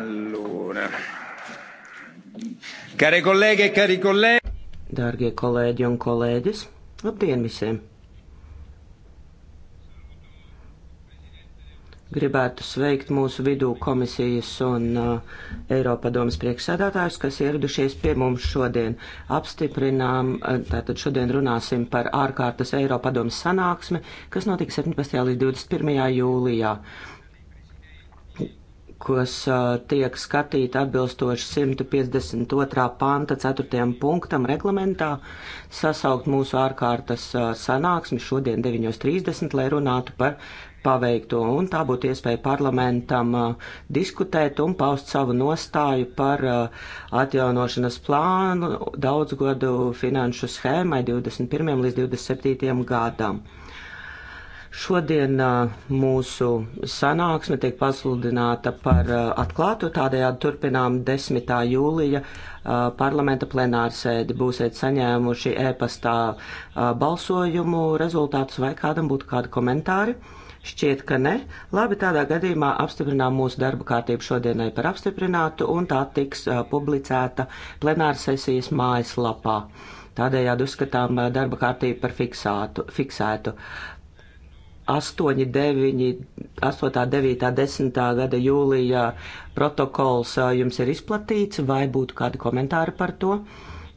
Allora. Care colleghe e cari colleghi. Dārgie kolēģi un e kolēģis, labdien visiem! Gribētu sveikt mūsu vidū komisijas un uh, Eiropadomas priekšsēdētājus, kas ieradušies pie mums šodien. Apstiprinām, uh, tātad šodien runāsim par ārkārtas Eiropadomas sanāksmi, kas notika 17. līdz 21. jūlijā kas tiek skatīta atbilstoši 152. panta 4. punktam reglamentā, sasaukt mūsu ārkārtas sanāksmi šodien 9.30, lai runātu par paveikto, un tā būtu iespēja parlamentam diskutēt un paust savu nostāju par atjaunošanas plānu daudzgadu finanšu schēmai 21. līdz 27. gadam. Šodien mūsu sanāksme tiek pasludināta par atklātu, tādējādi turpinām 10. jūlija parlamenta plenārsēdi. Būsiet saņēmuši e-pastā balsojumu rezultātus vai kādam būtu kādi komentāri. Šķiet, ka ne. Labi, tādā gadījumā apstiprinām mūsu darba kārtību šodienai par apstiprinātu, un tā tiks uh, publicēta plenārsesijas mājaslapā. Tādējādi uzskatām darba kārtību par fiksātu, fiksētu. 8, 9, 8, 9, 10 gada jūlijā protokols jums ir izplatīts, vai būtu kādi komentāri par to?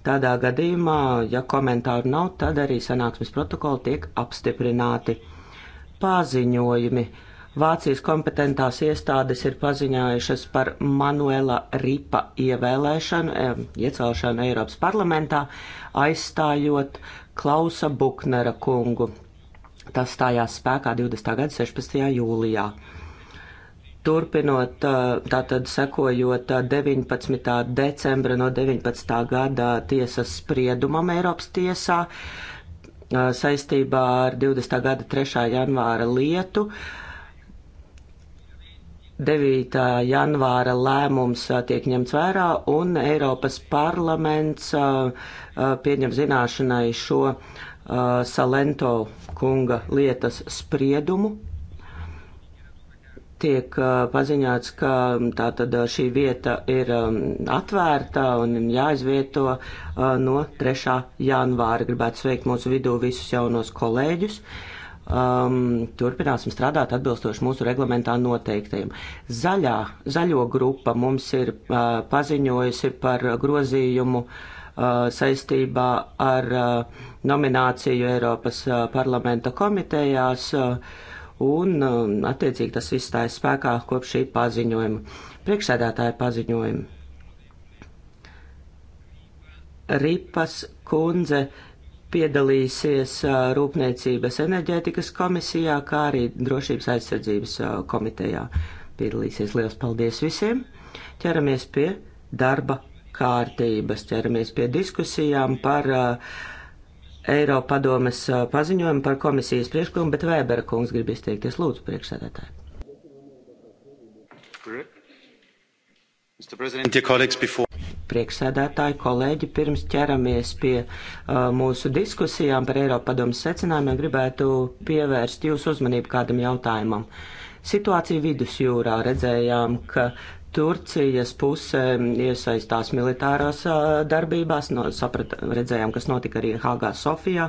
Tādā gadījumā, ja komentāru nav, tad arī sanāksmes protokoli tiek apstiprināti. Paziņojumi. Vācijas kompetentās iestādes ir paziņojušas par Manuela Ripa ievēlēšanu, iecelšanu Eiropas parlamentā, aizstājot Klausa Buknera kungu. Tas stājās spēkā 20. gada 16. jūlijā. Turpinot, tātad sekojot 19. decembra no 19. gada tiesas spriedumam Eiropas tiesā saistībā ar 20. gada 3. janvāra lietu, 9. janvāra lēmums tiek ņemts vērā un Eiropas parlaments pieņem zināšanai šo uh, Salento kunga lietas spriedumu. Tiek uh, paziņots, ka um, tātad uh, šī vieta ir um, atvērta un jāizvieto uh, no 3. janvāra. Gribētu sveikt mūsu vidū visus jaunos kolēģus. Um, turpināsim strādāt atbilstoši mūsu reglamentā noteiktajiem. Zaļā, zaļo grupa mums ir uh, paziņojusi par grozījumu uh, Uh, saistībā ar uh, nomināciju Eiropas uh, parlamenta komitejās, un um, attiecīgi tas viss stājas spēkā kopš šī paziņojuma, priekšsēdētāja paziņojuma. Ripas kundze piedalīsies Rūpniecības enerģētikas komisijā, kā arī Drošības aizsardzības komitejā. Piedalīsies liels paldies visiem! Ķeramies pie darba kārtības. Ķeramies pie diskusijām par uh, Eiropadomes uh, paziņojumu par komisijas priekšlikumu, bet Vēbera kungs grib izteikties. Lūdzu, priekšsēdētāji. Priekšsēdētāji, kolēģi, pirms ķeramies pie uh, mūsu diskusijām par Eiropadomes secinājumiem, gribētu pievērst jūsu uzmanību kādam jautājumam. Situācija vidusjūrā redzējām, ka Turcijas pusē iesaistās militārās darbībās, no, saprat, redzējām, kas notika arī Hāgā Sofijā.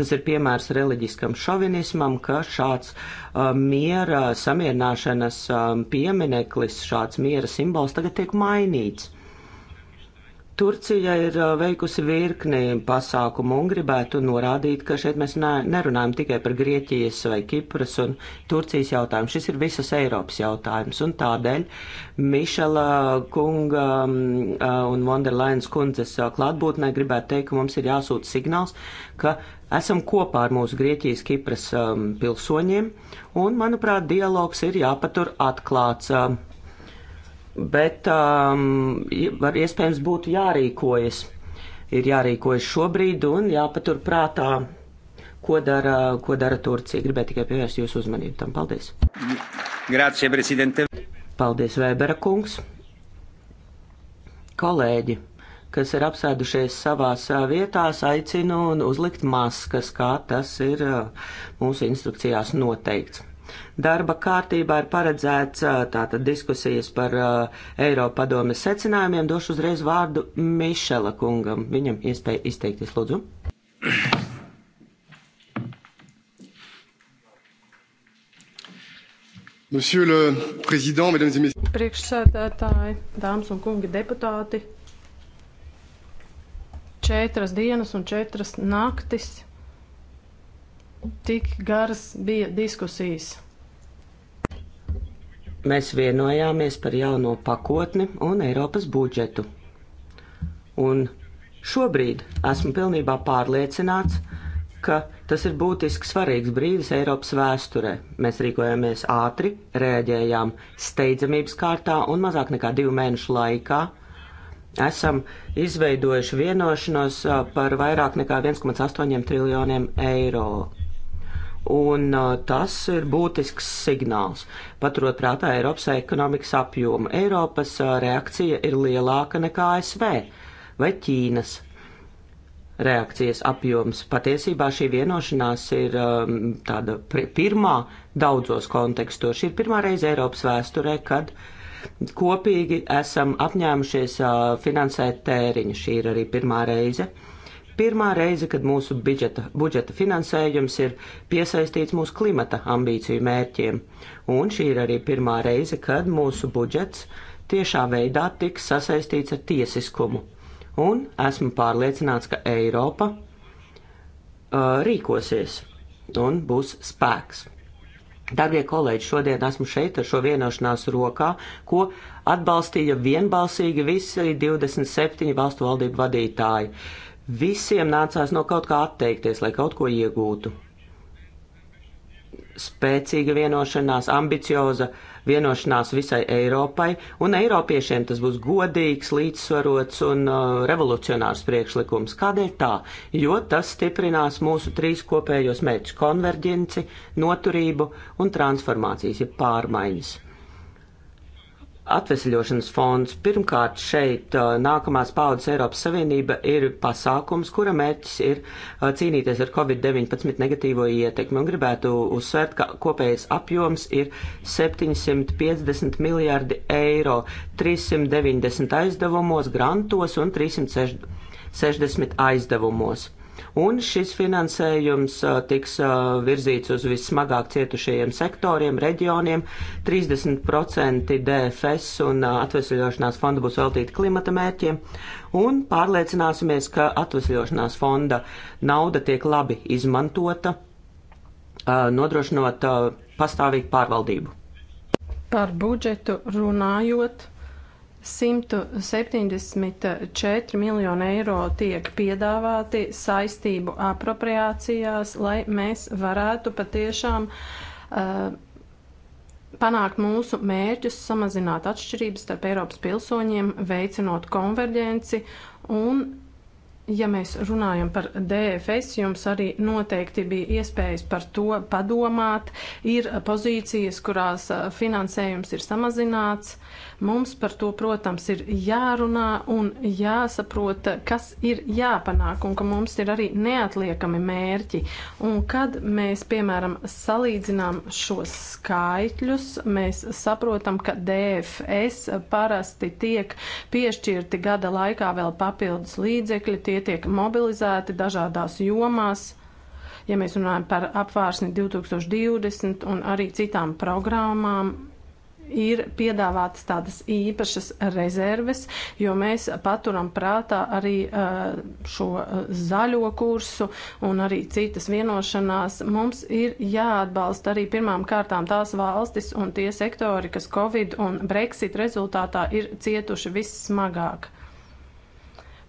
Tas ir piemērs reliģiskam šovinismam, ka šāds uh, miera samierināšanas um, piemineklis, šāds miera simbols tagad tiek mainīts. Turcija ir uh, veikusi virkni pasākumu un gribētu norādīt, ka šeit mēs nerunājam tikai par Grieķijas vai Kipras un Turcijas jautājumu. Šis ir visas Eiropas jautājums. Un tādēļ Mišela kunga um, uh, un Vonderlainas kundzes uh, klātbūtnē gribētu teikt, ka mums ir jāsūta signāls, ka esam kopā ar mūsu Grieķijas, Kipras um, pilsoņiem. Un, manuprāt, dialogs ir jāpatur atklāts. Um, bet um, var iespējams būtu jārīkojas. Ir jārīkojas šobrīd un jāpatur prātā, ko dara, ko dara Turcija. Gribēju tikai pievērst jūsu uzmanību tam. Paldies! Grācie, prezidente! Paldies, Vēbera kungs! Kolēģi, kas ir apsēdušies savās uh, vietās, aicinu uzlikt maskas, kā tas ir uh, mūsu instrukcijās noteikts. Darba kārtībā ir paredzēts tātad diskusijas par uh, Eiropa padomes secinājumiem. Došu uzreiz vārdu Mišela kungam. Viņam iespēja izteikties, lūdzu. Monsieur le Président, Mesdames et Messieurs. Priekšsēdētāji, dāmas un kungi deputāti, četras dienas un četras naktis tik garas bija diskusijas? Mēs vienojāmies par jauno pakotni un Eiropas budžetu. Un šobrīd esmu pilnībā pārliecināts, ka tas ir būtiski svarīgs brīdis Eiropas vēsturē. Mēs rīkojāmies ātri, rēģējām steidzamības kārtā un mazāk nekā divu mēnešu laikā esam izveidojuši vienošanos par vairāk nekā 1,8 triljoniem eiro un uh, tas ir būtisks signāls. Paturot prātā Eiropas ekonomikas apjomu, Eiropas uh, reakcija ir lielāka nekā ASV vai Ķīnas. Reakcijas apjoms. Patiesībā šī vienošanās ir um, tāda pirmā daudzos kontekstos. Šī ir pirmā reize Eiropas vēsturē, kad uh, kopīgi esam apņēmušies finansēt tēriņu. Šī ir arī pirmā reize pirmā reize, kad mūsu budžeta, budžeta finansējums ir piesaistīts mūsu klimata ambīciju mērķiem, un šī ir arī pirmā reize, kad mūsu budžets tiešā veidā tiks sasaistīts ar tiesiskumu. Un esmu pārliecināts, ka Eiropa uh, rīkosies un būs spēks. Darbie kolēģi, šodien esmu šeit ar šo vienošanās rokā, ko atbalstīja vienbalsīgi visi 27 valstu valdību vadītāji. Uh, Visiem nācās no kaut kā atteikties, lai kaut ko iegūtu. Spēcīga vienošanās, ambicioza vienošanās visai Eiropai, un Eiropiešiem tas būs godīgs, līdzsvarots un uh, revolucionārs priekšlikums. Kādēļ tā? Jo tas stiprinās mūsu trīs kopējos mērķus - konverģenci, noturību un transformācijas, ja pārmaiņas. Atvesļošanas fonds pirmkārt šeit uh, nākamās paudzes Eiropas Savienība ir pasākums, kura mērķis ir uh, cīnīties ar Covid-19 negatīvo ietekmi. Un gribētu uzsvērt, ka kopējais apjoms ir 750 miljārdi eiro 390 aizdevumos, grantos un 360 aizdevumos un šis finansējums tiks virzīts uz vissmagāk cietušajiem sektoriem, reģioniem. 30% DFS un atvesļošanās fonda būs veltīti klimata mērķiem, un pārliecināsimies, ka atvesļošanās fonda nauda tiek labi izmantota, nodrošinot pastāvīgu pārvaldību. Par budžetu runājot 174 miljoni eiro tiek piedāvāti saistību apropriācijās, lai mēs varētu patiešām uh, panākt mūsu mērķus, samazināt atšķirības starp Eiropas pilsoņiem, veicinot konverģenci un Ja mēs runājam par DFS, jums arī noteikti bija iespējas par to padomāt. Ir pozīcijas, kurās eh, finansējums ir samazināts. Uh, Mums par to, protams, ir jārunā un jāsaprot, kas ir jāpanāk un ka mums ir arī neatliekami mērķi. Un kad mēs, piemēram, salīdzinām šos skaitļus, mēs saprotam, ka DFS parasti tiek piešķirti gada laikā vēl papildus līdzekļi, tie tiek mobilizēti dažādās jomās ja mēs runājam par apvārsni 2020 un arī citām programmām, ir piedāvātas tādas īpašas rezerves, jo mēs paturam prātā arī eh, šo eh, zaļo kursu un arī citas vienošanās. Mums ir jāatbalsta arī pirmām kārtām tās valstis un tie sektori, kas Covid un Brexit rezultātā ir cietuši vissmagāk.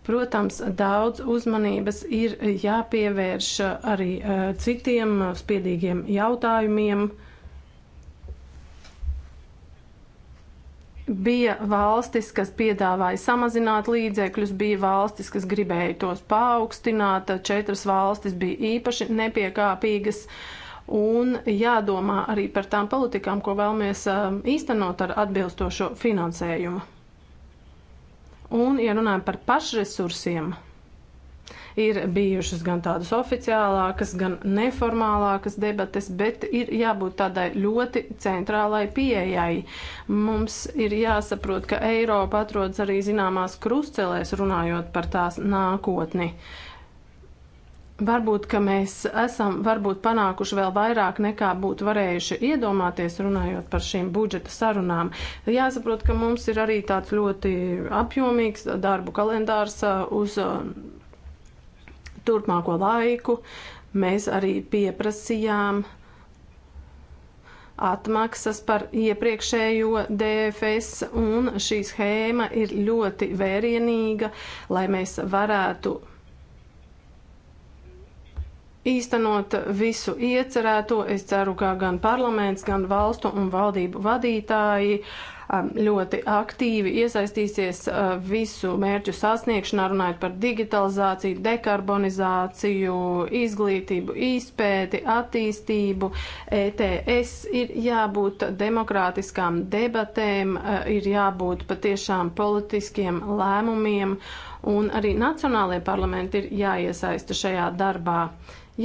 Protams, daudz uzmanības ir jāpievērš arī eh, citiem spiedīgiem jautājumiem. Uh, Bija valstis, kas piedāvāja samazināt līdzekļus, bija valstis, kas gribēja tos paaugstināt, četras valstis bija īpaši nepiekāpīgas. Un jādomā arī par tām politikām, ko vēlamies um, īstenot ar atbilstošo finansējumu. Un, ja runājam par pašresursiem, Ir bijušas gan tādas oficiālākas, gan neformālākas debates, bet ir jābūt tādai ļoti centrālai pieejai. Mums ir jāsaprot, ka Eiropa atrodas arī zināmās krustcelēs runājot par tās nākotni. Varbūt, ka mēs esam varbūt panākuši vēl vairāk nekā būtu varējuši iedomāties runājot par šīm budžeta sarunām. Jāsaprot, ka mums ir arī tāds ļoti apjomīgs darbu kalendārs uh, uz uh, turpmāko laiku mēs arī pieprasījām atmaksas par iepriekšējo DFS, un šī schēma ir ļoti vērienīga, lai mēs varētu īstenot visu iecerēto. Es ceru, ka gan parlaments, gan valstu un valdību vadītāji Um, ļoti aktīvi iesaistīsies uh, visu mērķu sasniegšanā, runājot par digitalizāciju, dekarbonizāciju, izglītību, izpēti, attīstību. ETS ir jābūt demokrātiskām debatēm, uh, ir jābūt patiešām politiskiem lēmumiem, un arī nacionālajie parlamenti ir jāiesaista šajā darbā.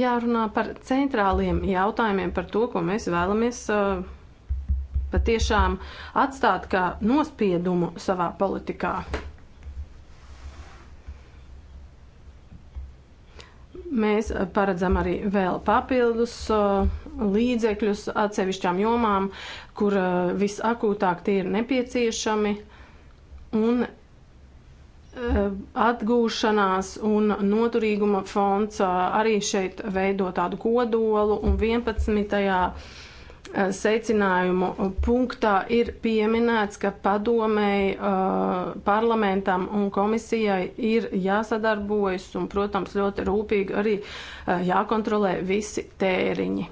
Jārunā par centrāliem jautājumiem, par to, ko mēs vēlamies uh, patiešām atstāt kā nospiedumu savā politikā. Mēs paredzam arī vēl papildus uh, līdzekļus atsevišķām jomām, kur uh, visakūtāk tie ir nepieciešami, un uh, atgūšanās un noturīguma fonds arī šeit veido tādu kodolu, un 11 Eh, secinājumu punktā ir pieminēts, ka padomēji eh, parlamentam un komisijai ir jāsadarbojas un, protams, ļoti rūpīgi arī eh, jākontrolē visi tēriņi.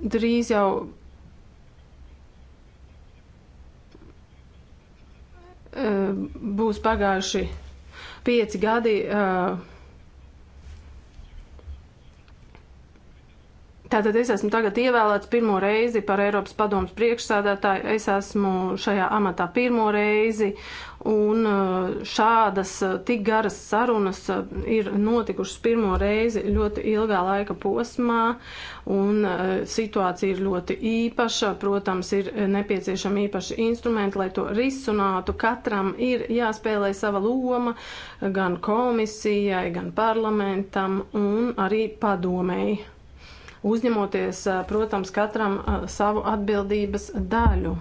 Drīz jau būs pagājuši pieci gadi. Uh, Tātad es esmu tagad ievēlēts pirmo reizi par Eiropas padomus priekšsādātāju. Es esmu šajā amatā pirmo reizi, un uh, šādas uh, tik garas sarunas uh, ir notikušas pirmo reizi ļoti ilgā laika posmā, un situācija ir ļoti īpaša. Protams, ir nepieciešami īpaši instrumenti, lai to risinātu. Katram ir jāspēlē sava loma gan komisijai, gan parlamentam un arī padomēji uzņemoties, eh, protams, katram eh, savu atbildības daļu.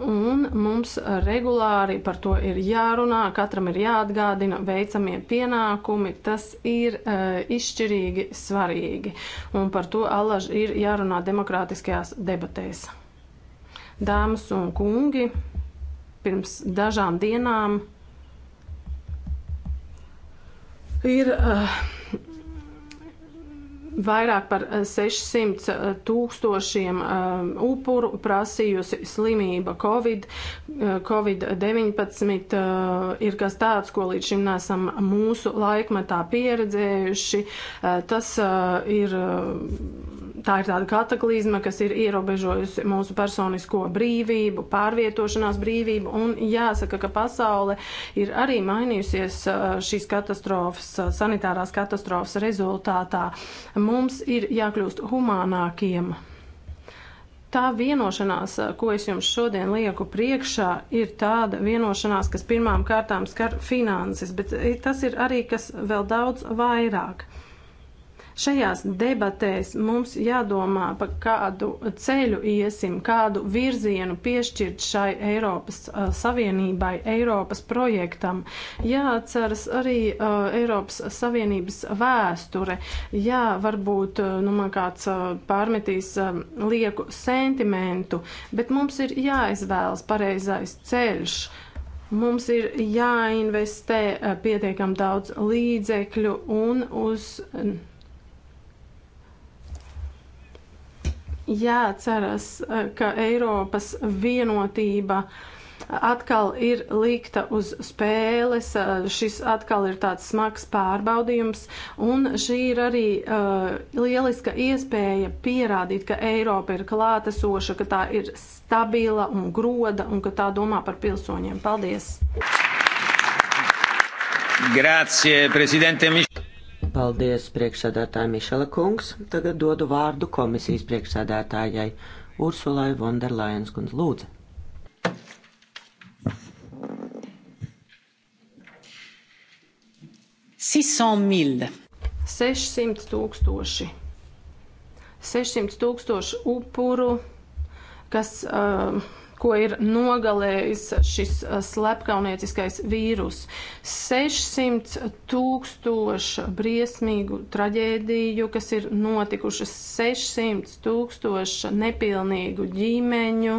Un mums regulāri par to ir jārunā, katram ir jāatgādina veicamie pienākumi, tas ir uh, izšķirīgi svarīgi. Un par to allaž ir jārunā demokrātiskajās debatēs. Dāmas un kungi, pirms dažām dienām ir. Uh, vairāk par 600 eh, eh, tūkstošiem eh, upuru prasījusi slimība Covid. Covid-19 ir kas tāds, ko līdz šim nesam mūsu laikmetā pieredzējuši. Tas ir tā ir tāda kataklizma, kas ir ierobežojusi mūsu personisko brīvību, pārvietošanās brīvību, un jāsaka, ka pasaule ir arī mainījusies uh, šīs katastrofas, uh, sanitārās katastrofas rezultātā. Mums ir jākļūst humānākiem. Tā vienošanās, uh, ko es jums šodien lieku priekšā, ir tāda vienošanās, kas pirmām kārtām skar finanses, bet tas ir arī kas vēl daudz vairāk. Šajās debatēs mums jādomā, pa kādu ceļu iesim, kādu virzienu piešķirt šai Eiropas uh, Savienībai, Eiropas projektam. Jāatceras arī uh, Eiropas Savienības vēsture. Jā, varbūt uh, nu, man kāds uh, pārmetīs uh, lieku sentimentu, bet mums ir jāizvēlas pareizais ceļš. Mums ir jāinvestē uh, pietiekam daudz līdzekļu un uz jāceras, eh, ka Eiropas vienotība atkal ir likta uz spēles, eh, šis atkal ir tāds smags pārbaudījums, un šī ir arī uh, lieliska iespēja pierādīt, ka Eiropa ir klātesoša, ka tā ir stabila un groda, un ka tā domā par pilsoņiem. Paldies! Grazie, prezidente Mišel. Paldies, priekšsēdētāja Mišela kungs. Tagad dodu vārdu komisijas priekšsēdētājai Ursulai Vonderlajens kundz lūdzu. Mil. 600 tūkstoši. 600 tūkstoši upuru, kas uh, ko ir nogalējis šis uh, slepkaunieciskais vīrus. 600 tūkstoši briesmīgu traģēdiju, kas ir notikušas 600 tūkstoši nepilnīgu ģimeņu.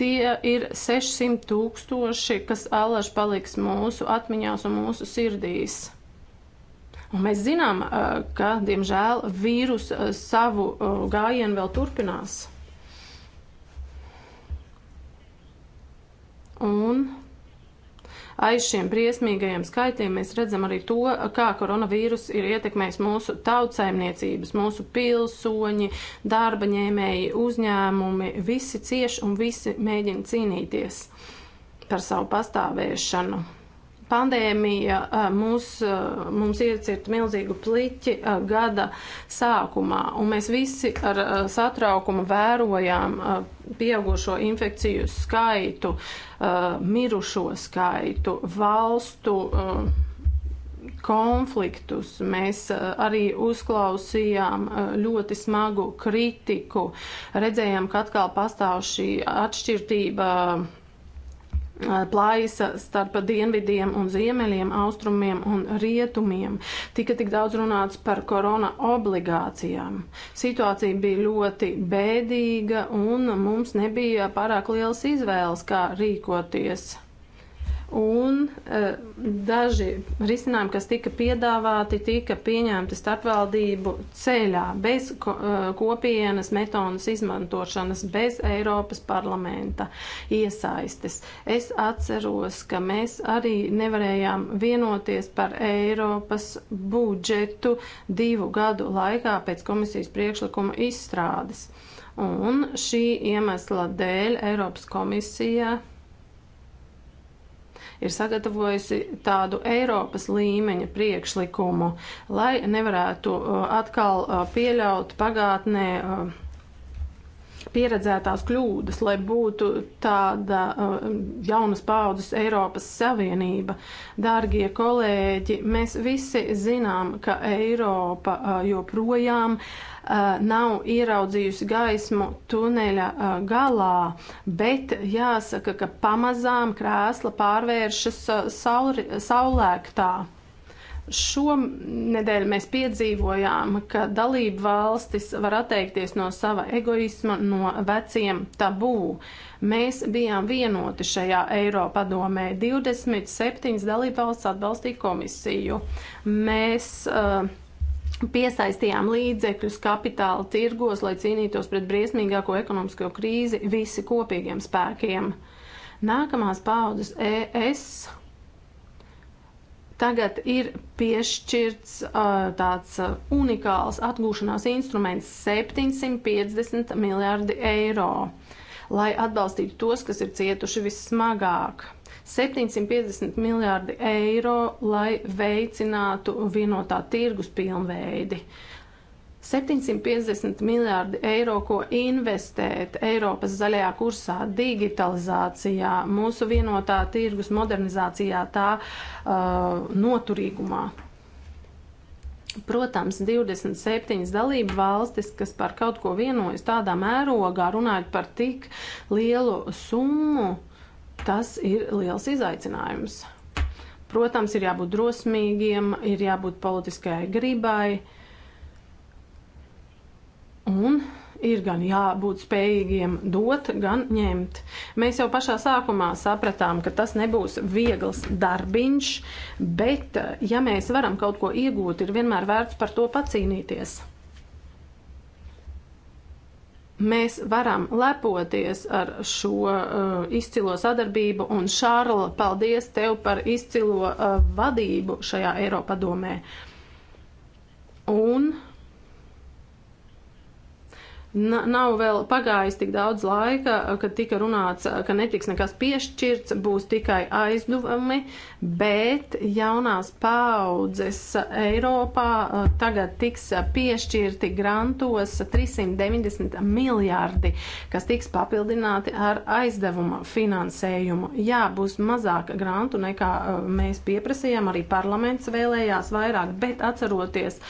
Tie ir 600 tūkstoši, kas allaž paliks mūsu atmiņās un mūsu sirdīs. Un mēs zinām, uh, ka, diemžēl, vīrus uh, savu gājienu vēl turpinās. Un aiz šiem briesmīgajiem skaitiem mēs redzam arī to, kā koronavīrus ir ietekmējis mūsu tautsaimniecības, mūsu pilsoņi, darba ņēmēji, uzņēmumi. Visi cieši un visi mēģina cīnīties par savu pastāvēšanu pandēmija mūs, mums iecirta milzīgu pliķi gada sākumā, un mēs visi ar satraukumu vērojām pieaugušo infekciju skaitu, mirušo skaitu, valstu konfliktus, mēs arī uzklausījām ļoti smagu kritiku, redzējām, ka atkal pastāv šī atšķirtība Eh, plaisa starp dienvidiem un ziemeļiem, austrumiem un rietumiem. Tika tik daudz runāts par korona obligācijām. Situācija bija ļoti bēdīga un mums nebija pārāk lielas izvēles, kā rīkoties un uh, daži risinājumi, kas tika piedāvāti, tika pieņemti starpvaldību ceļā, bez ko, uh, kopienas metodas izmantošanas, bez Eiropas parlamenta iesaistes. Es atceros, ka mēs arī nevarējām vienoties par Eiropas budžetu divu gadu laikā pēc komisijas priekšlikuma izstrādes. Un šī iemesla dēļ Eiropas komisija ir sagatavojusi tādu Eiropas līmeņa priekšlikumu, lai nevarētu uh, atkal uh, pieļaut pagātnē uh, pieredzētās kļūdas, lai būtu tāda uh, jaunas paudzes Eiropas Savienība. Dārgie kolēģi, mēs visi zinām, ka Eiropa uh, joprojām uh, nav ieraudzījusi gaismu tuneļa galā, bet jāsaka, ka pamazām krēsla pārvēršas saulēktā. Šonedēļ mēs piedzīvojām, ka dalību valstis var atteikties no sava egoisma, no veciem tabū. Mēs bijām vienoti šajā Eiropadomē. 27 dalību valsts atbalstīja komisiju. Mēs uh, piesaistījām līdzekļus kapitāla tirgos, lai cīnītos pret briesmīgāko ekonomisko krīzi visi kopīgiem spēkiem. Nākamās paudzes ES tagad ir piešķirts uh, tāds uh, unikāls atgūšanās instruments - 750 miljardi eiro, lai atbalstītu tos, kas ir cietuši vissmagāk. 750 miljardi eiro, lai veicinātu vienotā tirgus pilnveidi. Uh, 750 miljārdi eiro, ko investēt Eiropas zaļajā kursā, digitalizācijā, mūsu vienotā tirgus modernizācijā, tā uh, noturīgumā. Protams, 27 dalību valstis, kas par kaut ko vienojas tādā mērogā, runājot par tik lielu summu, tas ir liels izaicinājums. Protams, ir jābūt drosmīgiem, ir jābūt politiskai gribai. Uh, Un ir gan jābūt spējīgiem dot, gan ņemt. Mēs jau pašā sākumā sapratām, ka tas nebūs viegls darbiņš, bet eh, ja mēs varam kaut ko iegūt, ir vienmēr vērts par to pacīnīties. Mēs varam lepoties ar šo uh, izcilo sadarbību, un Šārla, paldies tev par izcilo uh, vadību šajā Eiropadomē. Un Nav vēl pagājis tik daudz laika, kad tika runāts, ka netiks nekas piešķirts, būs tikai aizdevumi, bet jaunās paudzes Eiropā uh, tagad tiks piešķirti grantos 390 miljārdi, kas tiks papildināti ar aizdevuma finansējumu. Jā, būs mazāk grantu nekā uh, mēs pieprasījām, arī parlaments vēlējās vairāk, bet atceroties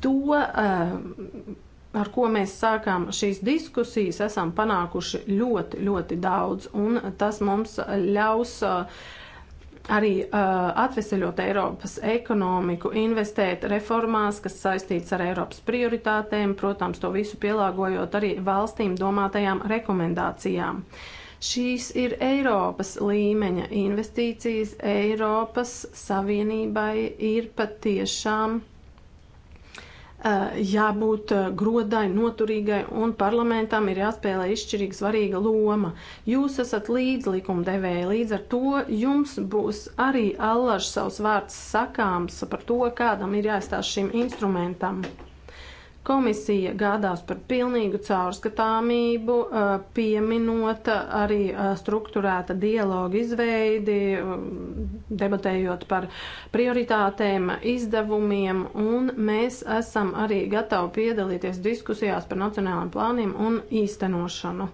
to, uh, ar ko mēs sākām šīs diskusijas, esam panākuši ļoti, ļoti daudz, un tas mums ļaus uh, arī uh, atveseļot Eiropas ekonomiku, investēt reformās, kas saistīts ar Eiropas prioritātēm, protams, to visu pielāgojot arī valstīm domātajām rekomendācijām. Šīs ir Eiropas līmeņa investīcijas. Eiropas Savienībai ir patiešām Eh, jābūt eh, godai, noturīgai, un parlamentam ir jāspēlē izšķirīga svarīga loma. Jūs esat līdzlikumdevēji, līdz ar to jums būs arī allaž savs vārds sakāms par to, kādam ir jāizstāsta šim instrumentam. Komisija gādās par pilnīgu caurskatāmību, pieminot arī struktūrēta dialoga izveidi, debatējot par prioritātēm, izdevumiem, un mēs esam arī gatavi piedalīties diskusijās par nacionālajiem plāniem un īstenošanu.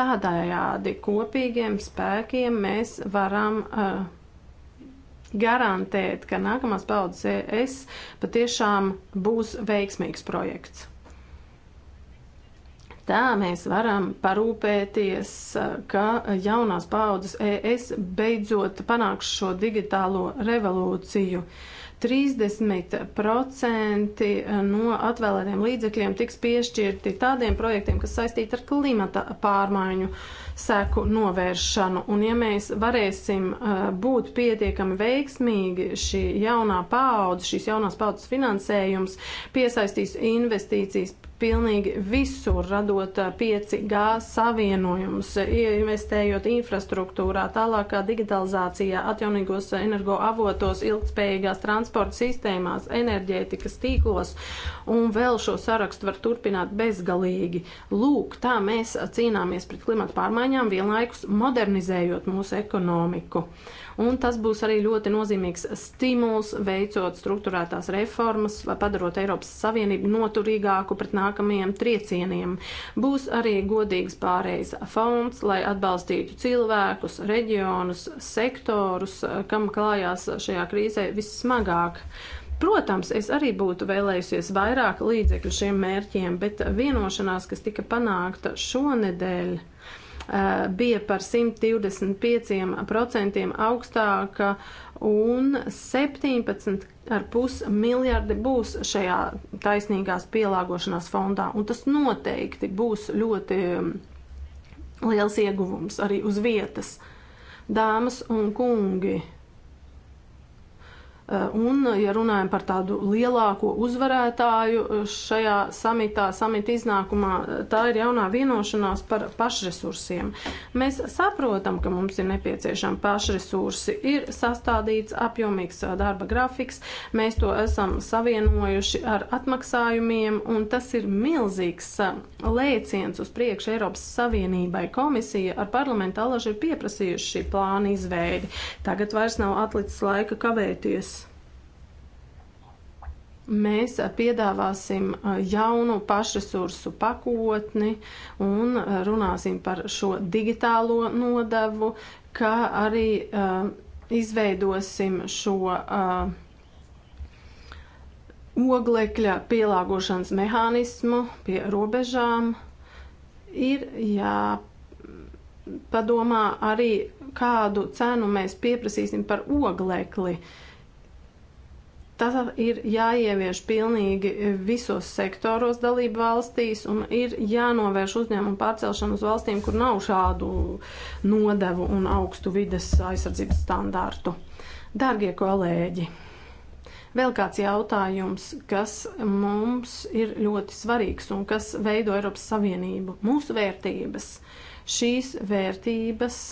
Tādējādi kopīgiem spēkiem mēs varam uh, garantēt, ka nākamās paudzes ES patiešām būs veiksmīgs projekts. Tā mēs varam parūpēties, ka jaunās paudzes ES beidzot panāks šo digitālo revolūciju. 30% no atvēlētiem līdzekļiem tiks piešķirti tādiem projektiem, kas saistīti ar klimata pārmaiņu uh, seku novēršanu. Un ja mēs varēsim uh, būt pietiekami veiksmīgi, šī jaunā paudze, šīs jaunās paudzes finansējums piesaistīs investīcijas pilnīgi visur, radot 5G savienojumus, investējot infrastruktūrā, tālākā digitalizācijā, atjaunīgos energoavotos, ilgspējīgās transporta sistēmās, enerģētikas tīklos, un vēl šo sarakstu var turpināt bezgalīgi. Lūk, tā mēs cīnāmies pret klimatu pārmaiņām, vienlaikus modernizējot mūsu ekonomiku. Uh, un tas būs arī ļoti nozīmīgs stimuls veicot struktūrētās reformas, padarot Eiropas Savienību noturīgāku pret nākamajiem triecieniem. Būs arī godīgs pārējais fonds, lai atbalstītu cilvēkus, reģionus, sektorus, kam klājās šajā krīzē vissmagāk. Protams, es arī būtu vēlējusies vairāk līdzekļu šiem mērķiem, bet vienošanās, kas tika panākta šonedēļ, uh, Eh, bija par 125% augstāka un 17,5 miljardi būs šajā taisnīgās pielāgošanās fondā. Un tas noteikti būs ļoti mm, liels ieguvums arī uz vietas. Dāmas un kungi! Eh, un, ja runājam par tādu lielāko uzvarētāju eh, šajā samitā, samita iznākumā, eh, tā ir jaunā vienošanās par pašresursiem. Mēs saprotam, ka mums ir nepieciešami pašresursi, ir sastādīts apjomīgs darba grafiks, mēs to esam savienojuši ar atmaksājumiem, un tas ir milzīgs lēciens uz priekšu Eiropas Savienībai. Komisija ar parlamentu alaži ir pieprasījuši šī plāna izveidi. Tagad vairs nav atlicis laika kavēties Mēs piedāvāsim jaunu pašresursu pakotni un runāsim par šo digitālo nodevu, kā arī uh, izveidosim šo uh, oglekļa pielāgošanas mehānismu pie robežām. Ir jāpadomā arī, kādu cenu mēs pieprasīsim par oglekli. Uh, Tas ir jāievieš pilnīgi visos sektoros dalību valstīs un ir jānovērš uzņēmumu pārcelšanu uz valstīm, kur nav šādu nodevu un augstu vides aizsardzības standārtu. Dārgie kolēģi, vēl kāds jautājums, kas mums ir ļoti svarīgs un kas veido Eiropas Savienību - mūsu vērtības. Šīs vērtības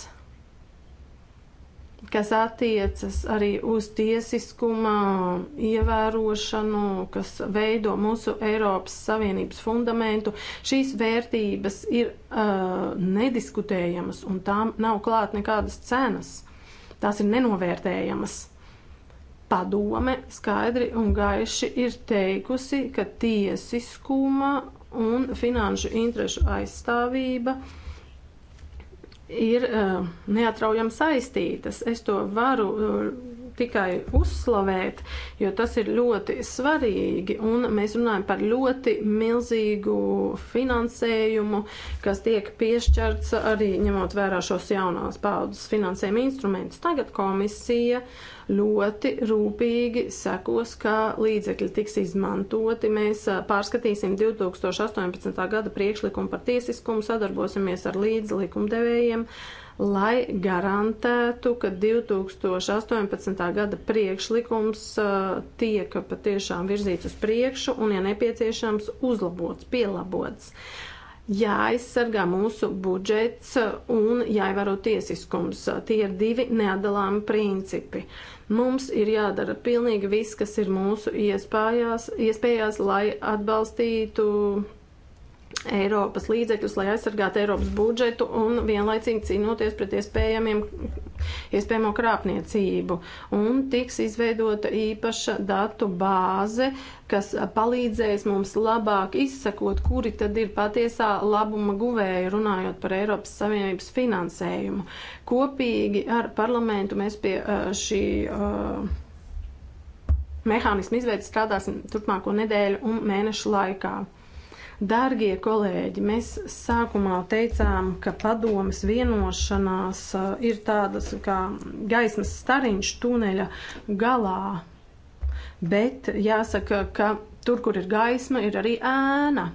kas attiecas arī uz tiesiskuma ievērošanu, kas veido mūsu Eiropas Savienības fundamentu. Šīs vērtības ir uh, nediskutējamas un tām nav klāt nekādas cenas. Tās ir nenovērtējamas padome skaidri un gaiši ir teikusi, ka tiesiskuma un finanšu interešu aizstāvība uh, ir eh, neatraujami saistītas. Es to varu eh, tikai uzslavēt, jo tas ir ļoti svarīgi. Un mēs runājam par ļoti milzīgu finansējumu, kas tiek piešķirts arī ņemot vērā šos jaunās paudzes finansējuma instrumentus. Tagad komisija ļoti rūpīgi sekos, kā līdzekļi tiks izmantoti. Mēs pārskatīsim 2018. gada priekšlikumu par tiesiskumu, sadarbosimies ar līdzlikumdevējiem. devējiem lai garantētu, ka 2018. gada priekšlikums uh, tiek patiešām virzīts uz priekšu un, ja nepieciešams, uzlabots, pielabots. Jāaizsargā mūsu budžets uh, un jāievēro tiesiskums. Uh, tie ir divi neatdalāmi principi. Mums ir jādara pilnīgi viss, kas ir mūsu iespējās, iespējās lai atbalstītu Eiropas līdzekļus, lai aizsargātu Eiropas budžetu un vienlaicīgi cīnoties pret iespējamiem, iespējamo krāpniecību. Un tiks izveidota īpaša datu bāze, kas palīdzēs mums labāk izsakot, kuri tad ir patiesā labuma guvēja, runājot par Eiropas Savienības finansējumu. Kopīgi ar parlamentu mēs pie uh, šī. Uh, mehānismu izveidi strādāsim turpmāko nedēļu un mēnešu laikā. Dargie kolēģi, mēs sākumā teicām, ka padomas vienošanās uh, ir tādas kā gaismas stariņš tuneļa galā, bet jāsaka, ka tur, kur ir gaisma, ir arī ēna.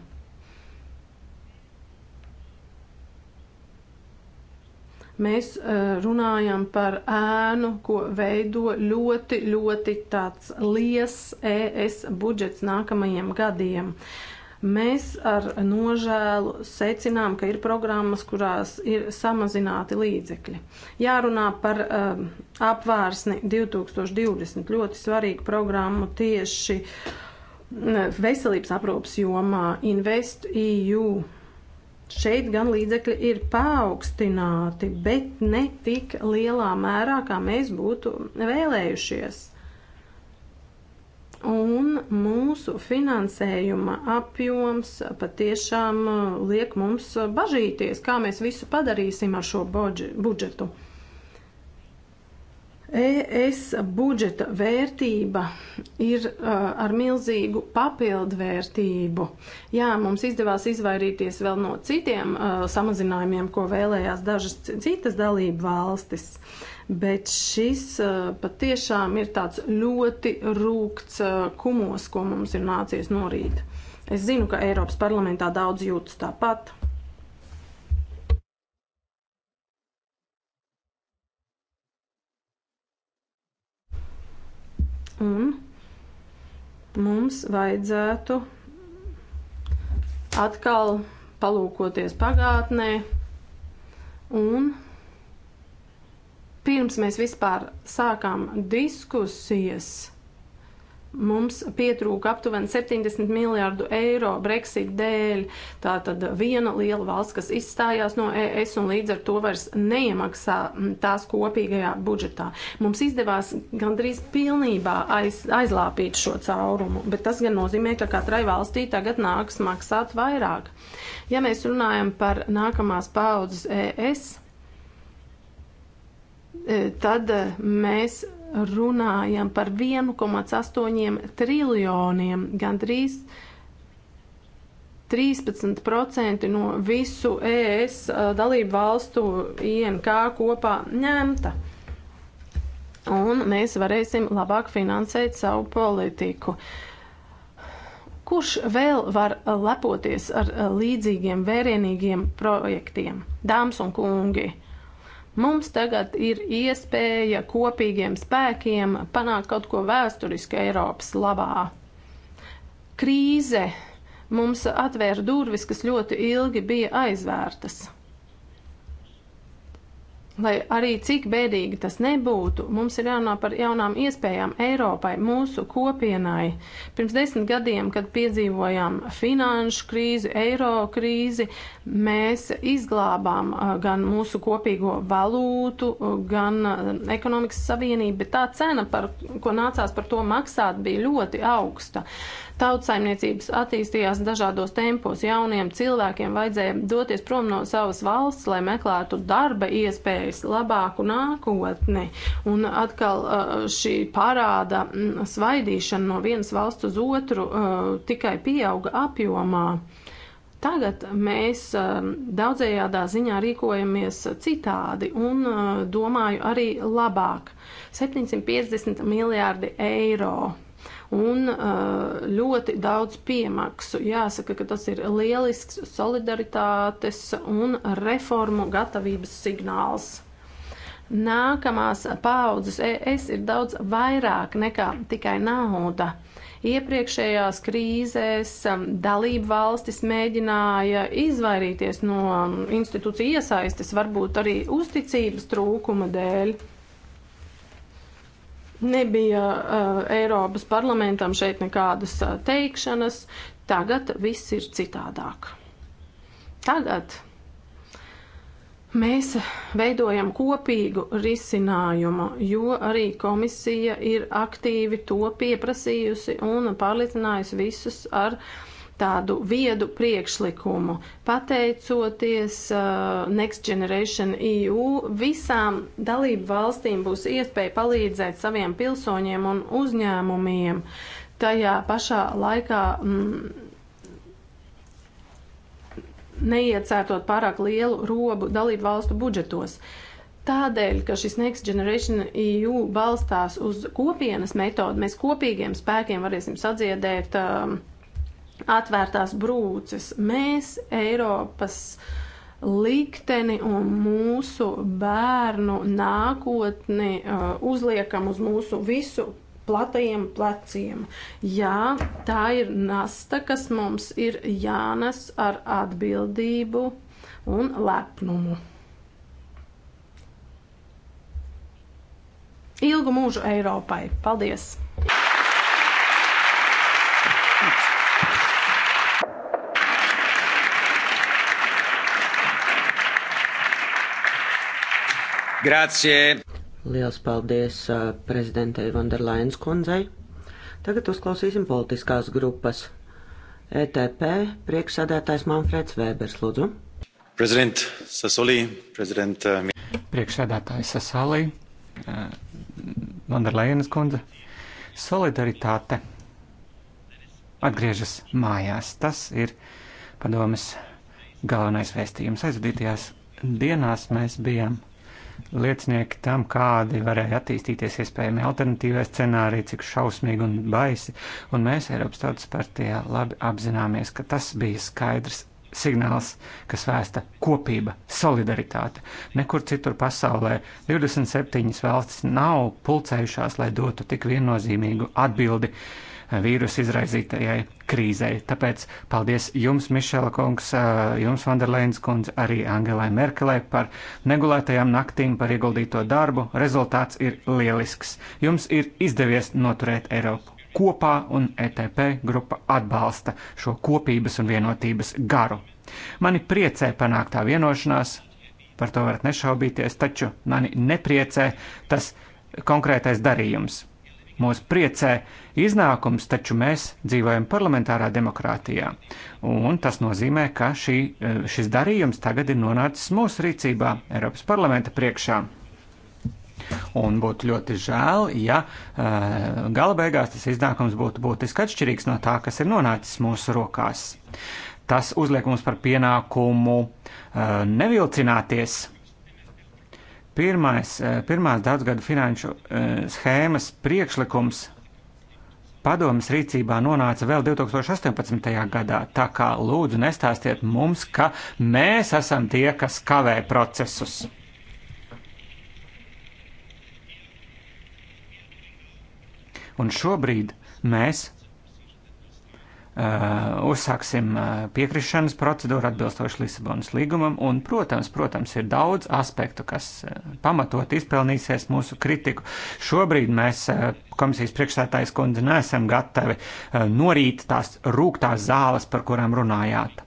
Mēs uh, runājam par ēnu, ko veido ļoti, ļoti tāds liels ES budžets nākamajiem gadiem. Uh, Mēs ar nožēlu secinām, ka ir programmas, kurās ir samazināti līdzekļi. Jārunā par um, apvārsni 2020 ļoti svarīgu programmu tieši um, veselības aprūpas jomā Invest EU. Šeit gan līdzekļi ir paaugstināti, bet ne tik lielā mērā, kā mēs būtu vēlējušies. Un mūsu finansējuma apjoms patiešām uh, liek mums uh, bažīties, kā mēs visu padarīsim ar šo budžetu. ES budžeta vērtība ir uh, ar milzīgu papildvērtību. Jā, mums izdevās izvairīties vēl no citiem uh, samazinājumiem, ko vēlējās dažas citas dalību valstis. Uh, bet šis eh, patiešām ir tāds ļoti rūkts eh, kumos, ko mums ir nācies norīt. Es zinu, ka Eiropas parlamentā daudz jūtas tāpat. Un mums vajadzētu atkal palūkoties pagātnē un pirms mēs vispār sākām diskusijas, mums pietrūka aptuveni 70 miljārdu eiro Brexit dēļ. Tā tad viena liela valsts, kas izstājās no ES un līdz ar to vairs neiemaksā tās kopīgajā budžetā. Mums izdevās gandrīz pilnībā aiz, aizlāpīt šo caurumu, bet tas gan nozīmē, ka katrai valstī tagad nāks maksāt vairāk. Ja mēs runājam par nākamās paudzes ES, E, tad e, mēs runājam par 1,8 triljoniem, gandrīz 13% no visu ES e, dalību valstu INK kopā ņemta. Un mēs varēsim labāk finansēt savu politiku. Kurš vēl var lepoties ar līdzīgiem vērienīgiem projektiem? Dāmas un kungi! Mums tagad ir iespēja kopīgiem spēkiem panākt kaut ko vēsturiski Eiropas labā. Krīze mums atvēra durvis, kas ļoti ilgi bija aizvērtas. Lai arī cik bēdīgi tas nebūtu, mums ir jārunā par jaunām iespējām Eiropai, mūsu kopienai. Pirms desmit gadiem, kad piedzīvojām finanšu krīzi, eiro krīzi, mēs izglābām gan mūsu kopīgo valūtu, gan ekonomikas savienību, bet tā cena, par ko nācās par to maksāt, bija ļoti augsta. Tautsaimniecības attīstījās dažādos tempos, jauniem cilvēkiem vajadzēja doties prom no savas valsts, lai meklētu darba iespējas, labāku nākotni. Un atkal uh, šī parāda mm, svaidīšana no vienas valsts uz otru uh, tikai pieauga apjomā. Tagad mēs um, daudzējādā ziņā rīkojamies citādi un uh, domāju arī labāk. 750 miljārdi eiro un uh, ļoti daudz piemaksu. Jāsaka, ka tas ir lielisks solidaritātes un reformu gatavības signāls. Nākamās paaudzes ES ir daudz vairāk nekā tikai nauda. Iepriekšējās krīzēs um, dalību valstis mēģināja izvairīties no um, institūciju iesaistes, varbūt arī uzticības trūkuma dēļ. Nebija uh, Eiropas parlamentam šeit nekādas uh, teikšanas. Tagad viss ir citādāk. Tagad mēs veidojam kopīgu risinājumu, jo arī komisija ir aktīvi to pieprasījusi un pārliecinājusi visus ar uh, tādu viedu priekšlikumu, pateicoties uh, Next Generation EU, visām dalību valstīm būs iespēja palīdzēt saviem pilsoņiem un uzņēmumiem tajā pašā laikā. Mm, neiecērtot pārāk lielu robu dalību valstu budžetos. Tādēļ, ka šis Next Generation EU balstās uz kopienas metodu, mēs kopīgiem spēkiem varēsim sadziedēt um, atvērtās brūces. Mēs Eiropas likteni un mūsu bērnu nākotni uh, uzliekam uz mūsu visu platajiem pleciem. Jā, tā ir nasta, kas mums ir jānes ar atbildību un lepnumu. Ilgu mūžu Eiropai! Paldies! Grazie! Liels paldies prezidentei Vanderlainas kundzei. Tagad uzklausīsim politiskās grupas. ETP priekšsādātājs Manfreds Vēbers, lūdzu. Prezident Sasolī, prezident. Priekšsādātājs Sasolī, Vanderlainas kundze. Solidaritāte atgriežas mājās. Tas ir padomas galvenais vēstījums. Aizvadītajās dienās mēs bijām liecinieki tam, kādi varēja attīstīties iespējami alternatīvie scenāriji, cik šausmīgi un baisi, un mēs Eiropas Tautas partijā labi apzināmies, ka tas bija skaidrs signāls, kas vēsta kopība, solidaritāte. Nekur citur pasaulē 27 valstis nav pulcējušās, lai dotu tik viennozīmīgu atbildi uh, vīrusu izraizītajai krīzei. Tāpēc paldies jums, Mišela kungs, jums, Vanderlēns kundze, arī Angelai Merkelē par negulētajām naktīm, par ieguldīto darbu. Rezultāts ir lielisks. Jums ir izdevies noturēt Eiropu kopā un ETP grupa atbalsta šo kopības un vienotības garu. Mani priecē panāktā vienošanās, par to varat nešaubīties, taču mani nepriecē tas konkrētais darījums. Mūs priecē iznākums, taču mēs dzīvojam parlamentārā demokrātijā. Un tas nozīmē, ka šī, šis darījums tagad ir nonācis mūsu rīcībā, Eiropas parlamenta priekšā. Un būtu ļoti žēl, ja uh, gala beigās tas iznākums būtu būtiski atšķirīgs no tā, kas ir nonācis mūsu rokās. Tas uzliek mums par pienākumu uh, nevilcināties, Pirmais, eh, pirmās daudzgadu finanšu eh, schēmas priekšlikums padomas rīcībā nonāca vēl 2018. gadā. Tā kā lūdzu nestāstiet mums, ka mēs esam tie, kas kavē procesus. Un šobrīd mēs Eh, uzsāksim eh, piekrišanas procedūru atbilstoši Lisabonas līgumam, un, protams, protams, ir daudz aspektu, kas eh, pamatot izpelnīsies mūsu kritiku. Šobrīd mēs, komisijas priekšsētājs kundze, neesam gatavi norīt tās rūgtās zāles, par kurām runājāt.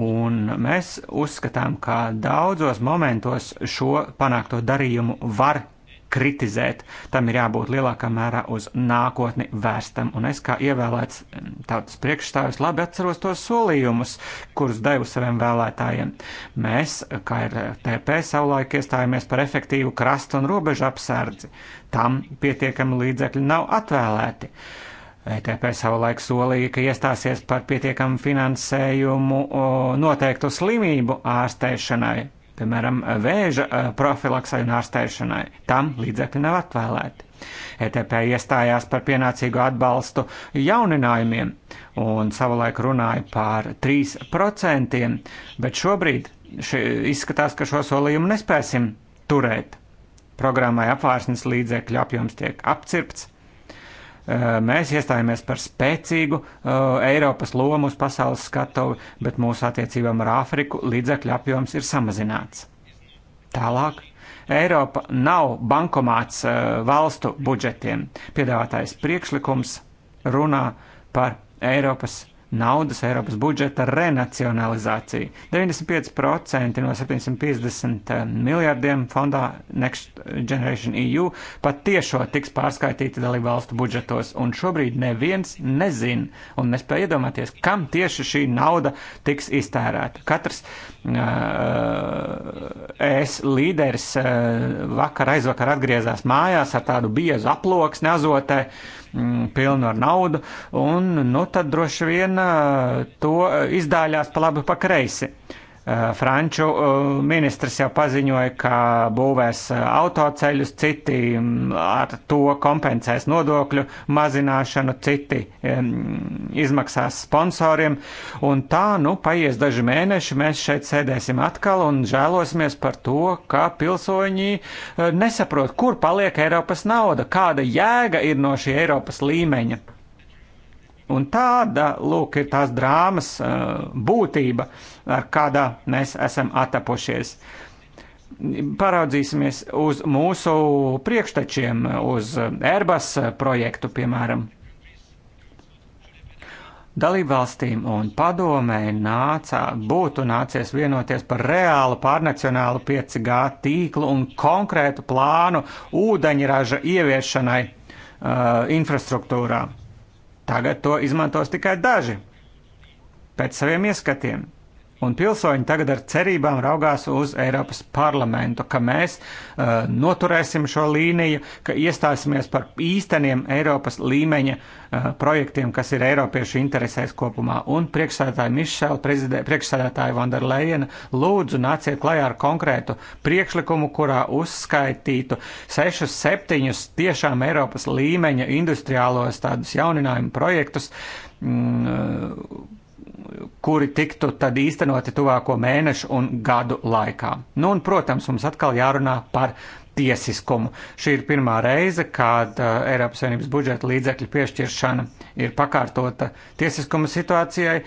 Un mēs uzskatām, ka daudzos momentos šo panākto darījumu var kritizēt. Tam ir jābūt lielākā mērā uz nākotni vērstam. Un es kā ievēlēts tautas priekšstāvis labi atceros tos solījumus, kurus devu saviem vēlētājiem. Mēs, kā ir TP, savulaik iestājāmies par efektīvu krastu un robežu apsardzi. Tam pietiekami līdzekļi nav atvēlēti. ETP savulaik solīja, ka iestāsies par pietiekamu finansējumu noteiktu slimību ārstēšanai, piemēram, vēža eh, profilaksai un ārstēšanai. Tam līdzekļi nav atvēlēti. ETP iestājās par pienācīgu atbalstu jauninājumiem un savulaik runāja par 3%, bet šobrīd ši, izskatās, ka šo solījumu nespēsim turēt. Programmai apvārsnes līdzekļu apjoms tiek apcirpts Eh, mēs iestājāmies par spēcīgu eh, Eiropas lomu uz pasaules skatuvi, bet mūsu attiecībām ar Āfriku līdzekļu apjoms ir samazināts. Tālāk. Eiropa nav bankomāts eh, valstu budžetiem. Piedāvātais priekšlikums runā par Eiropas budžetu naudas Eiropas budžeta renacionalizāciju. 95% no 750 eh, miljardiem fondā Next Generation EU pat tiešo tiks pārskaitīti dalību valstu budžetos, un šobrīd neviens nezin un nespēja iedomāties, kam tieši šī nauda tiks iztērēta. Katrs uh, ES līderis uh, vakar aizvakar atgriezās mājās ar tādu biezu aploksni azotē. Uh, Mm, pilnu ar naudu, un nu, tad droši vien eh, to eh, izdāļās pa labi pa kreisi. Uh, Eh, Franču eh, ministrs jau paziņoja, ka būvēs eh, autoceļus, citi mm, ar to kompensēs nodokļu mazināšanu, citi izmaksās sponsoriem. Un tā, nu, paies daži mēneši, mēs šeit sēdēsim atkal un žēlosimies par to, ka pilsoņi nesaprot, kur paliek Eiropas nauda, kāda jēga ir no šī Eiropas līmeņa. Un tāda, lūk, ir tās drāmas eh, būtība, ar kādā mēs esam atapušies. Paraudzīsimies uz mūsu priekštečiem, uz Airbus projektu, piemēram. Dalībvalstīm un padomē nācā, būtu nācies vienoties par reālu pārnacionālu 5G tīklu un konkrētu plānu ūdeņraža ieviešanai uh, infrastruktūrā. Uh, Tagad to izmantos tikai daži pēc saviem ieskatiem. Un pilsoņi tagad ar cerībām raugās uz Eiropas parlamentu, ka mēs uh, noturēsim šo līniju, ka iestāsimies par īsteniem Eiropas līmeņa uh, projektiem, kas ir Eiropiešu interesēs kopumā. Un priekšsēdētāji Mišela, priekšsēdētāji Vanderlejena, lūdzu nāciet klajā ar konkrētu priekšlikumu, kurā uzskaitītu sešus, septiņus tiešām Eiropas līmeņa industriālos tādus jauninājumu projektus. Mm, kuri tiktu tad īstenoti tuvāko mēnešu un gadu laikā. Nu, un, protams, mums atkal jārunā par tiesiskumu. Šī ir pirmā reize, kad uh, Eiropas Savienības budžeta līdzekļu piešķiršana ir pakārtota tiesiskuma situācijai,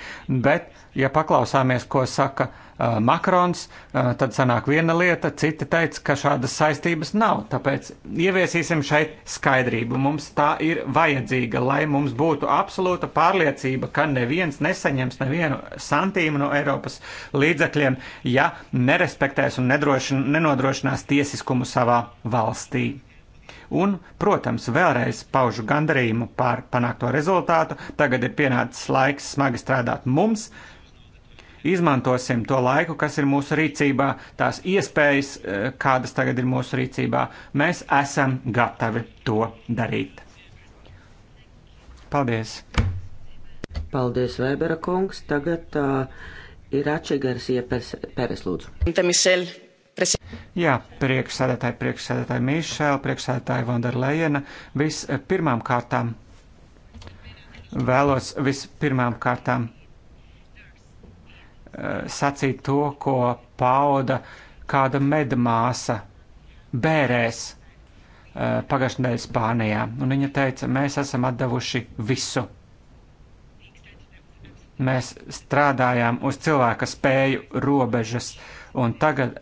bet, ja paklausāmies, ko saka uh, Uh, Makrons, uh, tad sanāk viena lieta, citi teica, ka šādas saistības nav. Tāpēc ieviesīsim šeit skaidrību. Mums tā ir vajadzīga, lai mums būtu absolūta pārliecība, ka neviens nesaņems nevienu santīmu no Eiropas līdzekļiem, ja nerespektēs un nenodrošinās tiesiskumu savā valstī. Un, protams, vēlreiz paužu gandarījumu par panākto rezultātu. Tagad ir pienācis laiks smagi strādāt mums, uh, Izmantosim to laiku, kas ir mūsu rīcībā, tās iespējas, eh, kādas tagad ir mūsu rīcībā. Mēs esam gatavi to darīt. Paldies! Paldies, Vēbera kungs! Tagad uh, ir atšķirīgs ieperes lūdzu. Jā, priekšsēdētāji, priekšsēdētāji Mīšēla, priekšsēdētāji Vonderlejena. Vispirmām kārtām vēlos vispirmām kārtām sacīt to, ko pauda kāda medmāsa bērēs eh, pagājušajā nedēļā Spānijā. Un viņa teica, mēs esam atdevuši visu. Mēs strādājām uz cilvēka spēju robežas, un tagad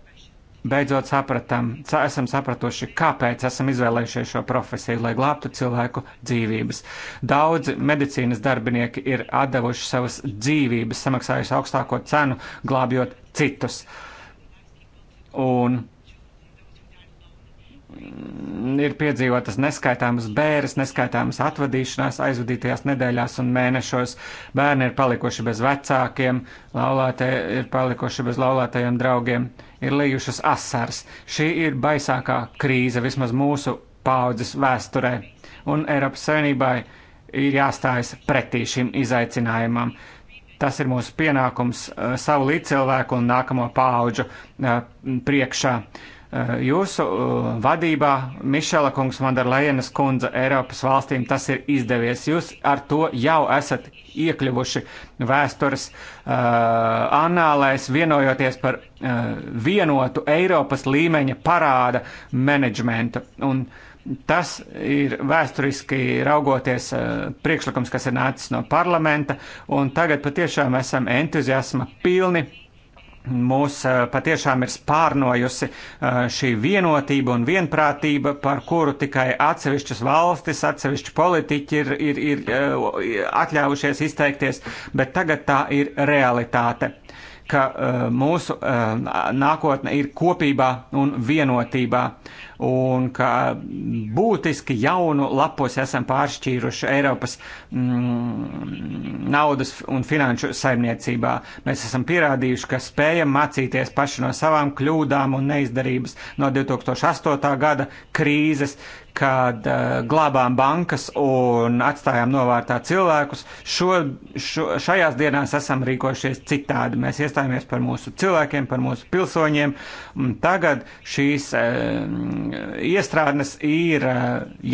beidzot sapratam, esam sapratuši, kāpēc esam izvēlējušies šo profesiju, lai glābtu cilvēku dzīvības. Daudzi medicīnas darbinieki ir atdevuši savas dzīvības, samaksājuši augstāko cenu, glābjot citus. Un ir piedzīvotas neskaitāmas bēres, neskaitāmas atvadīšanās aizvadītajās nedēļās un mēnešos. Bērni ir palikuši bez vecākiem, laulātie ir palikuši bez laulātajiem draugiem, ir lejušas asars. Šī ir baisākā krīze vismaz mūsu paudzes vēsturē, un Eiropas Savienībai ir jāstājas pretī šim izaicinājumam. Tas ir mūsu pienākums eh, savu līdzcilvēku un nākamo paudžu eh, priekšā. Uh, Eh, jūsu eh, vadībā, Mišela kungs, Mandarlejenas kundze, Eiropas valstīm tas ir izdevies. Jūs ar to jau esat iekļuvuši vēstures uh, eh, anālēs, vienojoties par uh, vienotu Eiropas līmeņa parāda menedžmentu. Un tas ir vēsturiski raugoties uh, priekšlikums, kas ir nācis no parlamenta, un tagad patiešām esam entuziasma pilni Mūs eh, patiešām ir spārnojusi eh, šī vienotība un vienprātība, par kuru tikai atsevišķas valstis, atsevišķi politiķi ir, ir, ir eh, atļāvušies izteikties, bet tagad tā ir realitāte, ka mūsu nākotne ir kopībā un vienotībā. Uh, un ka būtiski jaunu lapus esam pāršķīruši Eiropas mm, naudas un finanšu saimniecībā. Mēs esam pierādījuši, ka spējam mācīties paši no savām kļūdām un neizdarības no 2008. gada krīzes, kad uh, glābām bankas un atstājām novārtā cilvēkus. Šo, šo, šajās dienās esam rīkojušies citādi. Mēs iestājāmies par mūsu cilvēkiem, par mūsu pilsoņiem. Tagad šīs uh, iestrādnes ir uh,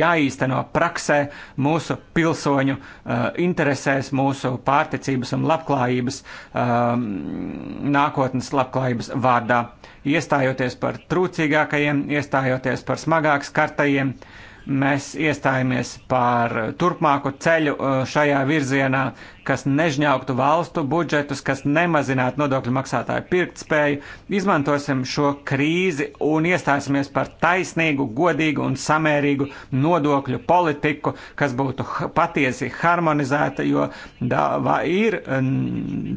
jāīsteno praksē mūsu pilsoņu uh, interesēs, mūsu pārticības un labklājības, uh, nākotnes labklājības vārdā iestājoties par trūcīgākajiem, iestājoties par smagāk skartajiem. Uh, mēs iestājamies par turpmāku ceļu uh, šajā virzienā, kas nežņauktu valstu budžetus, kas nemazinātu nodokļu maksātāju pirktspēju. Izmantosim šo krīzi un iestāsimies par taisnīgu, godīgu un samērīgu nodokļu politiku, kas būtu patiesi harmonizēta, jo da ir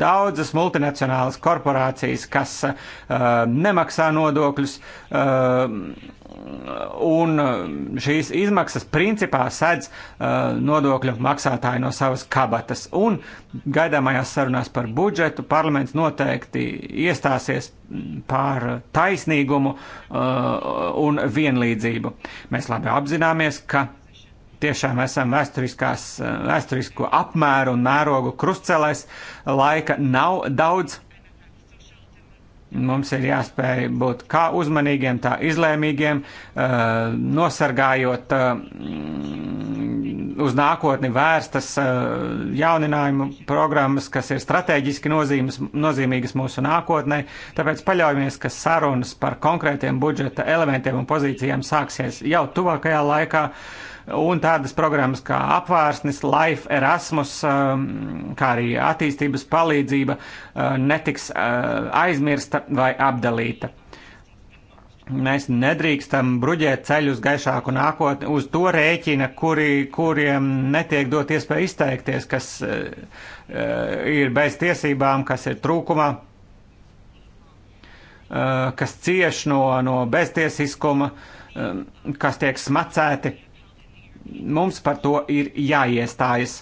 daudzas multinacionālas korporācijas, kas uh, nemaksā nodokļus. Uh, un uh, šīs izmaksas principā sedz uh, nodokļu maksātāji no savas kabatas. Un gaidāmajās sarunās par budžetu parlaments noteikti iestāsies par taisnīgumu uh, un vienlīdzību. Mēs labi apzināmies, ka tiešām esam uh, vēsturisku apmēru un mērogu krustcelēs, laika nav daudz Mums ir jāspēj būt kā uzmanīgiem, tā izlēmīgiem, eh, nosargājot eh, mm, uz nākotni vērstas eh, jauninājumu programmas, kas ir strateģiski nozīmes, nozīmīgas mūsu nākotnē. Tāpēc paļaujamies, ka sarunas par konkrētiem budžeta elementiem un pozīcijām sāksies jau tuvākajā laikā. Uh, un tādas programmas kā apvārsnes, Life, Erasmus, um, kā arī attīstības palīdzība uh, netiks uh, aizmirsta vai apdalīta. Mēs nedrīkstam bruģēt ceļu uz gaišāku nākotni, uz to rēķina, kuri, kuriem netiek dot iespēja izteikties, kas uh, uh, ir bez tiesībām, kas ir trūkumā, uh, kas cieš no, no beztiesiskuma, uh, kas tiek smacēti. Mums par to ir jāiestājas.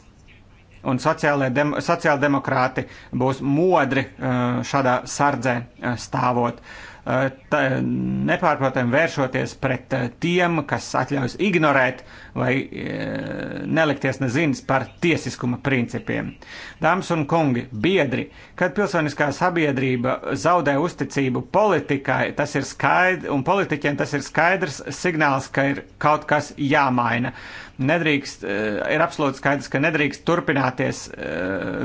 Un dem sociāldemokrāti būs modri uh, šādā sardzē uh, stāvot. Uh, Eh, nepārprotami vēršoties pret eh, tiem, kas atļaujas ignorēt vai eh, nelikties nezinis par tiesiskuma principiem. Dāmas un kungi, biedri, kad pilsoniskā sabiedrība zaudē uzticību politikai, tas ir skaidrs, un politiķiem tas ir skaidrs signāls, ka ir kaut kas jāmaina. Uh, nedrīkst, eh, ir absolūti skaidrs, ka nedrīkst turpināties eh,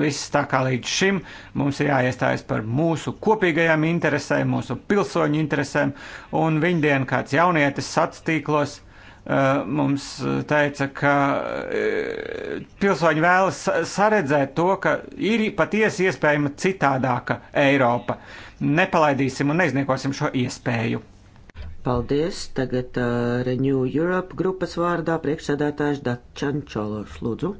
viss tā kā līdz šim. Mums ir jāiestājas par mūsu kopīgajām interesēm, mūsu pilsoņu interesēm, un viņdien kāds jaunietis satstīklos eh, mums teica, ka pilsoņi vēlas saredzēt to, ka ir patiesi iespējama citādāka Eiropa. Nepalaidīsim un neizniekosim šo iespēju. Paldies. Tagad uh, Renew Europe grupas vārdā priekšsēdētājs Dačan Čolors. Lūdzu.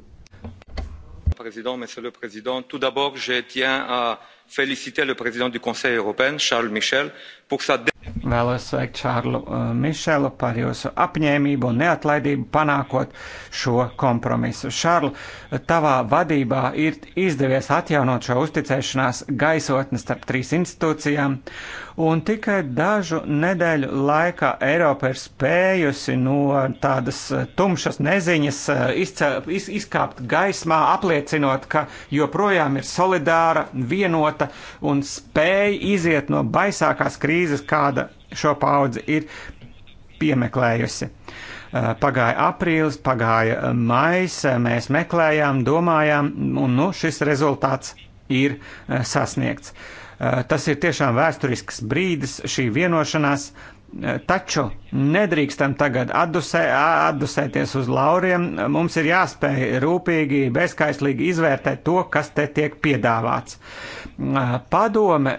Président, Monsieur le Président, tout d'abord, je tiens à féliciter le Président du Conseil européen, Charles Michel, pour sa. Vēlos sveikt Čārlu uh, Mišelu par jūsu apņēmību un neatlaidību panākot šo kompromisu. Šārl, tavā vadībā ir izdevies atjaunot šo uzticēšanās gaisotni starp trīs institūcijām. Uh, un tikai dažu nedēļu laikā Eiropa ir spējusi no tādas eh, tumšas neziņas eh, izcel, iz, izkāpt gaismā, apliecinot, ka joprojām ir solidāra, vienota un spēja iziet no baisākās krīzes, kāda šo paudzi ir piemeklējusi eh, pagāja aprīlis, pagāja mais, mēs meklējām, domājām, un nu, šis rezultāts ir sasniegts. Uh, Eh, tas ir tiešām vēsturisks brīdis, šī vienošanās Taču nedrīkstam tagad atdusē, atdusēties uz lauriem. Mums ir jāspēj rūpīgi, bezkaislīgi izvērtēt to, kas te tiek piedāvāts. Padome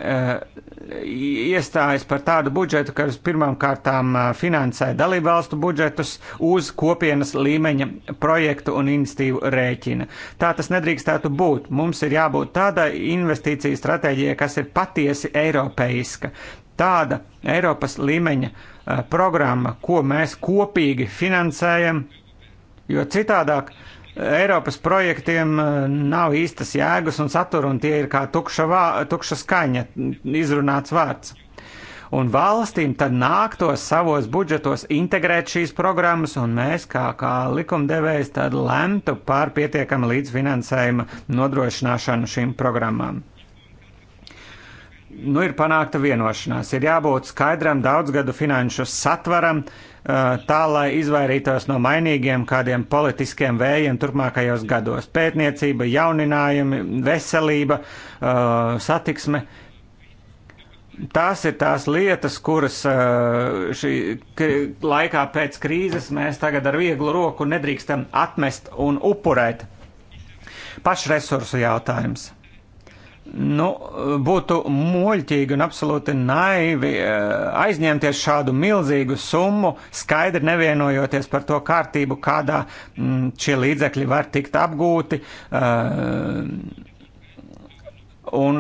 iestājas par tādu budžetu, kas pirmām kārtām finansē dalībvalstu budžetus uz kopienas līmeņa projektu un investīvu rēķina. Tā tas nedrīkstētu būt. Mums ir jābūt tādai investīciju stratēģijai, kas ir patiesi eiropeiska, tāda Eiropas līmeņa eh, programma, ko mēs kopīgi finansējam, jo citādāk eh, Eiropas projektiem eh, nav īstas jēgas un satura, un tie ir kā tukša, vā, tukša skaņa, izrunāts vārds. Un valstīm tad nāktos savos budžetos integrēt šīs programmas, un mēs kā, kā likumdevējs tad lemtu par pietiekama līdzfinansējuma nodrošināšanu šīm programmām nu, ir panākta vienošanās. Ir jābūt skaidram daudzgadu finanšu satvaram, tā lai izvairītos no mainīgiem kādiem politiskiem vējiem turpmākajos gados. Pētniecība, jauninājumi, veselība, satiksme. Tās ir tās lietas, kuras šī laikā pēc krīzes mēs tagad ar vieglu roku nedrīkstam atmest un upurēt. Pašresursu jautājums Nu, būtu muļķīgi un absolūti naivi eh, aizņemties šādu milzīgu summu, skaidri nevienojoties par to kārtību, kādā mm, šie līdzekļi var tikt apgūti. Eh, un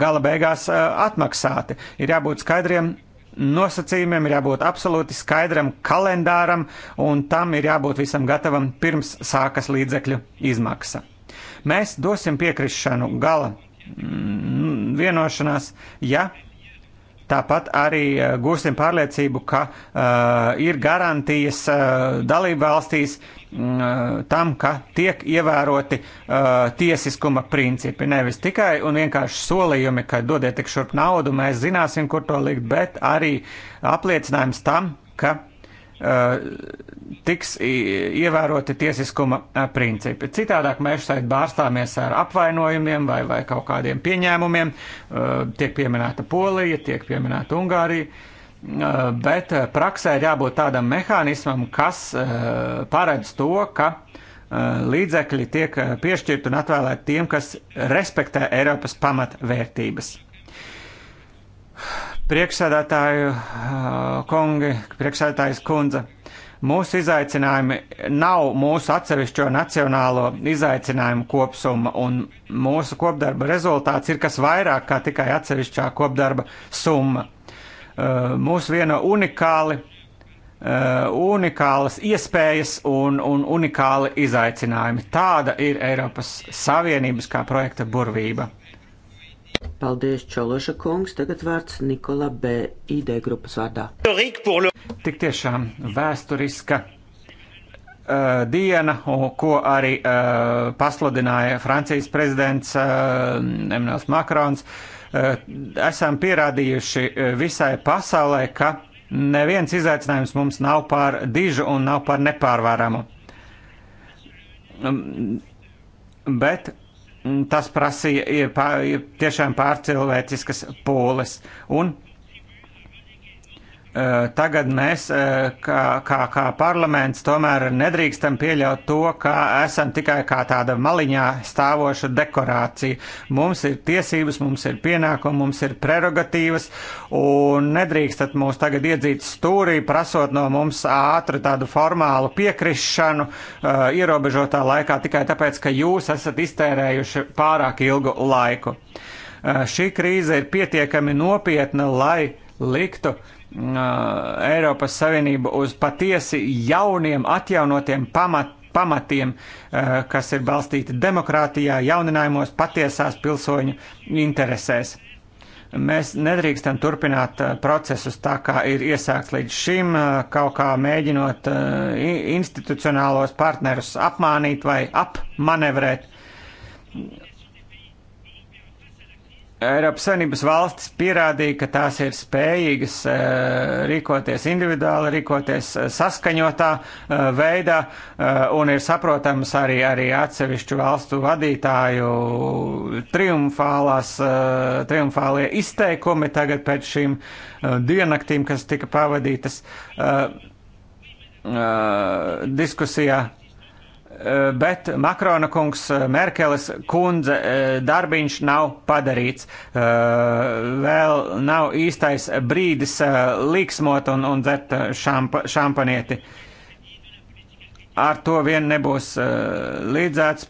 gala beigās atmaksāti. Ir jābūt skaidriem nosacījumiem, ir jābūt absolūti skaidram kalendāram, un tam ir jābūt visam gatavam pirms sākas līdzekļu izmaksa. Mēs dosim piekrišanu gala Mm, vienošanās, ja Tāpat arī eh, gūsim pārliecību, ka uh, ir garantijas uh, eh, dalībvalstīs uh, mm, tam, ka tiek ievēroti uh, tiesiskuma principi. Nevis tikai un vienkārši solījumi, ka dodiet tik šurp naudu, mēs zināsim, kur to likt, bet arī apliecinājums tam, ka Uh, tiks ievēroti tiesiskuma uh, principi. Citādāk mēs šeit bārstāmies ar apvainojumiem vai, vai kaut kādiem pieņēmumiem. Uh, tiek pieminēta Polija, tiek pieminēta Ungārija, bet praksē ir jābūt tādam mehānismam, kas paredz to, ka līdzekļi tiek piešķirt un atvēlēt tiem, kas respektē Eiropas pamatvērtības. Priekšsēdētāju kungi, priekšsēdētājs kundze, mūsu izaicinājumi nav mūsu atsevišķo nacionālo izaicinājumu kopsuma, un mūsu kopdarba rezultāts ir kas vairāk kā tikai atsevišķā kopdarba summa. Mūsu vieno unikāli Uh, unikālas iespējas un, un unikāli izaicinājumi. Tāda ir Eiropas Savienības kā projekta burvība. Paldies, Čološa kungs. Tagad vārds Nikola B. ID grupas vārdā. Tik tiešām vēsturiska uh, diena, ko arī uh, pasludināja Francijas prezidents uh, Emmanuels Makrons. Uh, esam pierādījuši uh, visai pasaulē, ka neviens izaicinājums mums nav pār dižu un nav pār nepārvaramu. Um, bet Mm, tas prasīja tiešām pārcilvēciskas pūles, un Eh, tagad mēs, eh, kā, kā, kā parlaments, tomēr nedrīkstam pieļaut to, ka esam tikai kā tāda maliņā stāvoša dekorācija. Mums ir tiesības, mums ir pienākumi, mums ir prerogatīvas, un nedrīkstat mūs tagad iedzīt stūrī, prasot no mums ātru tādu formālu piekrišanu, eh, ierobežotā laikā tikai tāpēc, ka jūs esat iztērējuši pārāk ilgu laiku. Šī krīze ir pietiekami nopietna, lai liktu uh, Eiropas Savienību uz patiesi jauniem, atjaunotiem pamat, pamatiem, kas ir balstīti demokrātijā, jauninājumos, patiesās pilsoņu interesēs. Mēs nedrīkstam turpināt procesus tā, kā ir iesākts līdz šim, kaut kā mēģinot institucionālos partnerus apmānīt vai apmanevrēt. Eiropas Savienības valstis pierādīja, ka tās ir spējīgas eh, rīkoties individuāli, rīkoties eh, saskaņotā eh, veidā un ir saprotams arī, arī atsevišķu valstu vadītāju triumfālie izteikumi tagad pēc šīm diennaktīm, kas tika pavadītas diskusijā Eh, bet Makrona kungs, eh, Merkeles kundze eh, darbiņš nav padarīts. Vēl nav īstais brīdis līksmot un, un dzert šampa, šampanieti. Ar to vien nebūs līdzēts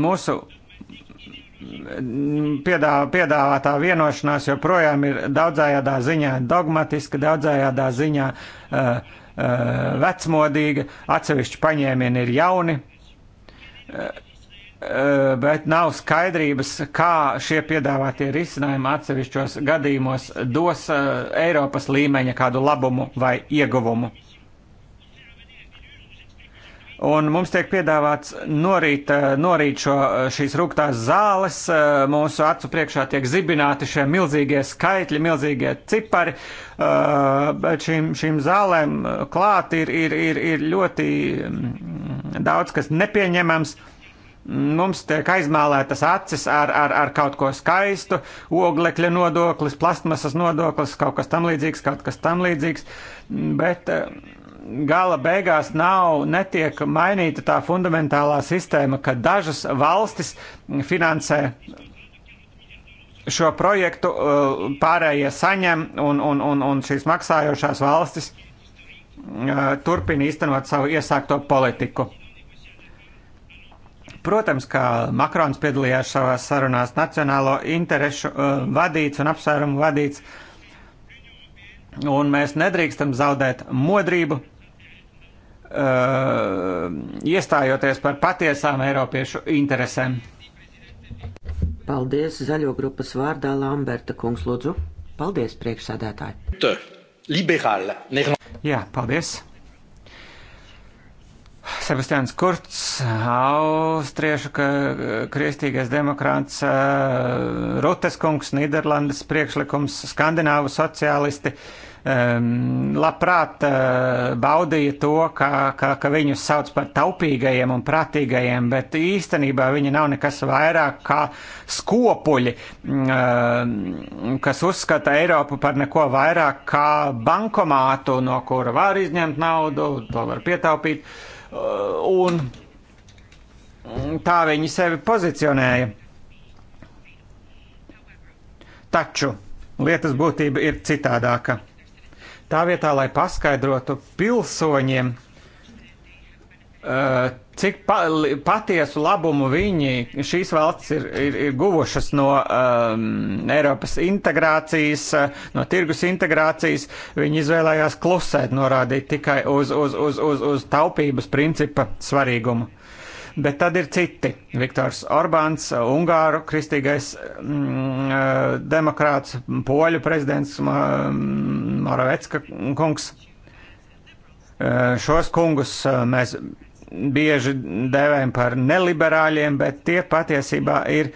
mūsu mm, piedāvā, piedāvātā vienošanās joprojām ir daudzējādā ziņā dogmatiska, daudzējādā ziņā uh, Eh, vecmodīga, atsevišķi paņēmieni ir jauni, eh, eh, bet nav skaidrības, kā šie piedāvātie risinājumi atsevišķos gadījumos dos Eiropas līmeņa kādu labumu vai ieguvumu. Un mums tiek piedāvāts norīt, eh, norīt šo, eh, šīs rūktās zāles, eh, mūsu acu priekšā tiek zibināti šie milzīgie skaitļi, milzīgie cipari, bet šīm, šīm zālēm klāt ir, ir, ir, ir ļoti mm, daudz, kas nepieņemams. Mums tiek aizmēlētas acis ar, ar, ar kaut ko skaistu, oglekļa nodoklis, plastmasas nodoklis, kaut kas tam līdzīgs, kaut kas tam līdzīgs, mm, bet uh, gala beigās nav, netiek mainīta tā fundamentālā sistēma, ka dažas valstis finansē šo projektu, eh, pārējie saņem un, un, un, un šīs maksājošās valstis eh, turpina īstenot savu iesākto politiku. Protams, ka Makrons piedalījās savās sarunās nacionālo interešu eh, vadīts un apsvērumu vadīts, un mēs nedrīkstam zaudēt modrību Uh, iestājoties par patiesām Eiropiešu interesēm. Paldies, zaļo grupas vārdā Lamberta kungs, lūdzu. Paldies, priekšsādētāji. Liberāla. Jā, paldies. Sebastians Kurts, austriešu kristīgais demokrāts, uh, Rutes kungs, Nīderlandes priekšlikums, skandināvu sociālisti. Uh, um, labprāt uh, baudīja to, ka, ka, ka viņus sauc par taupīgajiem un prātīgajiem, bet īstenībā viņi nav nekas vairāk kā skopuļi, uh, kas uzskata Eiropu par neko vairāk kā bankomātu, no kura var izņemt naudu, to var pietaupīt. Uh, un tā viņi sevi pozicionēja. Taču lietas būtība ir citādāka. Tā vietā, lai paskaidrotu pilsoņiem, eh, cik pa, patiesu labumu viņi šīs valsts ir, ir, ir guvušas no um, Eiropas integrācijas, eh, no tirgus integrācijas. Viņi izvēlējās klusēt, norādīt tikai uz, uz, uz, uz, uz taupības principa svarīgumu. Bet tad ir citi. Viktors Orbāns, Ungāru kristīgais mm, eh, demokrāts, poļu prezidents mm, Moravecka kungs. Eh, šos kungus eh, mēs bieži devējam par neliberāļiem, bet tie patiesībā ir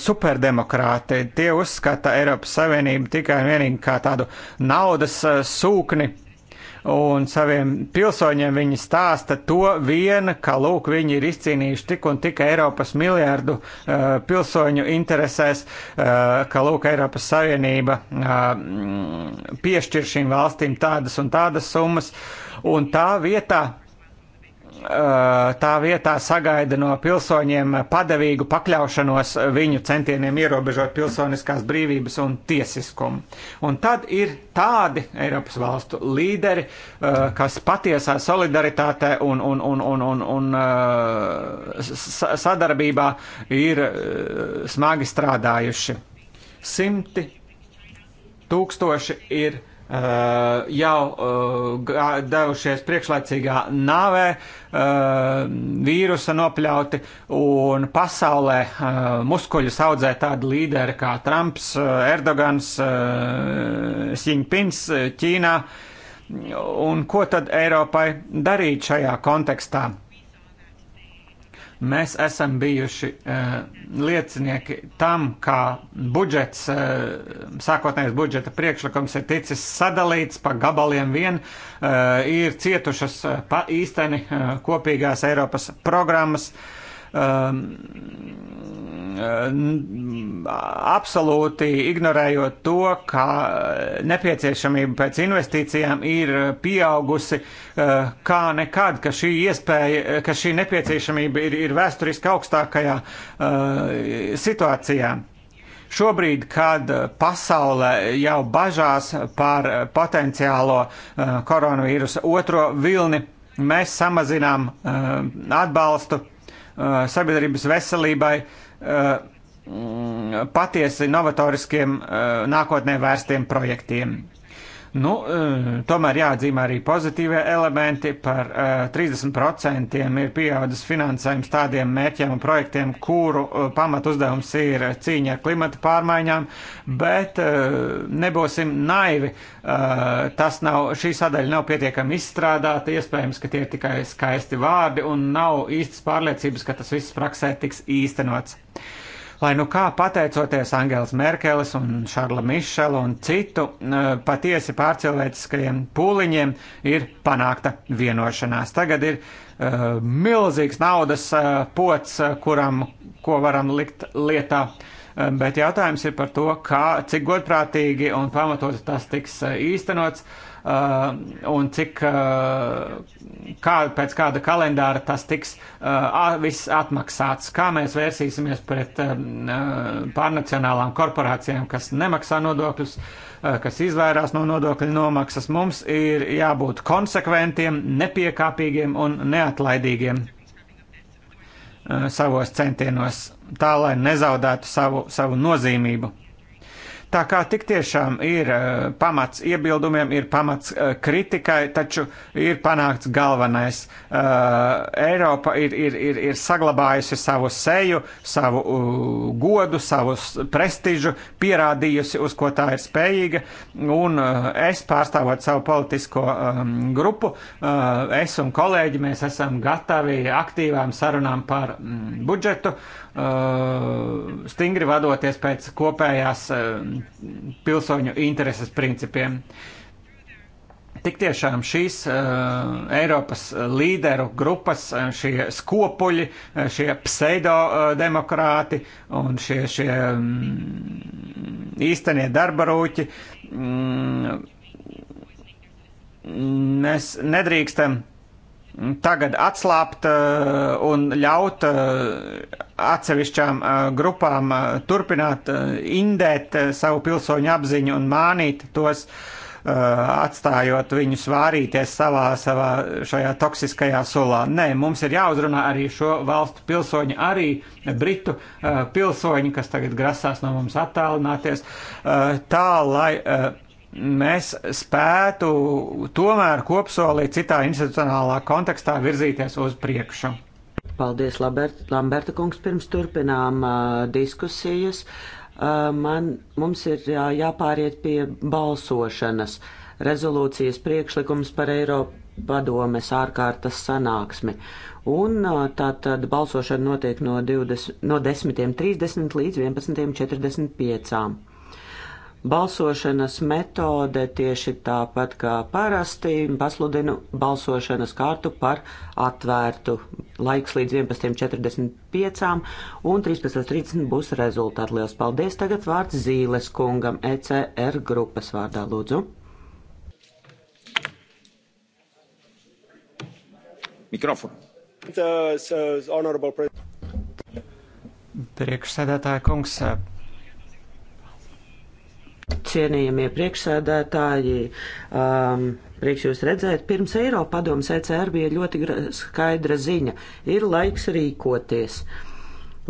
superdemokrāti. Tie uzskata Eiropas Savienību tikai un vienīgi kā tādu naudas sūkni un saviem pilsoņiem viņi stāsta to viena, ka lūk, viņi ir izcīnījuši tik un tik Eiropas miljārdu uh, pilsoņu interesēs, uh, ka lūk, Eiropas Savienība uh, mm, piešķir šīm valstīm tādas un tādas summas, un tā vietā Eh, tā vietā sagaida no pilsoņiem padavīgu pakļaušanos viņu centieniem ierobežot pilsoniskās brīvības un tiesiskumu. Un tad ir tādi Eiropas valstu līderi, eh, kas patiesā solidaritātē un, un, un, un, un, un eh, sadarbībā ir smagi strādājuši. Simti tūkstoši ir Uh, jau uh, devušies priekšlaicīgā nāvē, uh, eh, vīrusa nopļauti, un pasaulē muskuļus audzē tādi līderi kā Trumps, Erdogans, Sjiņpins, Ķīnā. Un ko tad Eiropai darīt šajā kontekstā? Mēs esam bijuši uh, liecinieki tam, kā budžets, uh, sākotnējais budžeta priekšlikums ir ticis sadalīts pa gabaliem vien, uh, ir cietušas uh, pa īsteni uh, kopīgās Eiropas programmas. Uh, um, absolūti ignorējot to, ka nepieciešamība pēc investīcijām ir pieaugusi uh, kā nekad, ka šī iespēja, ka šī nepieciešamība ir, ir vēsturiski augstākajā uh, situācijā. Šobrīd, kad pasaule jau bažās par potenciālo uh, koronavīrusa otro vilni, mēs samazinām atbalstu Eh, sabiedrības veselībai eh, patiesi novatoriskiem eh, nākotnē vērstiem projektiem. Nu, e, tomēr jāatzīmē arī pozitīvie elementi. Par 30% e, ir pieaudzis finansējums tādiem mērķiem un projektiem, kuru e, pamat uzdevums ir cīņa ar klimata pārmaiņām, bet nebūsim naivi. Tas nav, šī sadaļa nav pietiekami izstrādāta, iespējams, ka tie ir tikai skaisti vārdi un nav īstas pārliecības, ka tas viss praksē tiks īstenots lai nu kā pateicoties Angēlas Merkeles un Šarla Mišela un citu e, patiesi pārcilvēciskajiem pūliņiem ir panākta vienošanās. Tagad ir uh, milzīgs naudas uh, pots, kuram, ko varam likt lietā. Uh, bet jautājums ir par to, kā, cik godprātīgi un pamatot tas tiks īstenots. Uh, Uh, un cik, uh, kā, pēc kāda kalendāra tas tiks uh, viss atmaksāts, kā mēs vērsīsimies pret um, pārnacionālām korporācijām, kas nemaksā nodokļus kas izvairās no nodokļu nomaksas, mums ir jābūt konsekventiem, nepiekāpīgiem un neatlaidīgiem savos centienos, tā lai nezaudētu savu, savu nozīmību. Tā kā tik tiešām ir eh, pamats iebildumiem, ir pamats eh, kritikai, taču ir panākts galvenais. Eh, Eiropa ir, ir, ir, ir saglabājusi savu seju, savu godu, savu prestižu, pierādījusi, uz ko tā ir spējīga, un es pārstāvot savu politisko ehm, grupu, es un kolēģi, mēs esam gatavi aktīvām sarunām par mm, budžetu Eh, stingri vadoties pēc kopējās eh, pilsoņu intereses principiem. Tik tiešām šīs uh, Eiropas līderu grupas, šie skopuļi, šie pseidodemokrāti un šie, šie um, īstenie darbarūķi, um, mm, mēs nedrīkstam uh, tagad atslābt eh, un ļaut eh, atsevišķām eh, grupām turpināt indēt savu pilsoņu apziņu un mānīt tos, atstājot viņus vārīties savā, savā šajā toksiskajā sulā. Nē, mums ir jāuzrunā arī šo valstu pilsoņi, arī britu pilsoņi, kas tagad grasās no mums attālināties, tā lai mēs spētu tomēr kopsolī citā institucionālā kontekstā virzīties uz priekšu. Paldies, Lamberta, Lamberta kungs. Pirms turpinām uh, diskusijas, uh, man, mums ir jā, jāpāriet pie balsošanas. Rezolūcijas priekšlikums par Eiropu padomes ārkārtas sanāksmi. Un tā tad balsošana notiek no, 20, no 10.30 līdz 11.45 balsošanas metode tieši tāpat kā parasti pasludinu balsošanas kārtu par atvērtu. Laiks līdz 11.45 un 13.30 būs rezultāti. Lielas paldies! Tagad vārds Zīles kungam ECR grupas vārdā lūdzu. Mikrofonu. Uh, uh, Priekšsēdētāja kungs, Cienījamie priekšsēdētāji, um, priekš jūs redzēt, pirms Eiropa padomas ECR bija ļoti skaidra ziņa - ir laiks rīkoties.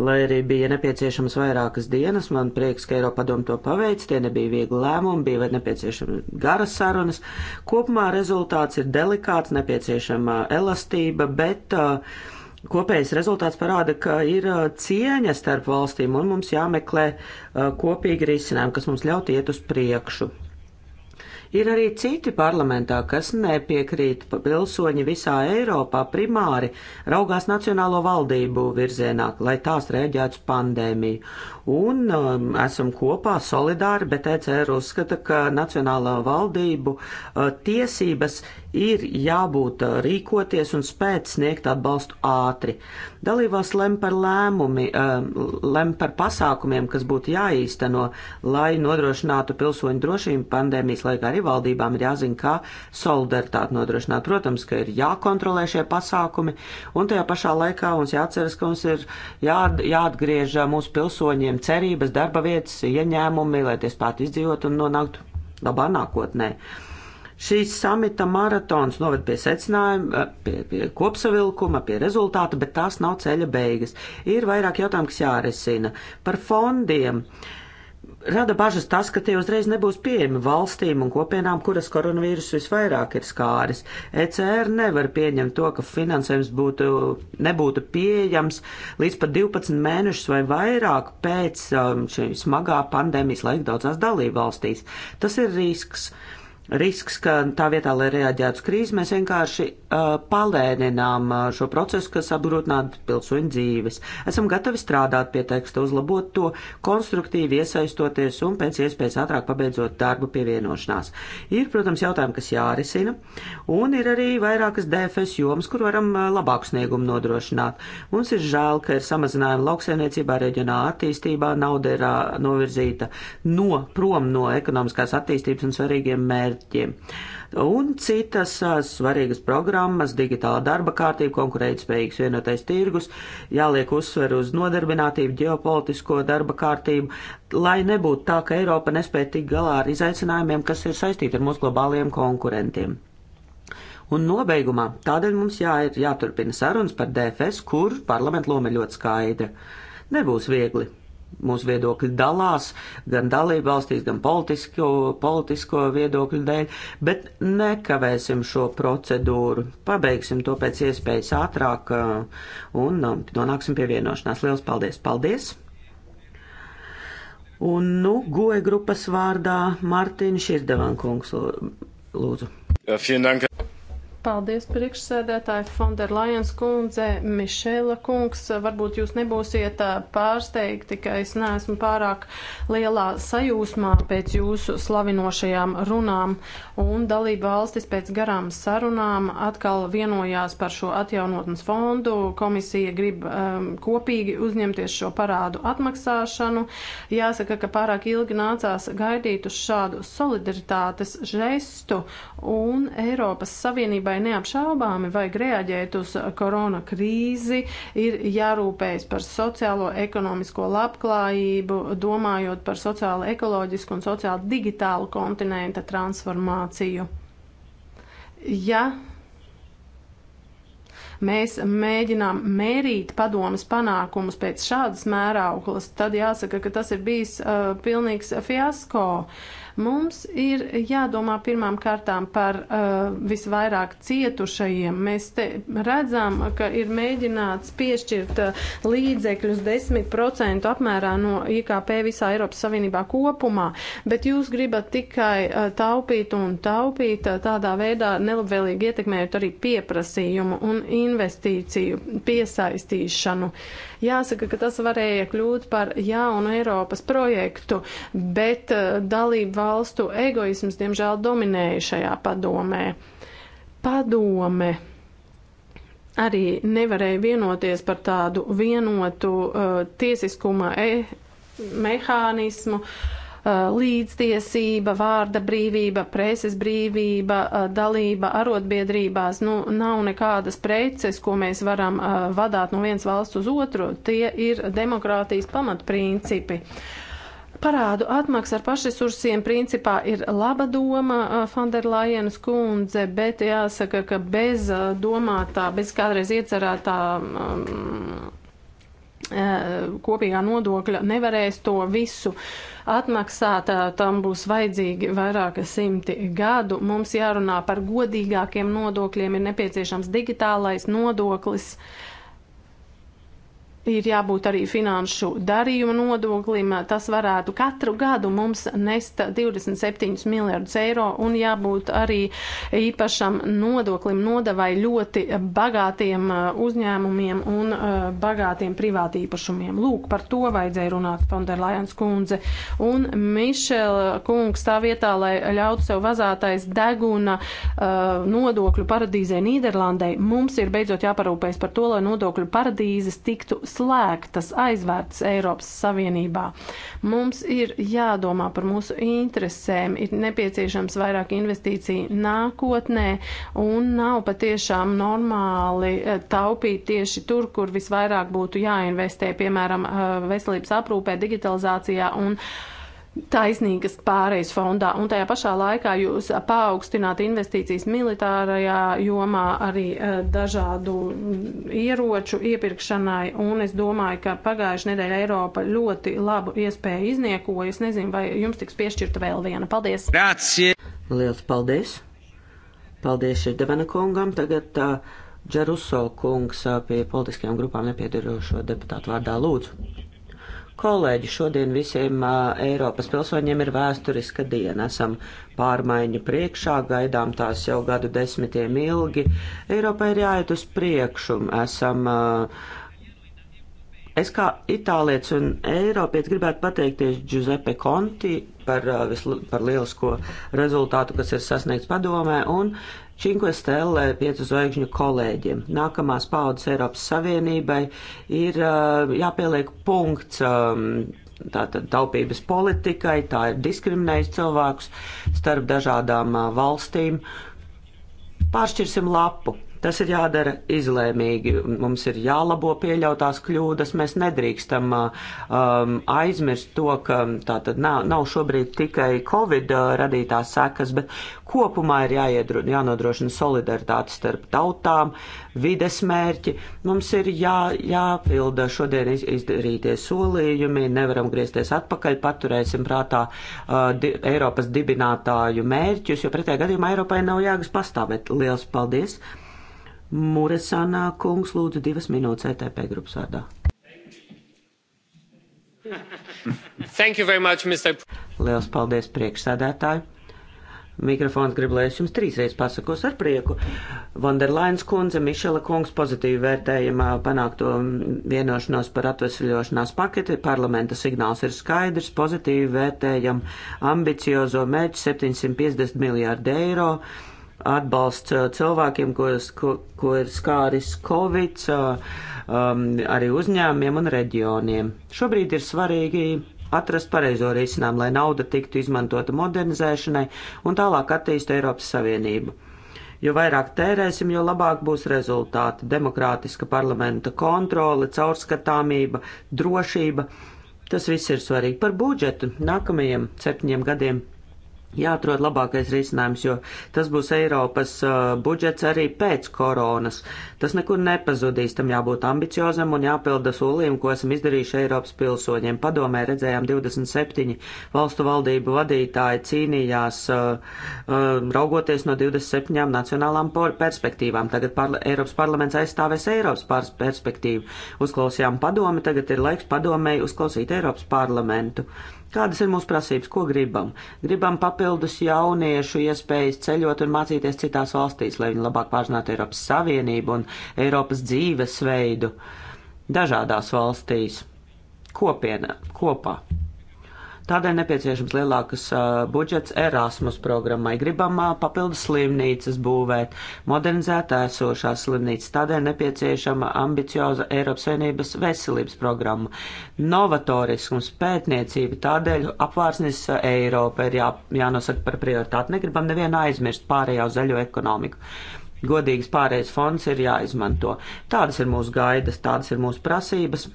Lai arī bija nepieciešamas vairākas dienas, man prieks, ka Eiropa padomu to paveic, tie nebija viegli lēmumi, bija nepieciešama garas sarunas. Kopumā rezultāts ir delikāts, nepieciešama elastība, bet uh, Kopējais rezultāts parāda, ka ir uh, cieņa starp valstīm un mums jāmeklē uh, kopīgi risinājumi, kas mums ļaut iet uz priekšu. Ir arī citi parlamentā, kas nepiekrīt pilsoņi visā Eiropā primāri raugās Nacionālo valdību virzienā, lai tās rēģētu pandēmiju. Un um, esam kopā solidāri, bet ECR uzskata, ka Nacionālā valdību uh, tiesības ir jābūt rīkoties un spēt sniegt atbalstu ātri. Dalībās lem par lēmumi, lem par pasākumiem, kas būtu jāīsteno, lai nodrošinātu pilsoņu drošību pandēmijas laikā. Arī valdībām ir jāzina, kā solidaritāti nodrošināt. Protams, ka ir jākontrolē šie pasākumi, un tajā pašā laikā mums jāatceras, ka mums ir jā, jāatgriež mūsu pilsoņiem cerības, darba vietas, ieņēmumi, lai tie spētu izdzīvot un nonāktu labā nākotnē. Uh, Šīs samita maratons noved pie secinājuma, eh, pie, pie kopsavilkuma, pie rezultāta, bet tās nav ceļa beigas. Ir vairāk jautājumu, kas jārisina. Par fondiem. Rada bažas tas, ka tie uzreiz nebūs pieejami valstīm un kopienām, kuras koronavīrus visvairāk ir skāris. ECR nevar pieņemt to, ka finansējums būtu, nebūtu pieejams līdz pat 12 mēnešus vai vairāk pēc um, šī smagā pandēmijas laika daudzās dalībvalstīs. Tas ir risks. Uh, risks, ka tā vietā, lai reaģētu uz krīzi, mēs vienkārši uh, palēninām uh, šo procesu, kas apgrūtinātu pilsoņu dzīves. Esam gatavi strādāt pie teksta, uzlabot to, konstruktīvi iesaistoties un pēc iespējas ātrāk pabeidzot darbu pievienošanās. Ir, protams, jautājumi, kas jārisina, un ir arī vairākas DFS jomas, kur varam uh, labāku sniegumu nodrošināt. Mums ir žēl, ka ir samazinājumi lauksaimniecībā, reģionālā attīstībā, nauda ir uh, novirzīta no prom no ekonomiskās attīstības un svarīgiem mērķiem mērķi. Un citas svarīgas programmas, digitāla darba kārtība, konkurētspējīgs vienotais tirgus, jāliek uzsver uz nodarbinātību, ģeopolitisko darba kārtību, lai nebūtu tā, ka Eiropa nespēja tikt galā ar izaicinājumiem, kas ir saistīti ar mūsu globāliem konkurentiem. Un nobeigumā tādēļ mums jā, jāturpina sarunas par DFS, kur parlamentu loma ir ļoti skaidra. Nebūs viegli, mūsu viedokļi dalās, gan dalību valstīs, gan politisko, politisko viedokļu dēļ, bet nekavēsim šo procedūru, pabeigsim to pēc iespējas ātrāk uh, un um, nonāksim pie vienošanās. Lielas paldies! Paldies! Un, nu, goja grupas vārdā Mārtiņš Irdevankungs, lūdzu. Ja, Paldies, priekšsēdētāji Fonderlajens kundze, Mišela kungs. Varbūt jūs nebūsiet pārsteigti, ka es neesmu pārāk lielā sajūsmā pēc jūsu slavinošajām runām. Un dalība valstis pēc garām sarunām atkal vienojās par šo atjaunotnes fondu. Komisija grib um, kopīgi uzņemties šo parādu atmaksāšanu. Jāsaka, ka pārāk ilgi nācās gaidīt uz šādu solidaritātes žestu un Eiropas Savienībai Eiropai neapšaubāmi vajag reaģēt uz korona krīzi, ir jārūpējas par sociālo, ekonomisko labklājību, domājot par sociālo, ekoloģisku un sociālo digitālu kontinenta transformāciju. Ja mēs mēģinām mērīt padomas panākumus pēc šādas mērauklas, tad jāsaka, ka tas ir bijis uh, pilnīgs fiasko. Uh, Mums ir jādomā pirmām kārtām par uh, visvairāk cietušajiem. Mēs te redzam, ka ir mēģināts piešķirt uh, līdzekļus 10% apmērā no IKP visā Eiropas Savienībā kopumā, bet jūs gribat tikai uh, taupīt un taupīt uh, tādā veidā nelabvēlīgi ietekmējot arī pieprasījumu un investīciju piesaistīšanu. Uh, Jāsaka, ka tas varēja kļūt par jaunu Eiropas projektu, bet eh, dalību valstu egoisms, diemžēl, dominēja šajā padomē. Padome arī nevarēja vienoties par tādu vienotu uh, tiesiskuma e mehānismu. Uh, Uh, līdztiesība, vārda brīvība, preses brīvība, uh, dalība arotbiedrībās. Nu, nav nekādas preces, ko mēs varam uh, vadāt no vienas valsts uz otru. Tie ir demokrātijas pamatprincipi. Parādu atmaksa ar pašresursiem principā ir laba doma Fanderlajenas kundze, bet jāsaka, ka bez domātā, bez kādreiz iecerētā um, Eh, kopīgā nodokļa nevarēs to visu atmaksāt, eh, tam būs vajadzīgi vairāki simti gadu. Mums jārunā par godīgākiem nodokļiem, ir nepieciešams digitālais nodoklis. Uh, ir jābūt arī finanšu darījuma nodoklim. Tas varētu katru gadu mums nest 27 miljardus eiro un jābūt arī īpašam nodoklim nodavai ļoti bagātiem uh, uzņēmumiem un uh, bagātiem privātīpašumiem. Lūk, par to vajadzēja runāt Fonderlajans kundze. Un Mišela kungs tā vietā, lai ļautu sev vazātais deguna uh, nodokļu paradīzē Nīderlandē, mums ir beidzot jāparūpējas par to, lai nodokļu paradīzes tiktu slēgtas, aizvērtas Eiropas Savienībā. Mums ir jādomā par mūsu interesēm, ir nepieciešams vairāk investīciju nākotnē un nav patiešām normāli eh, taupīt tieši tur, kur visvairāk būtu jāinvestē, piemēram, eh, veselības aprūpē, digitalizācijā un uh, taisnīgas pārejas fondā, un tajā pašā laikā jūs paaugstināt investīcijas militārajā jomā arī eh, dažādu ieroču iepirkšanai, un es domāju, ka pagājuši nedēļa Eiropa ļoti labu iespēju izniekoja. Es nezinu, vai jums tiks piešķirta vēl viena. Paldies! Grācie! Liels paldies! Paldies Šerdevena kungam. Tagad uh, Džeruso kungs uh, pie politiskajām grupām nepiedarošo deputātu vārdā lūdzu. Kolēģi, šodien visiem uh, Eiropas pilsoņiem ir vēsturiska diena. Esam pārmaiņu priekšā, gaidām tās jau gadu desmitiem ilgi. Eiropai ir jāiet uz priekšu. Esam, uh, es kā itālietis un eiropietis gribētu pateikties Giuseppe Conti par, uh, visl, par lielisko rezultātu, kas ir sasniegts padomē, un Činko Stelle piecu zvaigžņu kolēģiem. Nākamās paudzes Eiropas Savienībai ir uh, jāpieliek punkts. Um, Tātad taupības politikai, tā ir diskriminējusi cilvēkus starp dažādām uh, valstīm. Pāršķirsim lapu Tas ir jādara izlēmīgi. Mums ir jālabo pieļautās kļūdas. Mēs nedrīkstam uh, um, aizmirst to, ka tā tad nav, nav šobrīd tikai Covid uh, radītās sekas, bet kopumā ir jāiedru, jānodrošina solidaritāte starp tautām, vides mērķi. Mums ir jā, jāpilda šodien iz, izdarītie solījumi, nevaram griezties atpakaļ, paturēsim prātā uh, di, Eiropas dibinātāju mērķus, jo pretējā gadījumā Eiropai nav jēgas pastāvēt. Liels paldies! Muresanā kungs lūdzu divas minūtes ETP grupas vārdā. Thank you very much, Mr. Liels paldies priekšsēdētāji. Mikrofons grib, lai es jums trīsreiz pasakos ar prieku. Vonderlains kundze, Mišela kungs pozitīvi vērtējumā panākto vienošanos par atvesļošanās paketi. Parlamenta signāls ir skaidrs, pozitīvi vērtējam ambiciozo mērķi 750 miljārdu eiro atbalsts uh, cilvēkiem, ko, ko, ko ir skāris Covid, uh, um, arī uzņēmumiem un reģioniem. Šobrīd ir svarīgi atrast pareizo risinājumu, lai nauda tiktu izmantota modernizēšanai un tālāk attīst Eiropas Savienību. Jo vairāk tērēsim, jo labāk būs rezultāti - demokrātiska parlamenta kontrole, caurskatāmība, drošība. Tas viss ir svarīgi par budžetu nākamajiem septiņiem gadiem jāatrod labākais risinājums, jo tas būs Eiropas uh, budžets arī pēc koronas. Tas nekur nepazudīs, tam jābūt ambiciozam un jāpilda solījumi, ko esam izdarījuši Eiropas pilsoņiem. Padomē redzējām 27 valstu valdību vadītāji cīnījās uh, uh, raugoties no 27 nacionālām perspektīvām. Tagad parla Eiropas parlaments aizstāvēs Eiropas perspektīvu. Uzklausījām padomi, tagad ir laiks padomēji uzklausīt Eiropas parlamentu. Kādas ir mūsu prasības, ko gribam? Gribam papildus jauniešu iespējas ceļot un mācīties citās valstīs, lai viņi labāk pārzinātu Eiropas Savienību un Eiropas dzīvesveidu dažādās valstīs, kopienā, kopā. Tādēļ nepieciešams lielākas uh, budžets Erasmus programmai. Gribam uh, papildus slimnīcas būvēt, modernizēt esošās slimnīcas. Tādēļ nepieciešama ambicioza Eiropas Savienības veselības programma. Novatorisms, pētniecība, tādēļ apvārsnis Eiropa ir jā, jānosaka par prioritāti. Negribam nevienu aizmirst pārējā zaļo ekonomiku. Godīgs pārējais fonds ir jāizmanto. Tādas ir mūsu gaidas, tādas ir mūsu prasības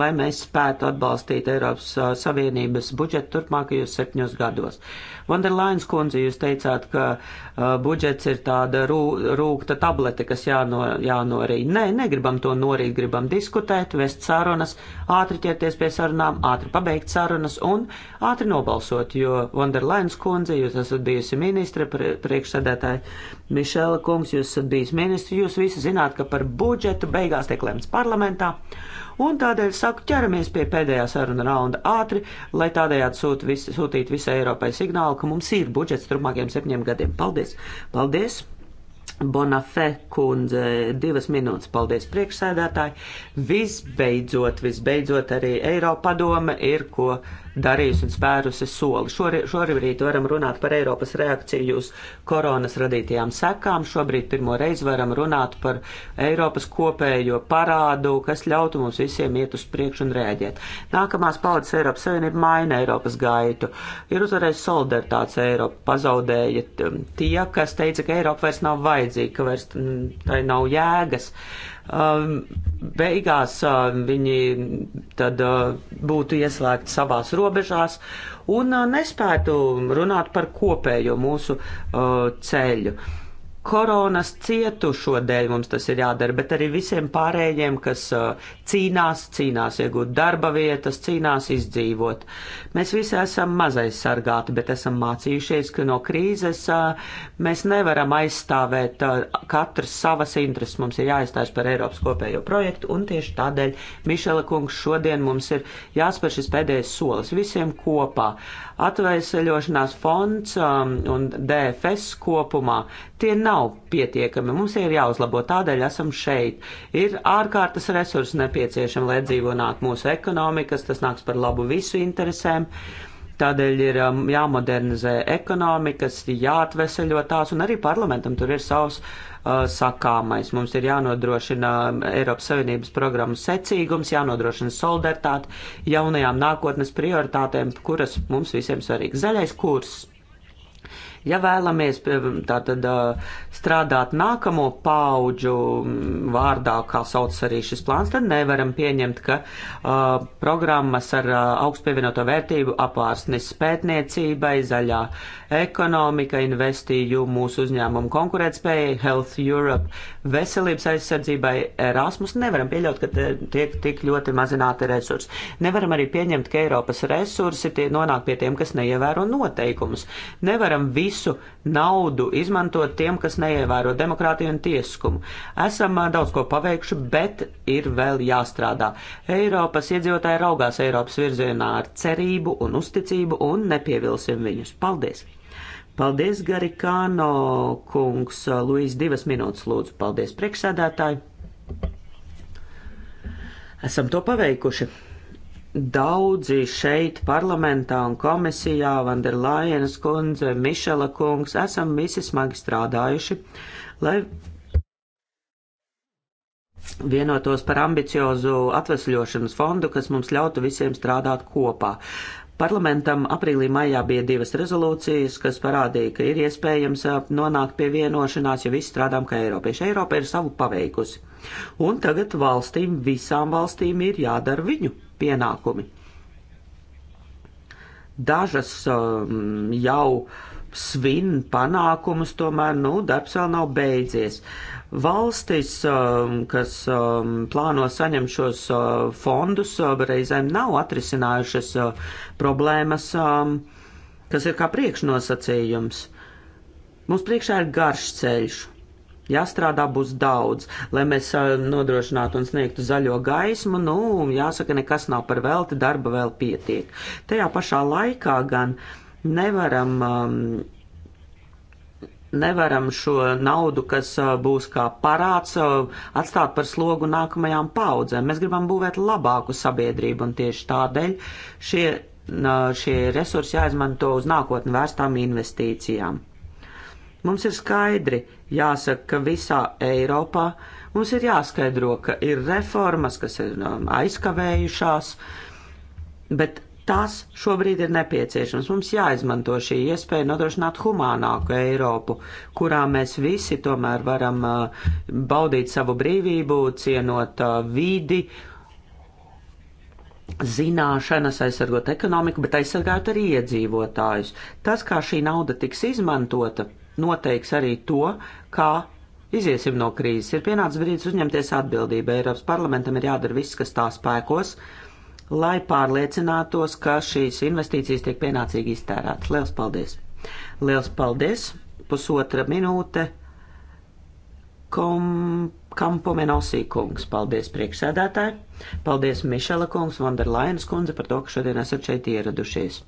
lai mēs spētu atbalstīt Eiropas uh, Savienības budžetu turpmākajos septņos gados. Vanderlains kundze, jūs teicāt, ka uh, budžets ir tāda rū, rūkta tablete, kas jāno, jānorīd. Nē, negribam to norīt, gribam diskutēt, vest sarunas, ātri ķerties pie sarunām, ātri pabeigt sarunas un ātri nobalsot, jo Vanderlains kundze, jūs esat bijusi ministre, priekšsēdētāji Mišela kungs, jūs esat bijis ministri, jūs visi zināt, ka par budžetu beigās tiek lemts parlamentā un tādēļ saku, ķeramies pie pēdējā saruna raunda ātri, lai tādējādi sūt vis, sūtītu visai Eiropai signālu, ka mums ir budžets turpmākajiem septiņiem gadiem. Paldies! Paldies! Bonafē kundze, divas minūtes, paldies priekšsēdētāji. Visbeidzot, visbeidzot arī Eiropadome ir ko darījusi un spērusi soli. Šorīt varam runāt par Eiropas reakciju uz koronas radītajām sekām. Šobrīd pirmo reizi varam runāt par Eiropas kopējo parādu, kas ļautu mums visiem iet uz priekšu un rēģēt. Nākamās paudzes Eiropas Savienība maina Eiropas gaitu. Ir uzvarējis solidaritātes Eiropa, pazaudēja tie, kas teica, ka Eiropa vairs nav vajadzīga, ka vairs tai nav jēgas. Uh, Um, beigās um, viņi tad uh, būtu ieslēgti savās robežās un uh, nespētu runāt par kopējo mūsu uh, ceļu koronas cietušo dēļ mums tas ir jādara, bet arī visiem pārējiem, kas uh, cīnās, cīnās iegūt darba vietas, cīnās izdzīvot. Mēs visi esam mazais sargāti, bet esam mācījušies, ka no krīzes uh, mēs nevaram aizstāvēt uh, katrs savas intereses. Mums ir jāaizstājas par Eiropas kopējo projektu, un tieši tādēļ, Mišela kungs, šodien mums ir jāspēr šis pēdējais solis visiem kopā. Uh, Atveseļošanās fonds um, un DFS kopumā tie nav pietiekami. Mums ir jāuzlabo, tādēļ esam šeit. Ir ārkārtas resursi nepieciešami, lai dzīvonātu mūsu ekonomikas, tas nāks par labu visu interesēm. Tādēļ ir um, jāmodernizē ekonomikas, jāatveseļo tās, un arī parlamentam tur ir savs uh, Uh, sakāmais. Mums ir jānodrošina um, Eiropas Savienības programmas secīgums, jānodrošina solidaritāte jaunajām nākotnes prioritātēm, kuras mums visiem svarīgas. Zaļais kurs Ja vēlamies tātad strādāt nākamo pauģu vārdā, kā sauc arī šis plāns, tad nevaram pieņemt, ka uh, programmas ar uh, augstu pievienoto vērtību apvārsnis pētniecībai, zaļā ekonomika, investīju mūsu uzņēmumu konkurētspējai, Health Europe, veselības aizsardzībai, Erasmus, nevaram pieļaut, ka tiek tik ļoti mazināti resursi. Nevaram arī pieņemt, ka Eiropas resursi nonāk pie tiem, kas neievēro noteikumus. Nevaram visu visu naudu izmantot tiem, kas neievēro demokrātiju un tiesiskumu. Esam daudz ko paveikuši, bet ir vēl jāstrādā. Eiropas iedzīvotāji raugās Eiropas virzienā ar cerību un uzticību un nepievilsim viņus. Paldies! Paldies, Garikāno kungs, Luīs, divas minūtes lūdzu. Paldies, priekšsēdētāji! Esam to paveikuši. Daudzi šeit parlamentā un komisijā, Vanderlajenas kundze, Mišela kungs, esam visi smagi strādājuši, lai vienotos par ambiciozu atvesļošanas fondu, kas mums ļautu visiem strādāt kopā. Parlamentam aprīlī maijā bija divas rezolūcijas, kas parādīja, ka ir iespējams nonākt pie vienošanās, ja visi strādām kā Eiropieši. Eiropa ir savu paveikusi. Un tagad valstīm, visām valstīm ir jādara viņu pienākumi. Dažas um, jau svin panākumus, tomēr nu, darbs vēl nav beidzies. Valstis, um, kas um, plāno saņemt šos uh, fondus, uh, reizēm nav atrisinājušas uh, problēmas, um, kas ir kā priekšnosacījums. Mums priekšā ir garš ceļš, Jāstrādā būs daudz, lai mēs nodrošinātu un sniegtu zaļo gaismu, nu, jāsaka, nekas nav par velti, darba vēl pietiek. Tajā pašā laikā gan nevaram. Um, nevaram šo naudu, kas būs kā parāds, atstāt par slogu nākamajām paudzēm. Mēs gribam būvēt labāku sabiedrību, un tieši tādēļ šie, šie resursi jāizmanto uz nākotni vērstām investīcijām. Mums ir skaidri jāsaka, ka visā Eiropā mums ir jāskaidro, ka ir reformas, kas ir um, aizkavējušās, bet tas šobrīd ir nepieciešams. Mums jāizmanto šī iespēja nodrošināt humānāku Eiropu, kurā mēs visi tomēr varam uh, baudīt savu brīvību, cienot uh, vidi, zināšanas, aizsargot ekonomiku, bet aizsargāt arī iedzīvotājus. Tas, kā šī nauda tiks izmantota, noteiks arī to, kā Iziesim no krīzes. Ir pienācis brīdis uzņemties atbildību. Eiropas parlamentam ir jādara viss, kas tā spēkos, lai pārliecinātos, ka šīs investīcijas tiek pienācīgi iztērētas. Lielas paldies! Lielas paldies! Pusotra minūte. Kom... Kampomenosī kungs, paldies priekšsēdētāji, paldies Mišela kungs, Vanderlainas kundze par to, ka šodien esat šeit ieradušies.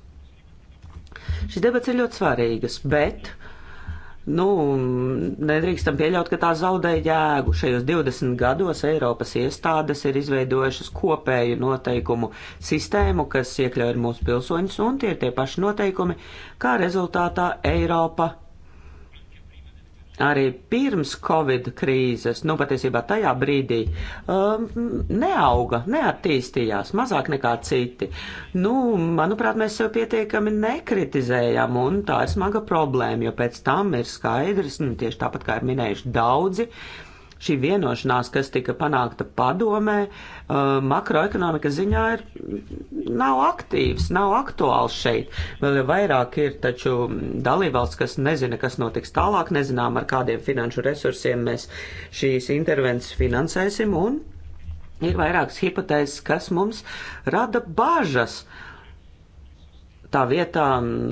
Šis debats ir ļoti svarīgas, bet Nu, nedrīkstam pieļaut, ka tā zaudē jēgu. Šajos 20 gados Eiropas iestādes ir izveidojušas kopēju noteikumu sistēmu, kas iekļauj mūsu pilsoņus, un tie ir tie paši noteikumi, kā rezultātā Eiropa arī pirms Covid krīzes, nu patiesībā tajā brīdī, um, neauga, neattīstījās mazāk nekā citi. Nu, manuprāt, mēs sev pietiekami nekritizējam, un tā ir smaga problēma, jo pēc tam ir skaidrs, nu, tieši tāpat kā ir minējuši daudzi, uh, šī vienošanās, kas tika panākta padomē, uh, makroekonomika ziņā ir, nav aktīvs, nav aktuāls šeit. Vēl jau vairāk ir taču dalībvalsts, kas nezina, kas notiks tālāk, nezinām, ar kādiem finanšu resursiem mēs šīs intervences finansēsim, un ir vairākas hipotēzes, kas mums rada bažas. Uh, Tā vietā,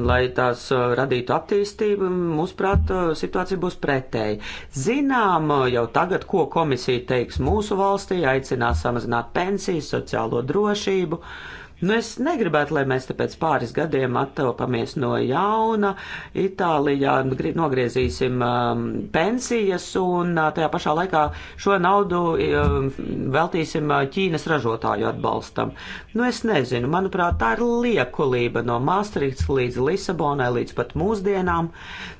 lai tās uh, radītu attīstību, mūsuprāt, uh, situācija būs pretēji. Zinām uh, jau tagad, ko komisija teiks mūsu valstī, aicinās samazināt pensijas, sociālo drošību. Uh, Nu, es negribētu, lai mēs te pēc pāris gadiem attopamies no jauna. Itālijā nogriezīsim um, pensijas un uh, tajā pašā laikā šo naudu um, veltīsim uh, Ķīnas ražotāju atbalstam. Nu, es nezinu, manuprāt, tā ir liekulība no Maastrichts līdz Lisabonai līdz pat mūsdienām.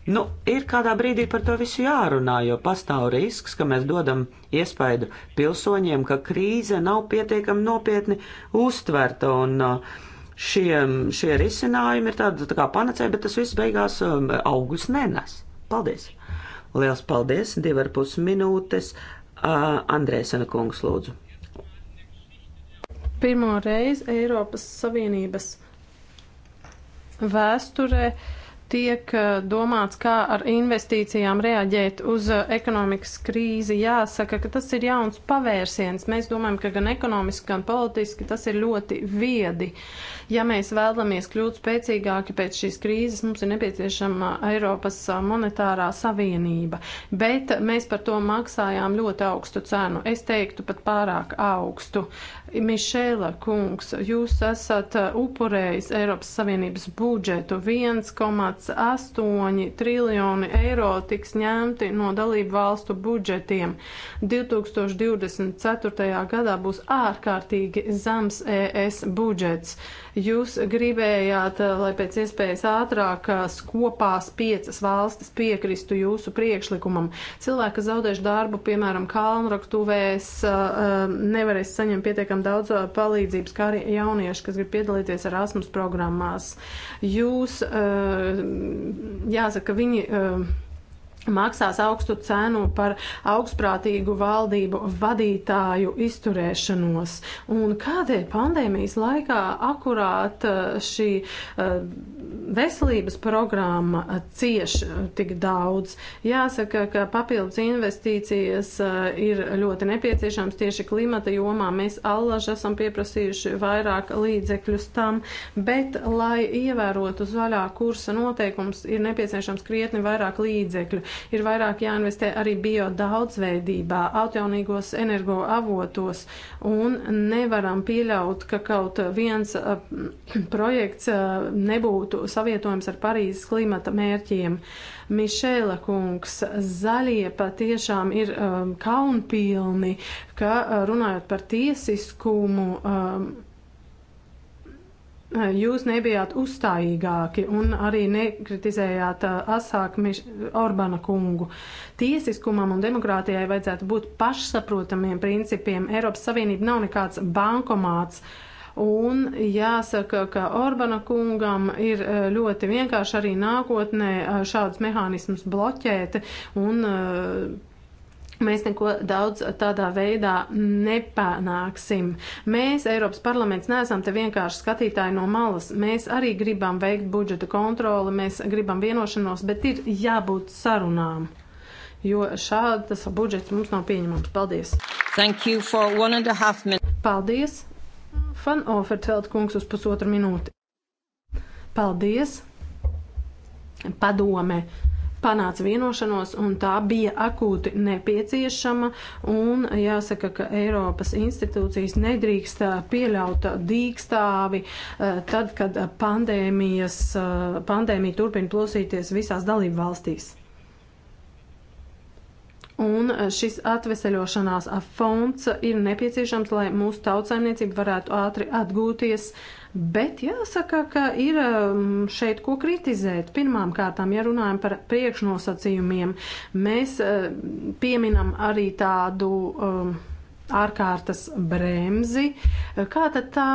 Nu, ir kādā brīdī par to visu jārunā, jo pastāv risks, ka mēs dodam iespaidu pilsoņiem, ka krīze nav pietiekami nopietni uztverta un uh, šie, šie risinājumi ir tāda tā kā panacēja, bet tas viss beigās um, augus nenes. Paldies! Liels paldies! Divi ar pus minūtes. Uh, Andrēsena kungs lūdzu. Pirmo reizi Eiropas Savienības vēsturē uh, tiek eh, domāts, kā ar investīcijām reaģēt uz eh, ekonomikas krīzi. Jāsaka, ka tas ir jauns pavērsiens. Mēs domājam, ka gan ekonomiski, gan politiski tas ir ļoti viedi. Uh, Ja mēs vēlamies kļūt spēcīgāki pēc šīs krīzes, mums ir nepieciešama Eiropas monetārā savienība, bet mēs par to maksājām ļoti augstu cenu. Es teiktu pat pārāk augstu. Mišela kungs, jūs esat upurējis Eiropas Savienības budžetu. 1,8 triljoni eiro tiks ņemti no dalību valstu budžetiem. 2024. gadā būs ārkārtīgi zems ES budžets. Jūs gribējāt, eh, lai pēc iespējas ātrāk eh, kopās piecas valstis piekristu jūsu priekšlikumam. Cilvēki, kas zaudējuši darbu, piemēram, kalnraktuvēs, eh, nevarēs saņemt pietiekam daudz palīdzības, kā arī jaunieši, kas grib piedalīties Erasmus programmās. Jūs, jāsaka, viņi maksās augstu cenu par augstprātīgu valdību vadītāju izturēšanos. Un kādēļ pandēmijas laikā akurāt eh, šī uh, veselības programma cieš eh, tik daudz. Jāsaka, ka papildus investīcijas eh, ir ļoti nepieciešams tieši klimata jomā. Mēs allaž esam pieprasījuši vairāk līdzekļus tam, bet, lai ievērotu zaļā kursa noteikums, ir nepieciešams krietni vairāk līdzekļu. Ir vairāk jāinvestē arī bio daudzveidībā, atjaunīgos energoavotos un nevaram pieļaut, ka kaut viens eh, projekts nebūtu būtu savietojams ar Parīzes klimata mērķiem. Mišēla kungs, zaļie patiešām ir um, kaunpilni, ka uh, runājot par tiesiskumu. Um, Jūs nebijāt uzstājīgāki un arī nekritizējāt uh, asāk Orbāna kungu. Tiesiskumam un demokrātijai vajadzētu būt pašsaprotamiem principiem. Eiropas Savienība nav nekāds bankomāts. Uh, Un jāsaka, ka Orbana kungam ir e, ļoti vienkārši arī nākotnē e, šādus mehānismus bloķēt un e, Mēs neko daudz tādā veidā nepanāksim. Mēs, Eiropas parlaments, neesam te vienkārši skatītāji no malas. Mēs arī gribam veikt budžeta kontroli, mēs gribam vienošanos, bet ir jābūt sarunām. Jo šāds budžets mums nav pieņemams. Paldies! Paldies! Fan Ofercelt kungs uz pusotru minūti. Paldies! Padome panāca vienošanos, un tā bija akūti nepieciešama. Un jāsaka, ka Eiropas institūcijas nedrīkst uh, pieļaut dīkstāvi, uh, tad, kad uh, pandēmija turpina plosīties visās dalību valstīs. Un e, šis atveseļošanās fonds ir nepieciešams, lai mūsu tautsaimniecība varētu ātri atgūties. Bet jāsaka, ka ir e, šeit ko kritizēt. Pirmām kārtām, ja runājam par priekšnosacījumiem, mēs e, pieminam arī tādu ārkārtas bremzi. Kā tad tā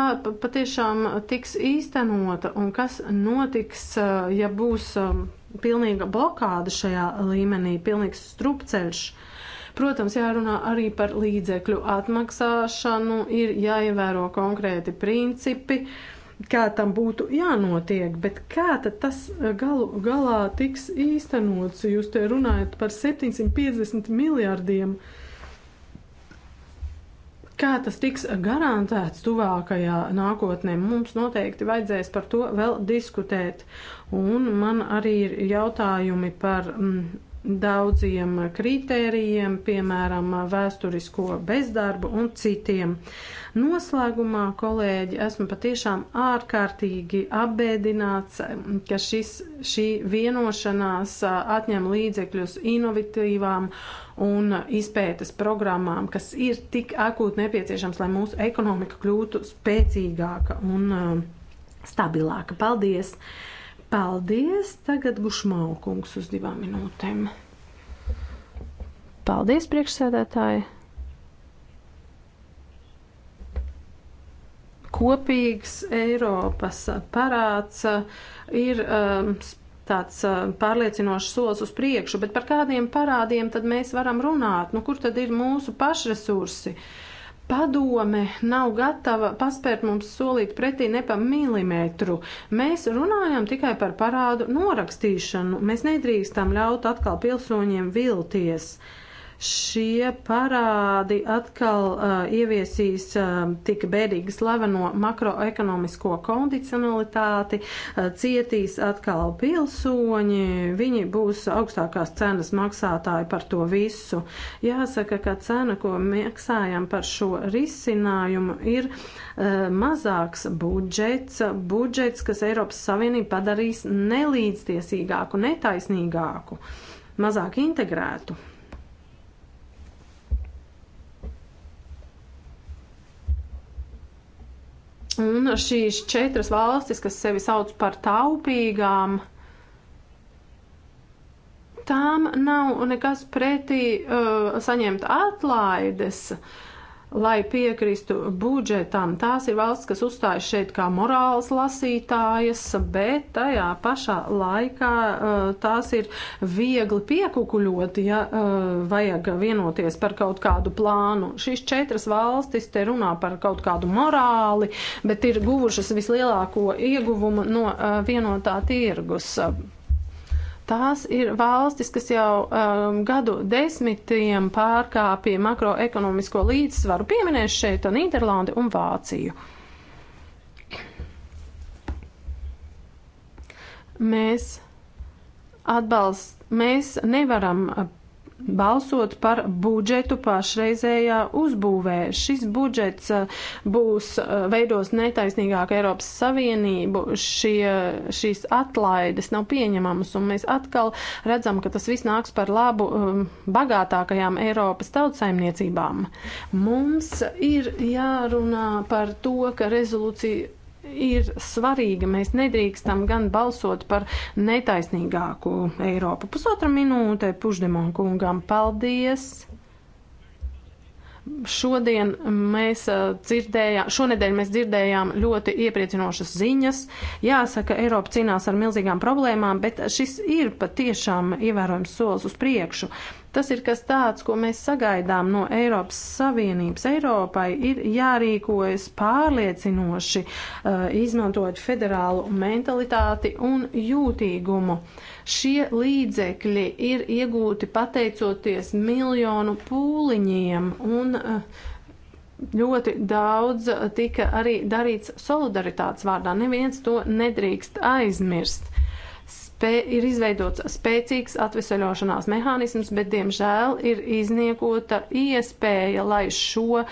patiešām tiks īstenota un kas notiks, ja būs pilnīga blokāda šajā līmenī, pilnīgs strupceļš. Protams, jārunā arī par līdzekļu atmaksāšanu, ir jāievēro konkrēti principi, kā tam būtu jānotiek, bet kā tad tas galu, galā tiks īstenots, jūs te runājat par 750 miljārdiem. Kā tas tiks garantēts tuvākajā nākotnē, mums noteikti vajadzēs par to vēl diskutēt. Un man arī ir jautājumi par mm, daudziem kritērijiem, piemēram, vēsturisko bezdarbu un citiem. Noslēgumā, kolēģi, esmu patiešām ārkārtīgi apbēdināts, ka šis, šī vienošanās atņem līdzekļus inovatīvām un izpētes programmām, kas ir tik akūti nepieciešams, lai mūsu ekonomika kļūtu spēcīgāka un stabilāka. Paldies! Paldies! Tagad Gušmaukungs uz divām minūtēm. Paldies, priekšsēdētāji! Kopīgs Eiropas parāds uh, ir um, tāds uh, pārliecinošs solis uz priekšu, bet par kādiem parādiem tad mēs varam runāt? Nu, kur tad ir mūsu pašresursi? Uh, padome nav gatava paspērt mums solīt pretī ne pa milimetru. Mēs runājam tikai par parādu norakstīšanu. Mēs nedrīkstam ļaut atkal pilsoņiem vilties. Uh, šie parādi atkal uh, ieviesīs uh, tik bēdīgi slaveno makroekonomisko kondicionalitāti, uh, cietīs atkal pilsoņi, viņi būs augstākās cenas maksātāji par to visu. Jāsaka, ka cena, ko maksājam par šo risinājumu, ir uh, mazāks budžets, budžets, kas Eiropas Savienība padarīs nelīdztiesīgāku, netaisnīgāku, mazāk integrētu. Un šīs četras valstis, kas sevi sauc par taupīgām, tām nav nekas pretī uh, saņemt atlaides. Uh, lai piekristu budžetam. Tās ir valsts, kas uzstājas šeit kā morāls lasītājas, bet tajā pašā laikā eh, tās ir viegli piekukuļot, ja eh, vajag vienoties par kaut kādu plānu. Šīs četras valstis te runā par kaut kādu morāli, bet ir guvušas vislielāko ieguvumu no eh, vienotā tirgus Tās ir valstis, kas jau um, gadu desmitiem pārkāpja makroekonomisko līdzsvaru. Pieminēšu šeit Nīderlandi un Vāciju. Mēs atbalst, mēs nevaram balsot par budžetu pašreizējā uzbūvē. Šis budžets uh, būs uh, veidos netaisnīgāk Eiropas Savienību, šie, šīs atlaides nav pieņemamas, un mēs atkal redzam, ka tas viss nāks par labu um, bagātākajām Eiropas tautsaimniecībām. Mums ir jārunā par to, ka rezolūcija ir svarīga. Mēs nedrīkstam gan balsot par netaisnīgāku Eiropu. Pusotra minūte Puždemon kungam. Paldies! Šodien mēs uh, dzirdējām, šonedēļ mēs dzirdējām ļoti iepriecinošas ziņas. Jāsaka, Eiropa cīnās ar milzīgām problēmām, bet šis ir patiešām ievērojams solis uz priekšu. Tas ir kas tāds, ko mēs sagaidām no Eiropas Savienības. Eiropai ir jārīkojas pārliecinoši, eh, izmantojot federālu mentalitāti un jūtīgumu. Šie līdzekļi ir iegūti pateicoties miljonu pūliņiem un uh, ļoti daudz tika arī darīts solidaritātes vārdā. Neviens to nedrīkst aizmirst spē, ir izveidots spēcīgs atveseļošanās mehānisms, bet, diemžēl, ir izniekota iespēja, lai šo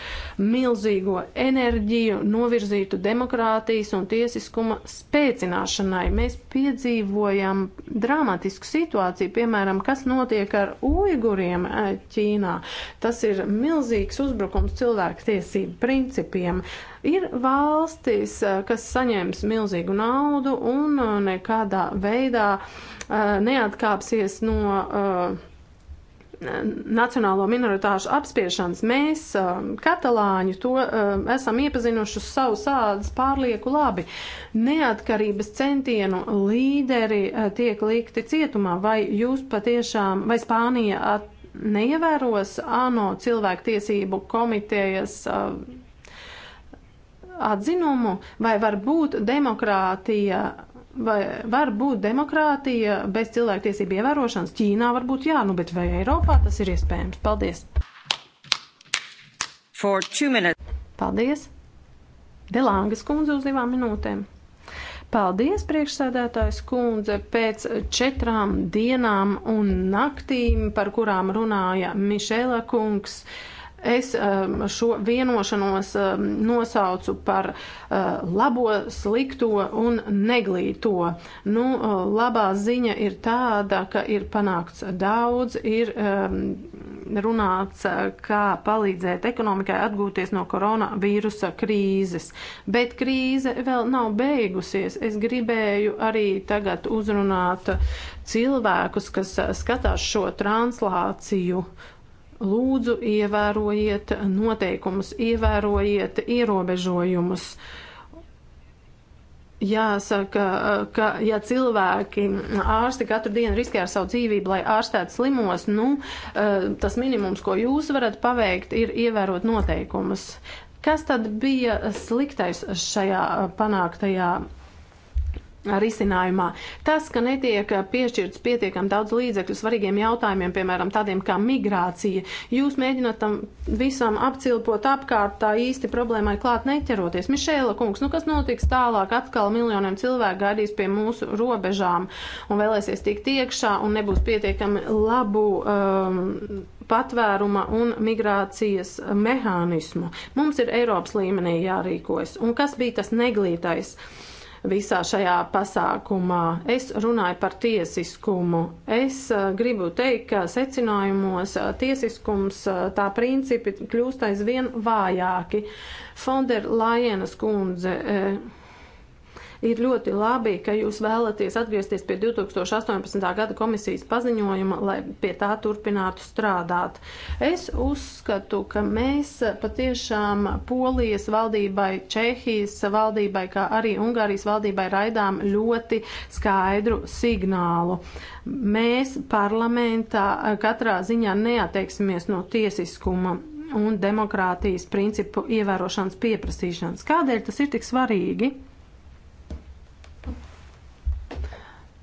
milzīgo enerģiju novirzītu demokrātijas un tiesiskuma spēcināšanai. Mēs piedzīvojam dramatisku situāciju, piemēram, kas notiek ar uiguriem eh, Ķīnā. Tas ir milzīgs uzbrukums cilvēku tiesību principiem. Uh, Ir valstis, eh, kas saņems milzīgu naudu un eh, nekādā veidā eh, neatkāpsies no nacionālo minoritāšu apspiešanas. Mēs, katalāņi, to esam iepazinuši uz savu sādas pārlieku labi. Neatkarības centienu līderi tiek likti cietumā, vai jūs patiešām, vai Spānija neievēros ANO cilvēktiesību komitejas atzinumu, vai var būt demokrātija Vai var būt demokrātija bez cilvēktiesību ievērošanas? Ķīnā varbūt jā, nu bet vai Eiropā tas ir iespējams? Paldies! Paldies! Delāngas kundze uz divām minūtēm. Paldies, priekšsēdētājs kundze, pēc četrām dienām un naktīm, par kurām runāja Mišela kungs. Uh, Es um, šo vienošanos um, nosaucu par uh, labo, slikto un neglīto. Nu, uh, labā ziņa ir tāda, ka ir panākts daudz, ir um, runāts, uh, kā palīdzēt ekonomikai atgūties no koronavīrusa krīzes. Bet krīze vēl nav beigusies. Es gribēju arī tagad uzrunāt cilvēkus, kas skatās šo translāciju. Uh, lūdzu ievērojiet noteikumus, ievērojiet ierobežojumus. Jāsaka, ka ja cilvēki, ārsti katru dienu riskē ar savu dzīvību, lai ārstētu slimos, nu, eh, tas minimums, ko jūs varat paveikt, ir ievērot noteikumus. Kas tad bija sliktais šajā panāktajā risinājumā. Tas, ka netiek piešķirts pietiekam daudz līdzekļu svarīgiem jautājumiem, piemēram, tādiem kā migrācija, jūs mēģināt tam visam apcilpot apkārt tā īsti problēmai klāt neķeroties. Mišēla kungs, nu kas notiks tālāk? Atkal miljoniem cilvēku gaidīs pie mūsu robežām un vēlēsies tikt iekšā un nebūs pietiekami labu. Um, patvēruma un migrācijas mehānismu. Mums ir Eiropas līmenī jārīkojas. Un kas bija tas neglītais? Uh, visā šajā pasākumā. Es runāju par tiesiskumu. Es uh, gribu teikt, ka secinājumos uh, tiesiskums uh, tā principi kļūst aizvien vājāki. Fonder Lajenas kundze. Eh, Ir ļoti labi, ka jūs vēlaties atgriezties pie 2018. gada komisijas paziņojuma, lai pie tā turpinātu strādāt. Es uzskatu, ka mēs patiešām Polijas valdībai, Čehijas valdībai, kā arī Ungārijas valdībai raidām ļoti skaidru signālu. Mēs parlamentā katrā ziņā neatteiksimies no tiesiskuma un demokrātijas principu ievērošanas pieprasīšanas. Kādēļ tas ir tik svarīgi?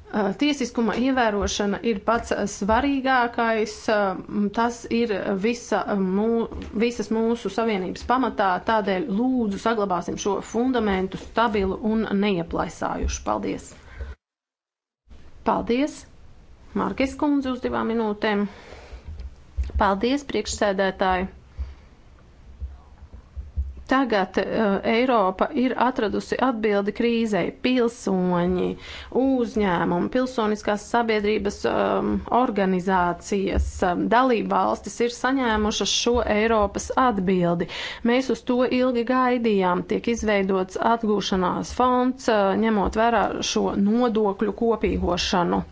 Eh, tiesiskuma ievērošana ir pats svarīgākais. Eh, tas ir visa, eh, mū, visas mūsu savienības pamatā. Tādēļ lūdzu saglabāsim šo fundamentu stabilu un neieplaisājušu. Paldies! Paldies! Mārkis kundze uz divām minūtēm. Paldies, priekšsēdētāji! Tagad uh, Eiropa ir atradusi atbildi krīzei. Pilsoņi, uzņēmumi, pilsoniskās sabiedrības um, organizācijas, um, dalība valstis ir saņēmušas šo Eiropas atbildi. Mēs uz to ilgi gaidījām. Tiek izveidots atgūšanās fonds, uh, ņemot vērā šo nodokļu kopīgošanu.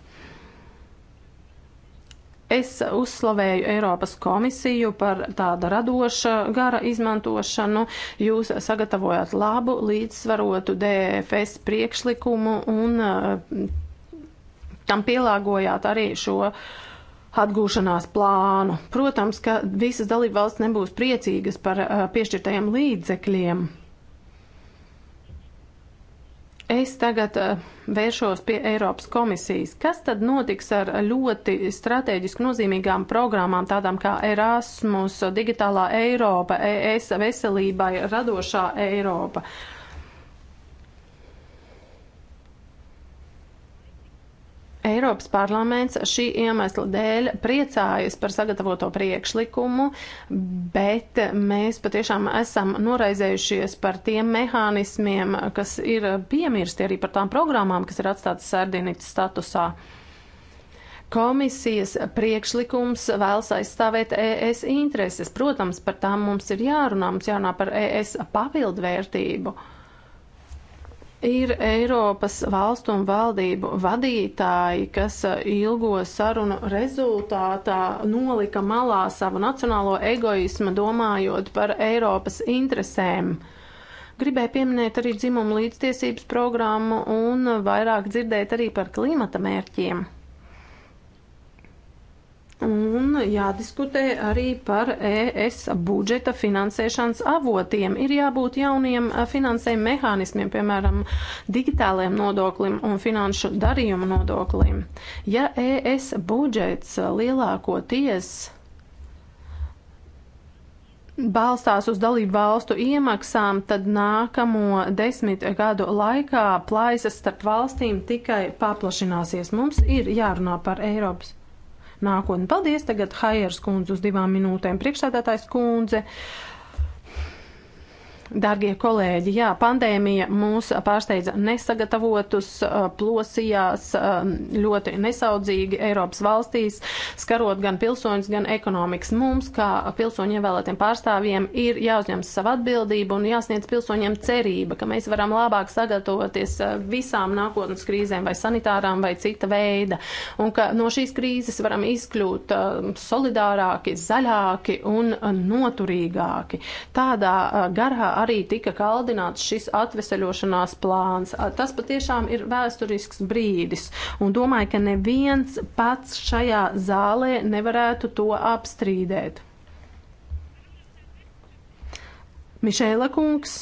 Es uzslavēju Eiropas komisiju par tāda radoša gara izmantošanu. Jūs sagatavojat labu, līdzsvarotu DFS priekšlikumu un eh, tam pielāgojāt arī šo atgūšanās plānu. Protams, ka visas dalībvalsts nebūs priecīgas par eh, piešķirtajiem līdzekļiem. Es tagad eh, vēršos pie Eiropas komisijas. Kas tad notiks ar ļoti strateģiski nozīmīgām programmām, tādām kā Erasmus, Digitālā Eiropa, ES veselībai, Radošā Eiropa? Uh, Eiropas parlaments šī iemesla dēļ priecājas par sagatavoto priekšlikumu, bet mēs patiešām esam noraizējušies par tiem mehānismiem, kas ir piemirsti arī par tām programmām, kas ir atstātas sardinītas statusā. Komisijas priekšlikums vēlas aizstāvēt ES intereses. Protams, par tām mums ir jārunā, mums jārunā par ES papildvērtību. vērtību Ir Eiropas valstu un valdību vadītāji, kas uh, ilgo sarunu rezultātā nolika malā savu nacionālo egoismu, domājot par Eiropas interesēm. Gribēju pieminēt arī dzimumu līdztiesības programmu un vairāk dzirdēt arī par klimata mērķiem. Un jādiskutē arī par ES budžeta finansēšanas avotiem. Ir jābūt jauniem finansējuma mehānismiem, piemēram, digitālajiem nodoklim un finanšu darījumu nodoklim. Ja ES budžets lielākoties balstās uz dalību valstu iemaksām, tad nākamo desmit gadu laikā plaisas starp valstīm tikai paplašināsies. Mums ir jārunā par Eiropas nākotni. Paldies tagad Haieras kundze uz divām minūtēm. Priekšsēdētājs kundze. Uh, Dargie kolēģi, jā, pandēmija mūs pārsteidza nesagatavotus, uh, plosījās um, ļoti nesaudzīgi Eiropas valstīs, skarot gan pilsoņus, gan ekonomikas. Mums, kā pilsoņu ievēlētiem pārstāvjiem, ir jāuzņems savu atbildību un jāsniedz pilsoņiem cerība, ka mēs varam labāk sagatavoties uh, visām nākotnes krīzēm vai sanitārām vai cita veida, un ka no šīs krīzes varam izkļūt um, solidārāki, zaļāki un uh, noturīgāki. Tādā garā arī tika kaldināts šis atveseļošanās plāns. Tas patiešām ir vēsturisks brīdis, un domāju, ka neviens pats šajā zālē nevarētu to apstrīdēt. Mišēla kungs.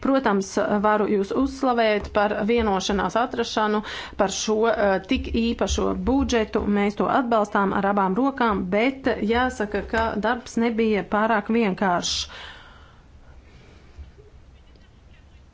Protams, varu jūs uzslavēt par vienošanās atrašanu, par šo uh, tik īpašo budžetu. Mēs to atbalstām ar abām rokām, bet jāsaka, ka darbs nebija pārāk vienkāršs.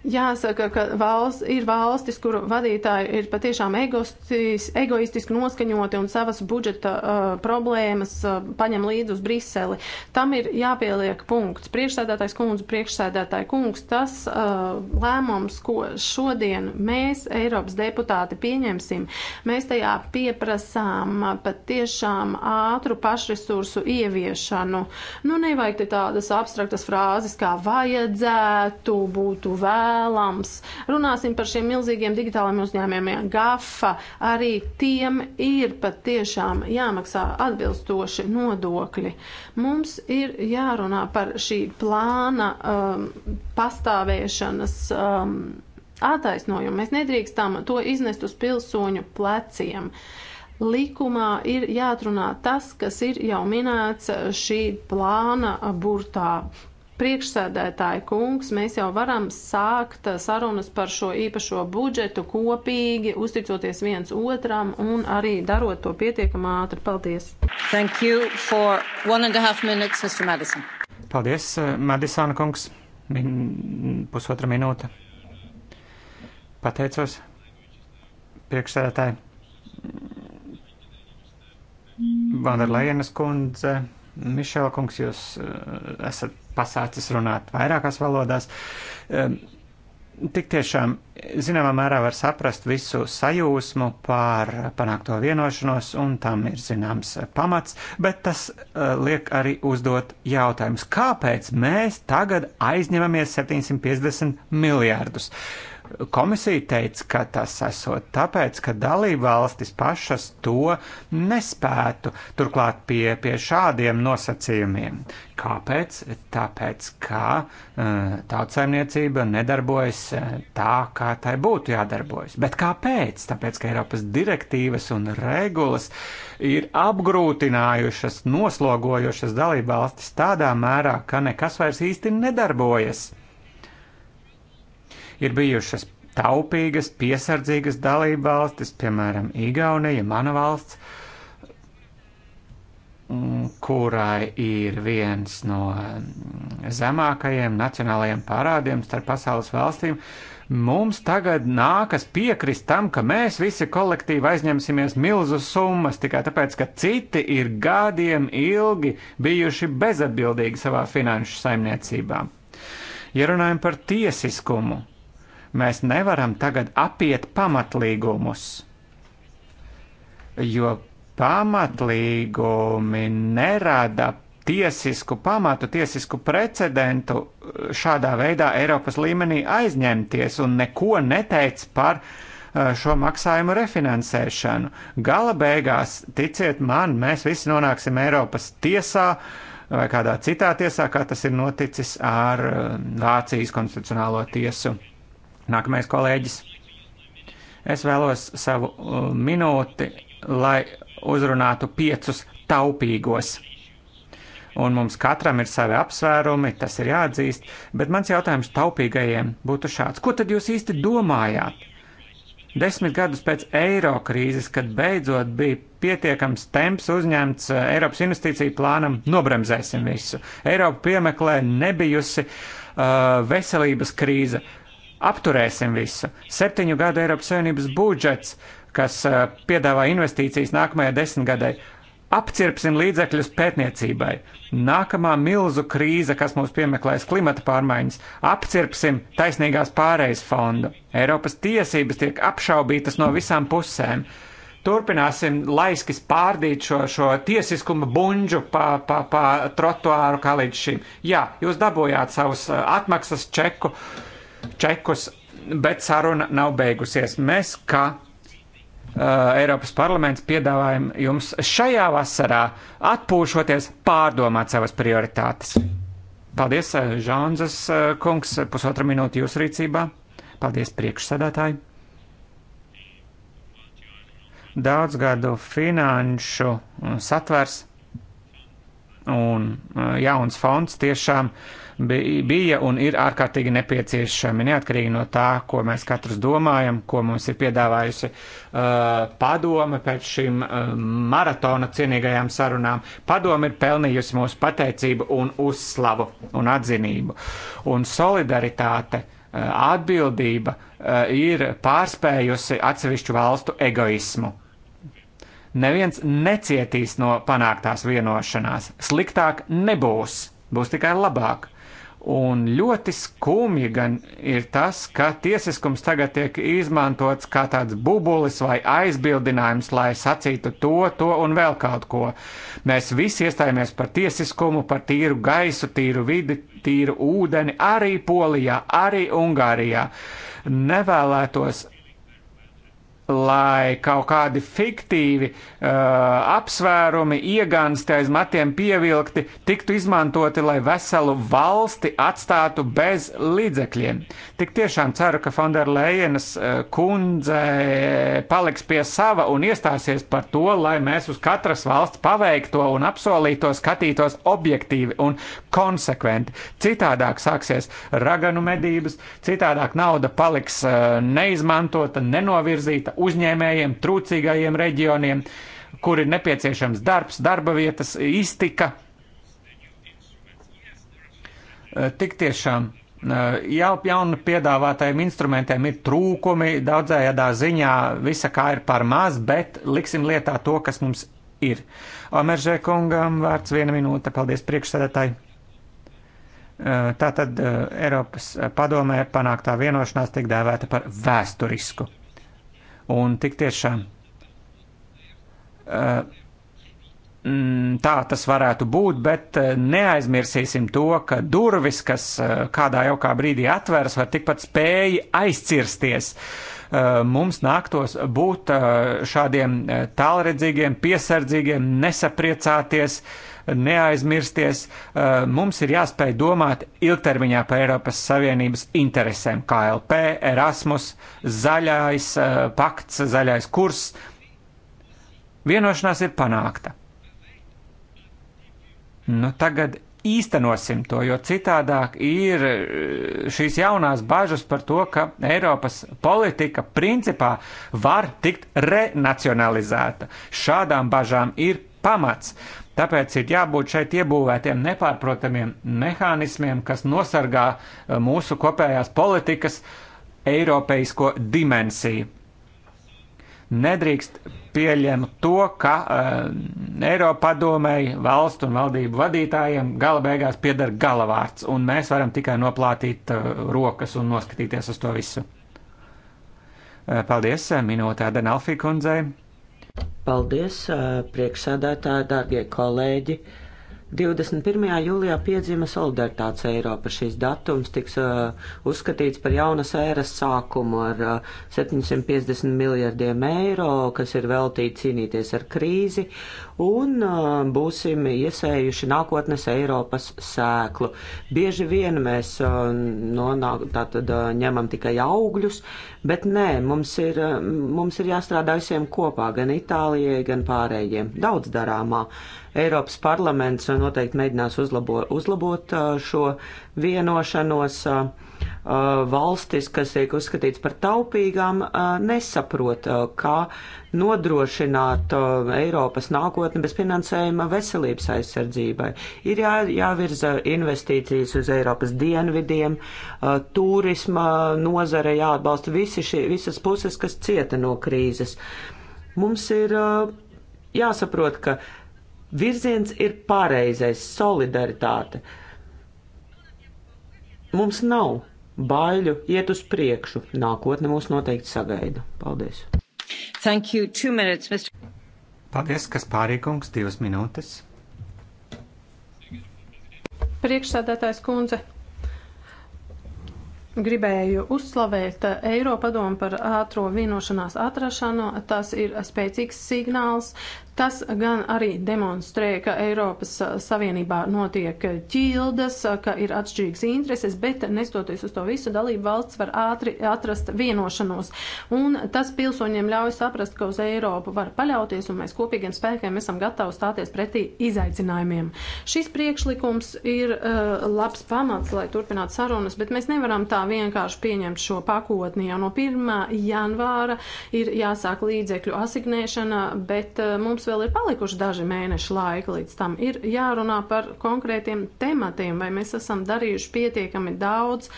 Jāsaka, ka valsts, ir valstis, kuru vadītāji ir patiešām egostis, egoistiski noskaņoti un savas budžeta uh, problēmas uh, paņem līdzi uz Briseli. Tam ir jāpieliek punkts. Priekšsēdētājs kundze, priekšsēdētāja kungs, tas uh, lēmums, ko šodien mēs, Eiropas deputāti, pieņemsim, mēs tajā pieprasām uh, patiešām ātru pašresursu ieviešanu. Nu, nevajag te tādas abstraktas frāzes kā vajadzētu, būtu vēl vēlams. Runāsim par šiem milzīgiem digitālajiem uzņēmumiem. GAFA arī tiem ir pat tiešām jāmaksā atbilstoši nodokļi. Mums ir jārunā par šī plāna um, pastāvēšanas. Um, Attaisnojumu mēs nedrīkstam to iznest uz pilsoņu pleciem. Likumā ir jāatrunā tas, kas ir jau minēts šī plāna burtā. Priekšsēdētāji kungs, mēs jau varam sākt sarunas par šo īpašo budžetu kopīgi, uzticoties viens otram un arī darot to pietiekamā ātri. Paldies! Thank you for one and a half minutes, Mr. Madison. Paldies, eh, Madisona kungs. Min, pusotra minūte. Pateicos. Priekšsēdētāji. Vanderlejenes kundze, Mišela kungs, jūs eh, esat pasācis runāt vairākās valodās. Tik tiešām, zināmā mērā, var saprast visu sajūsmu par panākto vienošanos, un tam ir zināms pamats, bet tas uh, liek arī uzdot jautājumus, kāpēc mēs tagad aizņemamies 750 miljārdus? Uh, Komisija teica, ka tas esot tāpēc, ka dalība valstis pašas to nespētu, turklāt pie, pie šādiem nosacījumiem. Kāpēc? Tāpēc, ka eh, tautsaimniecība nedarbojas eh, tā, kā tai būtu jādarbojas. Bet kāpēc? Tāpēc, ka Eiropas direktīvas un regulas ir apgrūtinājušas, noslogojušas dalību valstis tādā mērā, ka nekas vairs īsti nedarbojas Ir bijušas taupīgas, piesardzīgas dalība valstis, piemēram, Igaunija, mana valsts, mm, kurai ir viens no mm, zemākajiem nacionālajiem parādiem starp pasaules valstīm. Mums tagad nākas piekrist tam, ka mēs visi kolektīvi aizņemsimies milzu summas tikai tāpēc, ka citi ir gadiem ilgi bijuši bezatbildīgi savā finanšu saimniecībā. Ja runājam par tiesiskumu, Mēs nevaram tagad apiet pamatlīgumus, jo pamatlīgumi nerada tiesisku pamatu, tiesisku precedentu eh, šādā veidā Eiropas līmenī aizņemties un neko neteic par eh, šo maksājumu refinansēšanu. Gala beigās, ticiet man, mēs visi nonāksim Eiropas tiesā vai kādā citā tiesā, kā tas ir noticis ar eh, Vācijas konstitucionālo tiesu. Nākamais kolēģis. Es vēlos savu uh, minūti, lai uzrunātu piecus taupīgos. Un mums katram ir savi apsvērumi, tas ir jāatzīst, bet mans jautājums taupīgajiem būtu šāds. Ko tad jūs īsti domājāt? Desmit gadus pēc eiro krīzes, kad beidzot bija pietiekams temps uzņemts uh, Eiropas investīciju plānam, nobremzēsim visu. Eiropa piemeklē nebijusi uh, veselības krīze. Uh, apturēsim visu. Septiņu gadu Eiropas Savienības budžets, kas eh, piedāvā investīcijas nākamajai desmitgadai, apcirpsim līdzekļus pētniecībai. Nākamā milzu krīze, kas mūs piemeklēs klimata pārmaiņas, apcirpsim taisnīgās pārejas fondu. Eiropas tiesības tiek apšaubītas no visām pusēm. Turpināsim laiski spārdīt šo, šo tiesiskuma bunžu pa, pa, pa trotuāru kā līdz šim. Jā, jūs dabūjāt savus eh, atmaksas čeku. Uh, čekus, bet saruna nav beigusies. Mēs, kā uh, Eiropas parlaments, piedāvājam jums šajā vasarā atpūšoties, pārdomāt savas prioritātes. Paldies, uh, Žānzas uh, kungs, pusotra minūte jūsu rīcībā. Paldies, priekšsēdētāji. Daudzgadu finanšu uh, satvers un uh, jauns fonds tiešām uh, bija un ir ārkārtīgi nepieciešami, neatkarīgi no tā, ko mēs katrs domājam, ko mums ir piedāvājusi uh, padome pēc šīm uh, maratona cienīgajām sarunām. Padome ir pelnījusi mūsu pateicību un uzslavu un atzinību. Un solidaritāte, uh, atbildība uh, ir pārspējusi atsevišķu valstu egoismu neviens necietīs no panāktās vienošanās. Sliktāk nebūs, būs tikai labāk. Un ļoti skumji gan ir tas, ka tiesiskums tagad tiek izmantots kā tāds bubulis vai aizbildinājums, lai sacītu to, to un vēl kaut ko. Mēs visi iestājāmies par tiesiskumu, par tīru gaisu, tīru vidi, tīru ūdeni, arī Polijā, arī Ungārijā. Nevēlētos lai kaut kādi fiktīvi uh, apsvērumi, iegansti aiz matiem pievilkti, tiktu izmantoti, lai veselu valsti atstātu bez līdzekļiem. Tik tiešām ceru, ka Fonderlejenas uh, kundze paliks pie sava un iestāsies par to, lai mēs uz katras valsts paveikto un apsolīto skatītos objektīvi un konsekventi. Citādāk sāksies raganu medības, citādāk nauda paliks uh, neizmantota, nenovirzīta uzņēmējiem, trūcīgajiem reģioniem, kur ir nepieciešams darbs, darba vietas, iztika. Eh, tik tiešām eh, jau jaunu piedāvātajiem instrumentiem ir trūkumi, daudzējādā ziņā visa kā ir par maz, bet liksim lietā to, kas mums ir. Omeržē kungam vārds viena minūte, paldies priekšsēdētāji. Eh, tātad Eiropas padomē panāktā vienošanās tiek dēvēta par vēsturisku. Un tik tiešām eh, mm, tā tas varētu būt, bet eh, neaizmirsīsim to, ka durvis, kas eh, kādā jaukā brīdī atveras, var tikpat spēji aizcirsties. Mums nāktos būt šādiem tālredzīgiem, piesardzīgiem, nesapriecāties, uh, neaizmirsties. Eh, mums ir jāspēj domāt ilgtermiņā par Eiropas Savienības interesēm - KLP, Erasmus, zaļais eh, pakts, zaļais kurs. Vienošanās ir panākta. Nu, tagad īstenosim to, jo citādāk ir eh, šīs jaunās bažas par to, ka Eiropas politika principā var tikt renacionalizēta. Šādām bažām ir pamats. Tāpēc ir jābūt šeit iebūvētiem nepārprotamiem mehānismiem, kas nosargā eh, mūsu kopējās politikas eiropeisko dimensiju. Nedrīkst pieļemt to, ka uh, eh, Eiropadomēji, valstu un valdību vadītājiem gala beigās pieder galavārds, un mēs varam tikai noplātīt uh, rokas un noskatīties uz to visu. Uh, paldies, minūtē Denalfī kundzei. Paldies, priekšsēdētāji, dārgie kolēģi! 21. jūlijā piedzima solidaritātes Eiropa. Šis datums tiks uh, uzskatīts par jaunas ēras sākumu ar uh, 750 miljardiem eiro, kas ir veltīti cīnīties ar krīzi un būsim iesējuši nākotnes Eiropas sēklu. Bieži vien mēs nonāk, tātad, ņemam tikai augļus, bet nē, mums ir, mums ir jāstrādā visiem kopā, gan Itālijai, gan pārējiem. Daudz darāmā. Eiropas parlaments noteikti mēģinās uzlabo, uzlabot šo vienošanos. Uh, Uh, valstis, kas tiek uzskatīts par taupīgām, uh, nesaprot, uh, kā nodrošināt Eiropas nākotni bez finansējuma veselības aizsardzībai. Ir jā, jāvirza investīcijas uz Eiropas dienvidiem, turisma nozare jāatbalsta visi šie, visas puses, kas cieta no krīzes. Mums ir jāsaprot, ka virziens ir pareizais - solidaritāte. Mums nav baiļu iet uz priekšu. Nākotne mūs noteikti sagaida. Paldies! Thank you. Two minutes, Mr. Paldies, kas pārīkums, divas minūtes. Priekšsādātājs kundze, Gribēju uzslavēt Eiropadomu par ātro vienošanās atrašanu. Tas ir spēcīgs signāls. Tas gan arī demonstrē, ka Eiropas Savienībā notiek ķildes, ka ir atšķirīgas intereses, bet nestoties uz to visu, dalību valsts var ātri atrast vienošanos. Un tas pilsoņiem ļauj saprast, ka uz Eiropu var paļauties un mēs kopīgiem spēkiem esam gatavi stāties pretī izaicinājumiem. Šis priekšlikums ir uh, labs pamats, lai turpinātu sarunas, bet mēs nevaram tā vienkārši pieņemt šo pakotni. Jau no 1. janvāra ir jāsāk līdzekļu asignēšana, bet uh, mums mums vēl ir palikuši daži mēneši laika līdz tam, ir jārunā par konkrētiem tematiem, vai mēs esam darījuši pietiekami daudz,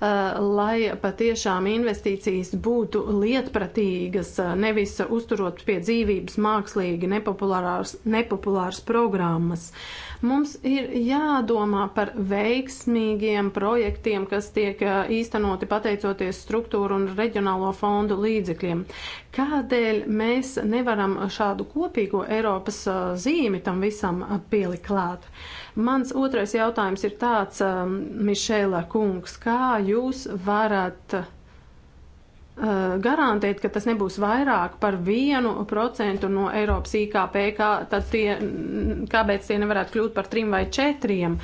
eh, lai patiešām investīcijas būtu lietpratīgas, eh, nevis uzturot pie dzīvības mākslīgi nepopulārs, nepopulārs programmas. Uh, Mums ir jādomā par veiksmīgiem projektiem, kas tiek īstenoti pateicoties struktūru un reģionālo fondu līdzekļiem. Kādēļ mēs nevaram šādu kopīgo Eiropas zīmi tam visam pielikt klāt? Mans otrais jautājums ir tāds, Mišela kungs, kā jūs varat Eh, garantēt, ka tas nebūs vairāk par vienu procentu no Eiropas IKP, kā, tad tie, kāpēc tie nevarētu kļūt par trim vai četriem,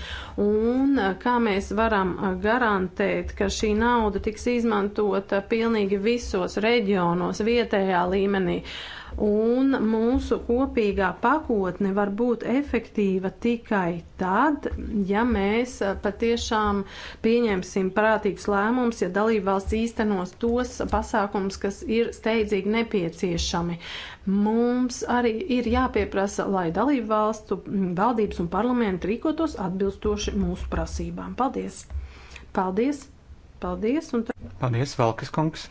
un eh, kā mēs varam eh, garantēt, ka šī nauda tiks izmantota pilnīgi visos reģionos, vietējā līmenī. Uh, un mūsu kopīgā pakotne var būt efektīva tikai tad, ja mēs eh, patiešām pieņemsim prātīgus lēmumus, ja dalībvalsts īstenos tos pasākums, kas ir steidzīgi nepieciešami. Mums arī ir jāpieprasa, lai dalībvalstu mm, valdības un parlamenti rīkotos atbilstoši mūsu prasībām. Paldies! Paldies! Paldies! Un... Paldies, Valkas kungs!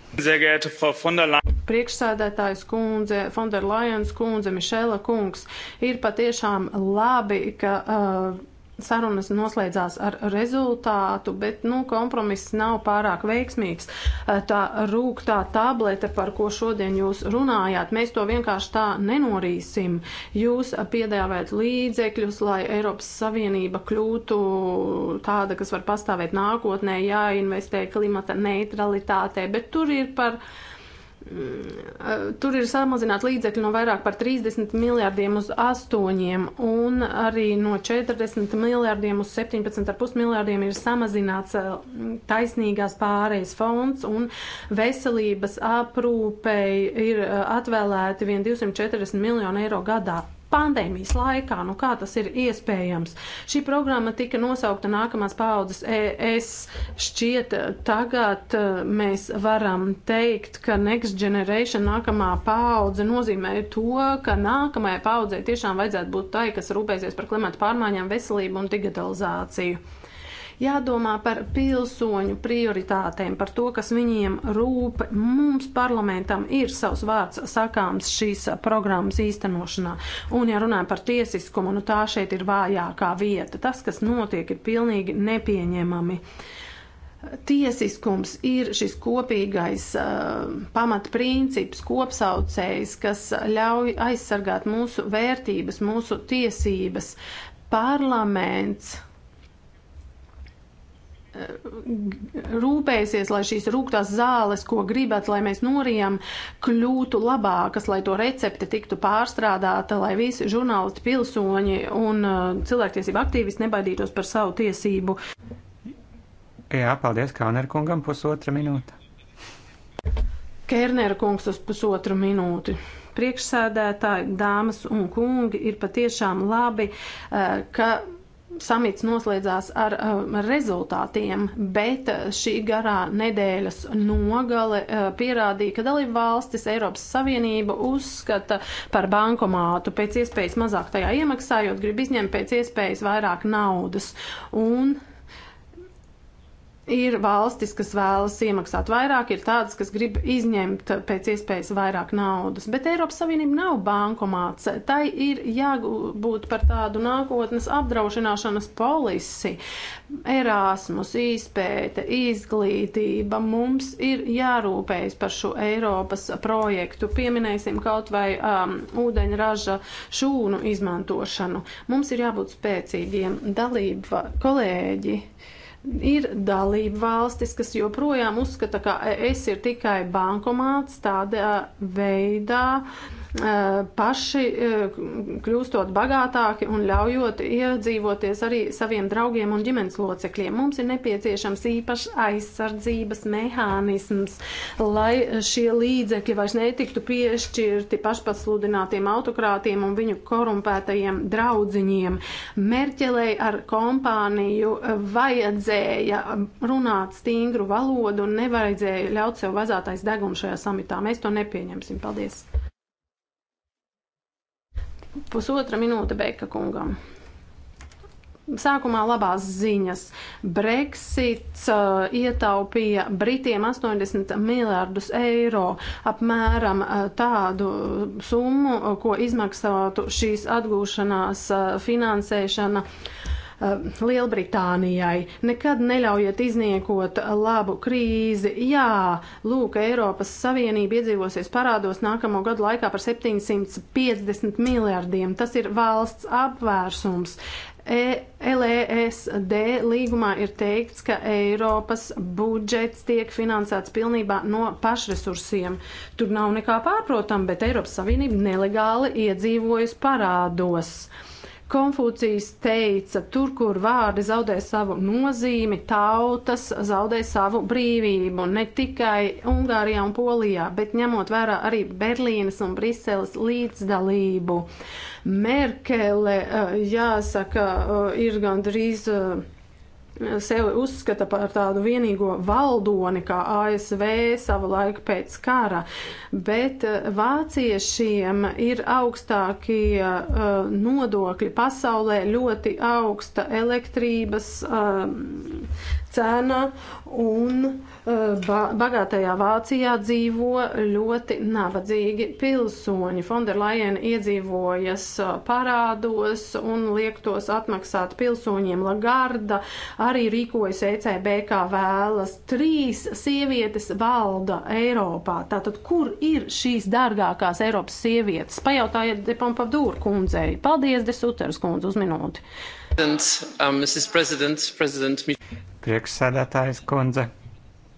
Priekšsēdētājs kundze, Fonderlajens kundze, Mišela kungs, ir patiešām labi, ka. Uh, sarunas noslēdzās ar rezultātu, bet nu, kompromiss nav pārāk veiksmīgs. Eh, tā rūktā tablete, par ko šodien jūs runājāt, mēs to vienkārši tā nenorīsim. Jūs piedāvājat līdzekļus, lai Eiropas Savienība kļūtu tāda, kas var pastāvēt nākotnē, jāinvestē klimata neutralitātē, bet tur ir par uh, Tur ir samazināti līdzekļi no vairāk par 30 miljārdiem uz 8, un arī no 40 miljārdiem uz 17,5 miljārdiem ir samazināts taisnīgās pārējas fonds, un veselības aprūpei ir atvēlēti 1 240 miljonu eiro gadā pandēmijas laikā. Nu, kā tas ir iespējams? Šī programma tika nosaukta nākamās paudzes ES. Šķiet, tagad eh, mēs varam teikt, ka Next Generation nākamā paudze nozīmē to, ka nākamajai paudzei tiešām vajadzētu būt tai, kas rūpēsies par klimatu pārmaiņām, veselību un digitalizāciju. Jādomā par pilsoņu prioritātēm, par to, kas viņiem rūp. Mums parlamentam ir savs vārds sakāms šīs programmas īstenošanā. Un, ja runājam par tiesiskumu, nu tā šeit ir vājākā vieta. Tas, kas notiek, ir pilnīgi nepieņemami. Tiesiskums ir šis kopīgais uh, pamatprincips, kopsaucējs, kas ļauj aizsargāt mūsu vērtības, mūsu tiesības. Parlaments rūpēsies, lai šīs rūgtās zāles, ko gribat, lai mēs norijam, kļūtu labākas, lai to recepte tiktu pārstrādāta, lai visi žurnālisti, pilsoņi un uh, cilvēktiesība aktīvisti nebaidītos par savu tiesību. Jā, paldies Kānerkungam pusotra minūte. Kērnera kungs uz pusotru minūti priekšsēdētāji, dāmas un kungi, ir patiešām labi, uh, ka samits noslēdzās ar um, rezultātiem, bet uh, šī garā nedēļas nogale uh, pierādīja, ka dalību valstis Eiropas Savienība uzskata par bankomātu pēc iespējas mazāk tajā iemaksājot, grib izņemt pēc iespējas vairāk naudas. Un Ir valstis, kas vēlas iemaksāt vairāk, ir tādas, kas grib izņemt pēc iespējas vairāk naudas, bet Eiropas Savienība nav bankomāts. Tai ir jābūt par tādu nākotnes apdraušināšanas polisi. Erasmus, izpēte, izglītība, mums ir jārūpējas par šo Eiropas projektu. Pieminēsim kaut vai um, ūdeņraža šūnu izmantošanu. Mums ir jābūt spēcīgiem dalība kolēģi. Uh, Ir dalība valstis, kas joprojām uzskata, ka es ir tikai bankomāts tādā veidā. Uh, paši kļūstot bagātāki un ļaujot iedzīvoties arī saviem draugiem un ģimenes locekļiem. Mums ir nepieciešams īpašs aizsardzības mehānisms, lai šie līdzekļi vairs netiktu piešķirti pašpasludinātiem autokrātiem un viņu korumpētajiem draudziņiem. Merķelei ar kompāniju vajadzēja runāt stingru valodu un nevajadzēja ļaut sev vazātais degums šajā samitā. Mēs to nepieņemsim. Paldies! Pusotra minūte Beika kungam. Sākumā labās ziņas. Brexits uh, ietaupīja Britiem 80 miljārdus eiro, apmēram uh, tādu summu, uh, ko izmaksātu šīs atgūšanās uh, finansēšana. Uh, Eh, Lielbritānijai. Nekad neļaujiet izniekot labu krīzi. Jā, lūk, Eiropas Savienība iedzīvosies parādos nākamo gadu laikā par 750 miljardiem. Tas ir valsts apvērsums. E LESD līgumā ir teikts, ka Eiropas budžets tiek finansēts pilnībā no pašresursiem. Tur nav nekā pārprotam, bet Eiropas Savienība nelegāli iedzīvojas parādos. Uh, Konfūcijas teica, tur, kur vārdi zaudē savu nozīmi, tautas zaudē savu brīvību, ne tikai Ungārijā un Polijā, bet ņemot vērā arī Berlīnas un Briseles līdzdalību. Merkele, eh, jāsaka, eh, ir gandrīz eh, sevi uzskata par tādu vienīgo valdoni, kā ASV savulaik pēc kara, bet eh, vāciešiem ir augstākie uh, nodokļi pasaulē, ļoti augsta elektrības uh, cena un eh, ba bagātajā Vācijā dzīvo ļoti nabadzīgi pilsoņi. Fonderlajien iedzīvojas eh, parādos un liek tos atmaksāt pilsoņiem. Lagarda arī rīkojas ECB kā vēlas. Trīs sievietes valda Eiropā. Tātad, kur ir šīs dārgākās Eiropas sievietes? Pajautājiet Depampavdūru kundzei. Paldies, Desuters kundze, uz minūti. President, um, Mrs. President, President. Priekšsēdētājs kundze,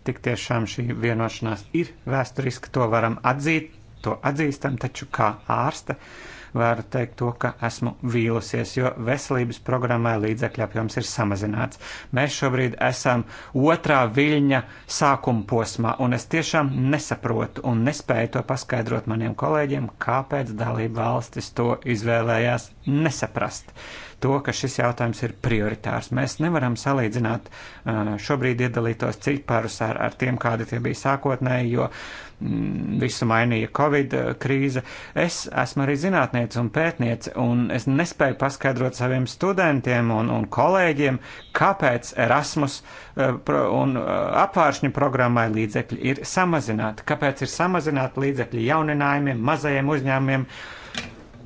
tik tiešām šī vienošanās ir vēsturiska, to varam atzīt, to atzīstam, taču kā ārste varu teikt to, ka esmu vīlusies, jo veselības programmai līdzekļu apjoms ir samazināts. Mēs šobrīd esam otrā viļņa sākuma posmā, un es tiešām nesaprotu un nespēju to paskaidrot maniem kolēģiem, kāpēc dalība valstis to izvēlējās nesaprast. Uh, to, ka šis jautājums ir prioritārs. Mēs nevaram salīdzināt uh, šobrīd iedalītos ciparus ar, ar tiem, kādi tie bija sākotnēji, jo mm, visu mainīja Covid uh, krīze. Es esmu arī zinātniece un pētniece, un es nespēju paskaidrot saviem studentiem un, un kolēģiem, kāpēc Erasmus uh, un apvāršņu programmai līdzekļi ir samazināti, kāpēc ir samazināti līdzekļi jauninājumiem, mazajiem uzņēmumiem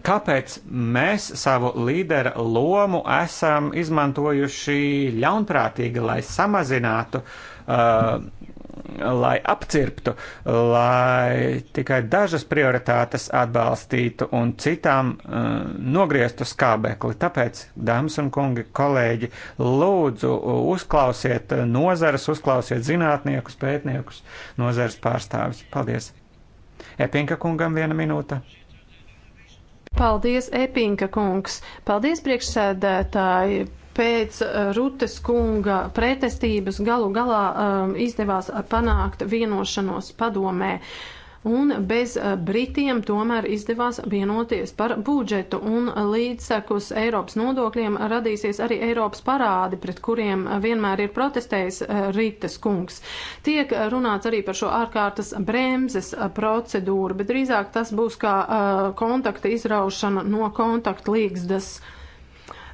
Kāpēc mēs savu līdera lomu esam izmantojuši ļaunprātīgi, lai samazinātu, uh, lai apcirptu, lai tikai dažas prioritātes atbalstītu un citām uh, nogrieztu skābekli? Tāpēc, dāmas un kungi, kolēģi, lūdzu uh, uzklausiet nozares, uzklausiet zinātniekus, pētniekus, nozares pārstāvis. Paldies! Epinka kungam viena minūte. Paldies, Epinka kungs! Paldies, priekšsēdētāji! pēc uh, Rutes kunga pretestības galu galā um, izdevās panākt vienošanos padomē. Uh, un bez eh, Britiem tomēr izdevās vienoties par budžetu, un līdzsekus Eiropas nodokļiem radīsies arī Eiropas parādi, pret kuriem vienmēr ir protestējis eh, Rītas kungs. Tiek runāts arī par šo ārkārtas bremzes eh, procedūru, bet drīzāk tas būs kā kontakta izraušana no kontaktlīgzdas.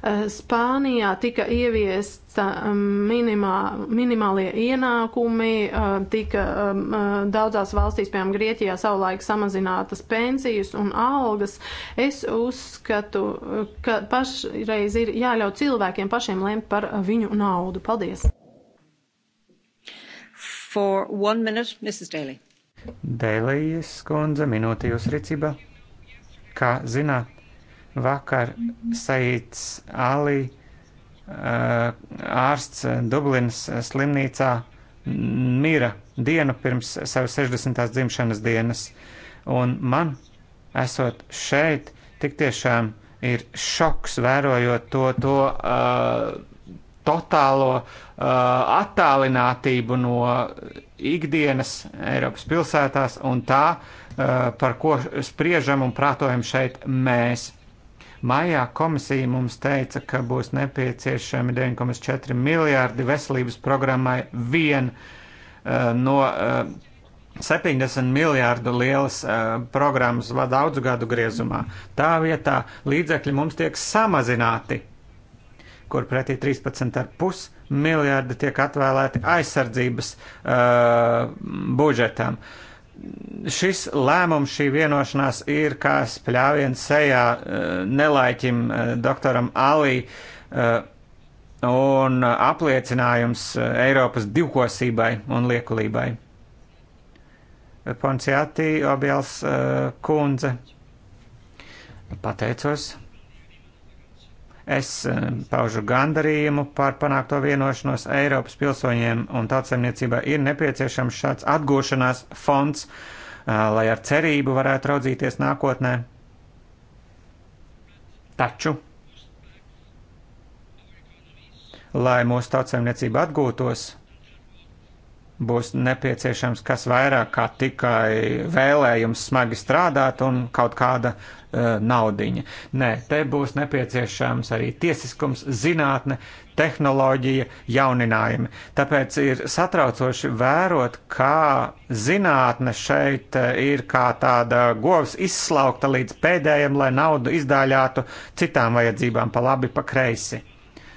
Eh, Spānijā tika ieviesta mm, minimā, minimālie ienākumi, eh, tika mm, eh, daudzās valstīs, piemēram, Grieķijā savulaik samazinātas pensijas un algas. Es uzskatu, ka pašreiz ir jāļauj cilvēkiem pašiem lemt par viņu naudu. Paldies! For one minute, Mrs. Daly. Dēlīs, kundze, minūte jūs rīcībā. Kā zināt, Vakar Saīts Ali, eh, ārsts Dublinas slimnīcā, mira dienu pirms savas 60. dzimšanas dienas. Un man, esot šeit, tik tiešām ir šoks vērojot to, to uh, totālo uh, attālinātību no ikdienas Eiropas pilsētās un tā, uh, par ko spriežam un prātojam šeit mēs. Maijā komisija mums teica, ka būs nepieciešami 9,4 miljārdi veselības programmai vien uh, no 70 uh, miljārdu lielas uh, programmas daudzu gadu griezumā. Tā vietā līdzekļi mums tiek samazināti, kur pretī 13,5 miljārdi tiek atvēlēti aizsardzības budžetam. Uh, šis lēmums, šī vienošanās ir kā spļāviens sejā eh, nelaiķim eh, doktoram Alī eh, un apliecinājums Eiropas divkosībai un liekulībai. Ponciāti Objāls kundze. Pateicos. Es eh, paužu gandarījumu par panākto vienošanos Eiropas pilsoņiem un tautsaimniecībai ir nepieciešams šāds atgūšanās fonds, eh, lai ar cerību varētu raudzīties nākotnē. Taču, lai mūsu tautsaimniecība atgūtos, būs nepieciešams kas vairāk kā tikai vēlējums smagi strādāt un kaut kāda uh, naudiņa. Nē, te būs nepieciešams arī tiesiskums, zinātne, tehnoloģija, jauninājumi. Tāpēc ir satraucoši vērot, kā zinātne šeit e, ir kā tāda govs izslaukta līdz pēdējiem, lai naudu izdāļātu citām vajadzībām pa labi, pa kreisi.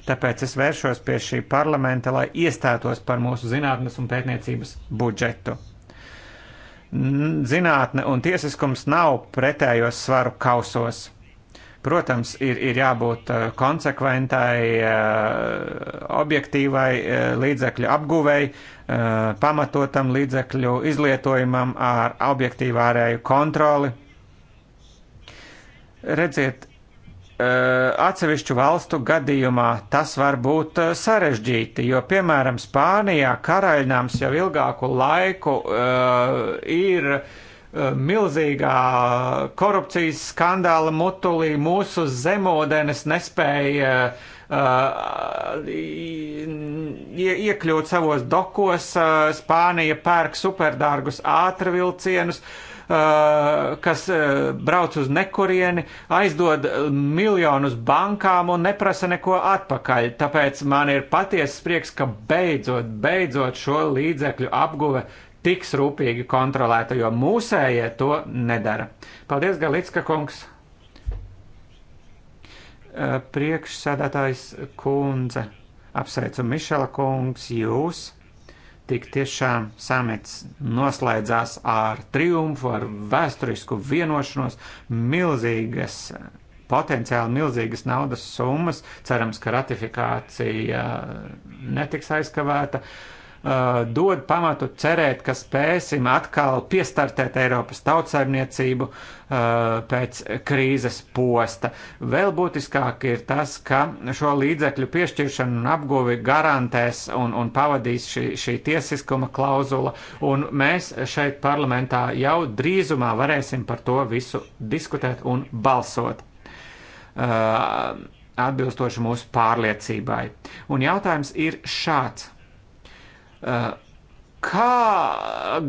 Tāpēc es vēršos pie šī parlamenta, lai iestātos par mūsu zinātnes un pētniecības budžetu. Zinātne un tiesiskums nav pretējos svaru kausos. Protams, ir, ir jābūt eh, konsekventai, eh, objektīvai eh, līdzekļu apguvei, pamatotam līdzekļu izlietojumam ar objektīvu ārēju kontroli. Redziet, Eh, atsevišķu valstu gadījumā tas var būt eh, sarežģīti, jo, piemēram, Spānijā karaļnams jau ilgāku laiku uh, ir milzīgā korupcijas skandāla mutulī mūsu zemūdenes nespēja uh, ie, iekļūt savos dokos, uh, Spānija pērk superdārgus ātrvilcienus, uh, Eh, kas eh, brauc uz nekurieni, aizdod miljonus bankām un neprasa neko atpakaļ. Tāpēc man ir patiesas prieks, ka beidzot, beidzot šo līdzekļu apguve tiks rūpīgi kontrolēta, jo mūsējie to nedara. Paldies, Galicka kungs! Eh, priekšsēdētājs kundze, apsveicu Mišela kungs, jūs! tik tiešām samits noslēdzās ar triumfu, ar vēsturisku vienošanos, milzīgas, potenciāli milzīgas naudas summas. Cerams, ka ratifikācija netiks aizkavēta. Uh, Uh, dod pamatu cerēt, ka spēsim atkal piestartēt Eiropas tautsaimniecību uh, pēc krīzes posta. Vēl būtiskāk ir tas, ka šo līdzekļu piešķiršanu un apguvi garantēs un, un pavadīs šī, šī tiesiskuma klauzula, un mēs šeit parlamentā jau drīzumā varēsim par to visu diskutēt un balsot. Uh, atbilstoši mūsu pārliecībai. Un jautājums ir šāds Eh, kā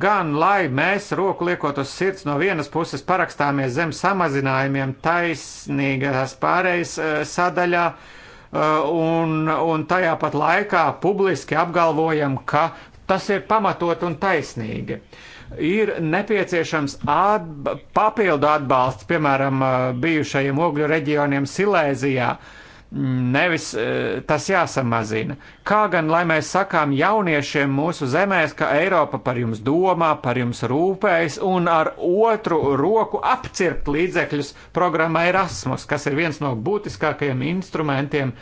gan lai mēs roku liekot uz sirds no vienas puses parakstāmies zem samazinājumiem taisnīgās pārējas eh, sadaļā, eh, un, un tajā pat laikā publiski apgalvojam, ka tas ir pamatot un taisnīgi. Ir nepieciešams atb papildu atbalsts, piemēram, bijušajiem ogļu reģioniem Silēzijā, uh, Nevis e, tas jāsamazina. Kā gan lai mēs sakām jauniešiem mūsu zemēs, ka Eiropa par jums domā, par jums rūpējas un ar otru roku apcirpt līdzekļus programmai Erasmus, kas ir viens no būtiskākajiem instrumentiem,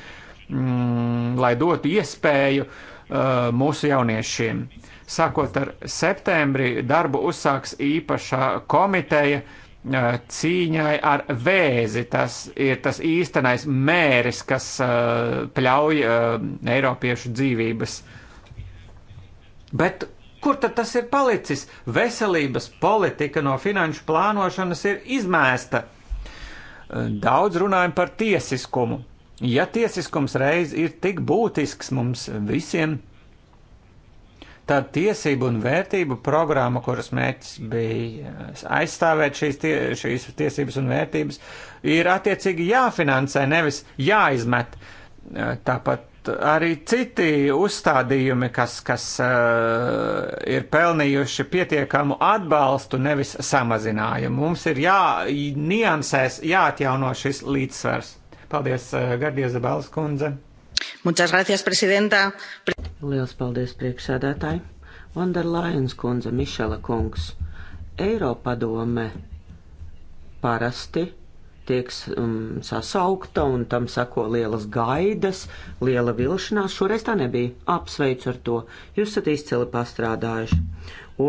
mm, lai dotu iespēju uh, mūsu jauniešiem. Sākot ar septembri darbu uzsāks īpašā komiteja uh, cīņai ar vēzi. Tas ir tas īstenais mēris, kas pļauj Eiropiešu dzīvības. Bet Kur tad tas ir palicis? Veselības politika no finanšu plānošanas ir izmēsta. Daudz runājam par tiesiskumu. Ja tiesiskums reiz ir tik būtisks mums visiem, tad tiesību un vērtību programma, kuras mērķis bija uh, aizstāvēt šīs, tie, šīs tiesības un vērtības, ir attiecīgi jāfinansē, nevis jāizmet. Uh, tāpat arī citi uzstādījumi, kas, kas uh, ir pelnījuši pietiekamu atbalstu, nevis samazinājumu. Mums ir jāniansēs, jāatjauno šis līdzsvars. Paldies, uh, Gardieza Bēlas kundze! Gracias, presidenta. Lielas paldies, priekšsēdētāji. Vanderlajens kundze, Mišela kungs. Eiropadome parasti tiek um, sasaukta un tam sako lielas gaidas, liela vilšanās. Šoreiz tā nebija. Apsveicu ar to. Jūs esat izcili pastrādājuši.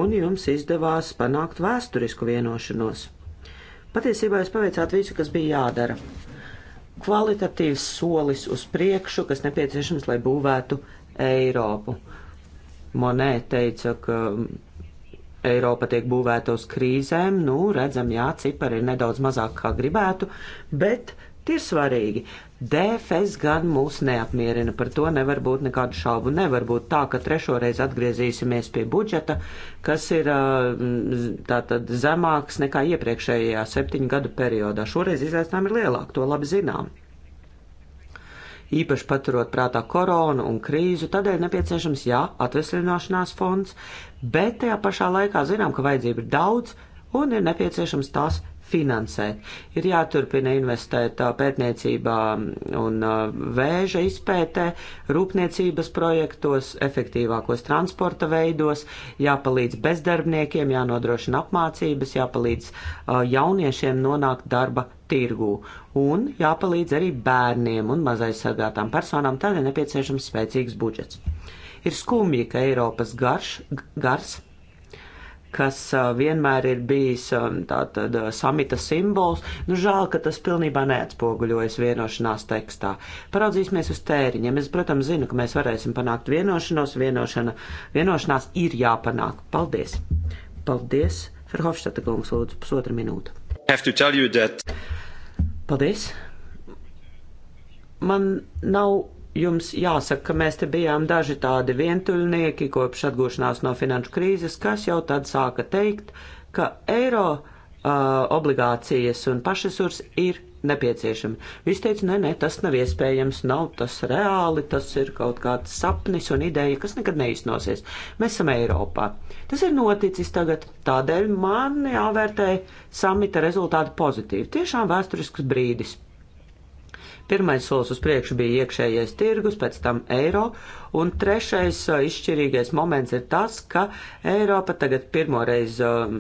Un jums izdevās panākt vēsturisku vienošanos. Patiesībā jūs paveicāt visu, kas bija jādara kvalitatīvs solis uz priekšu, kas nepieciešams, lai būvētu Eiropu. Monē teica, ka Eiropa tiek būvēta uz krīzēm, nu, redzam, jā, cipari ir nedaudz mazāk, kā gribētu, bet tie ir svarīgi. DFS gan mūs neapmierina, par to nevar būt nekādu šaubu. Nevar būt tā, ka trešoreiz atgriezīsimies pie budžeta, kas ir tātad zemāks nekā iepriekšējā septiņu gadu periodā. Šoreiz izaicinājumi ir lielāki, to labi zinām. Īpaši paturot prātā koronu un krīzu, tādēļ nepieciešams, jā, atvesļināšanās fonds, bet tajā pašā laikā zinām, ka vajadzība ir daudz un ir nepieciešams tās finansēt. Ir jāturpina investēt uh, pētniecībā un uh, vēža izpētē, rūpniecības projektos, efektīvākos transporta veidos, jāpalīdz bezdarbniekiem, jānodrošina apmācības, jāpalīdz uh, jauniešiem nonākt darba tirgū un jāpalīdz arī bērniem un mazaizsargātām personām, tādēļ nepieciešams spēcīgs budžets. Ir skumji, ka Eiropas garš, gars kas vienmēr ir bijis tātad samita simbols. Nu, žēl, ka tas pilnībā neatspoguļojas vienošanās tekstā. Paraudzīsimies uz tēriņiem. Es, protams, zinu, ka mēs varēsim panākt vienošanos. Vienošana, vienošanās ir jāpanāk. Paldies! Paldies! Ferhofštata kungs, lūdzu, pusotra minūte. That... Paldies! Man nav jums jāsaka, ka mēs te bijām daži tādi vientuļnieki kopš atgūšanās no finanšu krīzes, kas jau tad sāka teikt, ka eiro uh, obligācijas un pašresursi ir nepieciešami. Viņš teica, nē, nē, tas nav iespējams, nav tas reāli, tas ir kaut kāds sapnis un ideja, kas nekad neiznosies. Mēs esam Eiropā. Tas ir noticis tagad, tādēļ man jāvērtē samita rezultāti pozitīvi. Tiešām vēsturisks brīdis Pirmais solis uz priekšu bija iekšējais tirgus, pēc tam eiro, un trešais uh, izšķirīgais moments ir tas, ka Eiropa tagad pirmoreiz, um,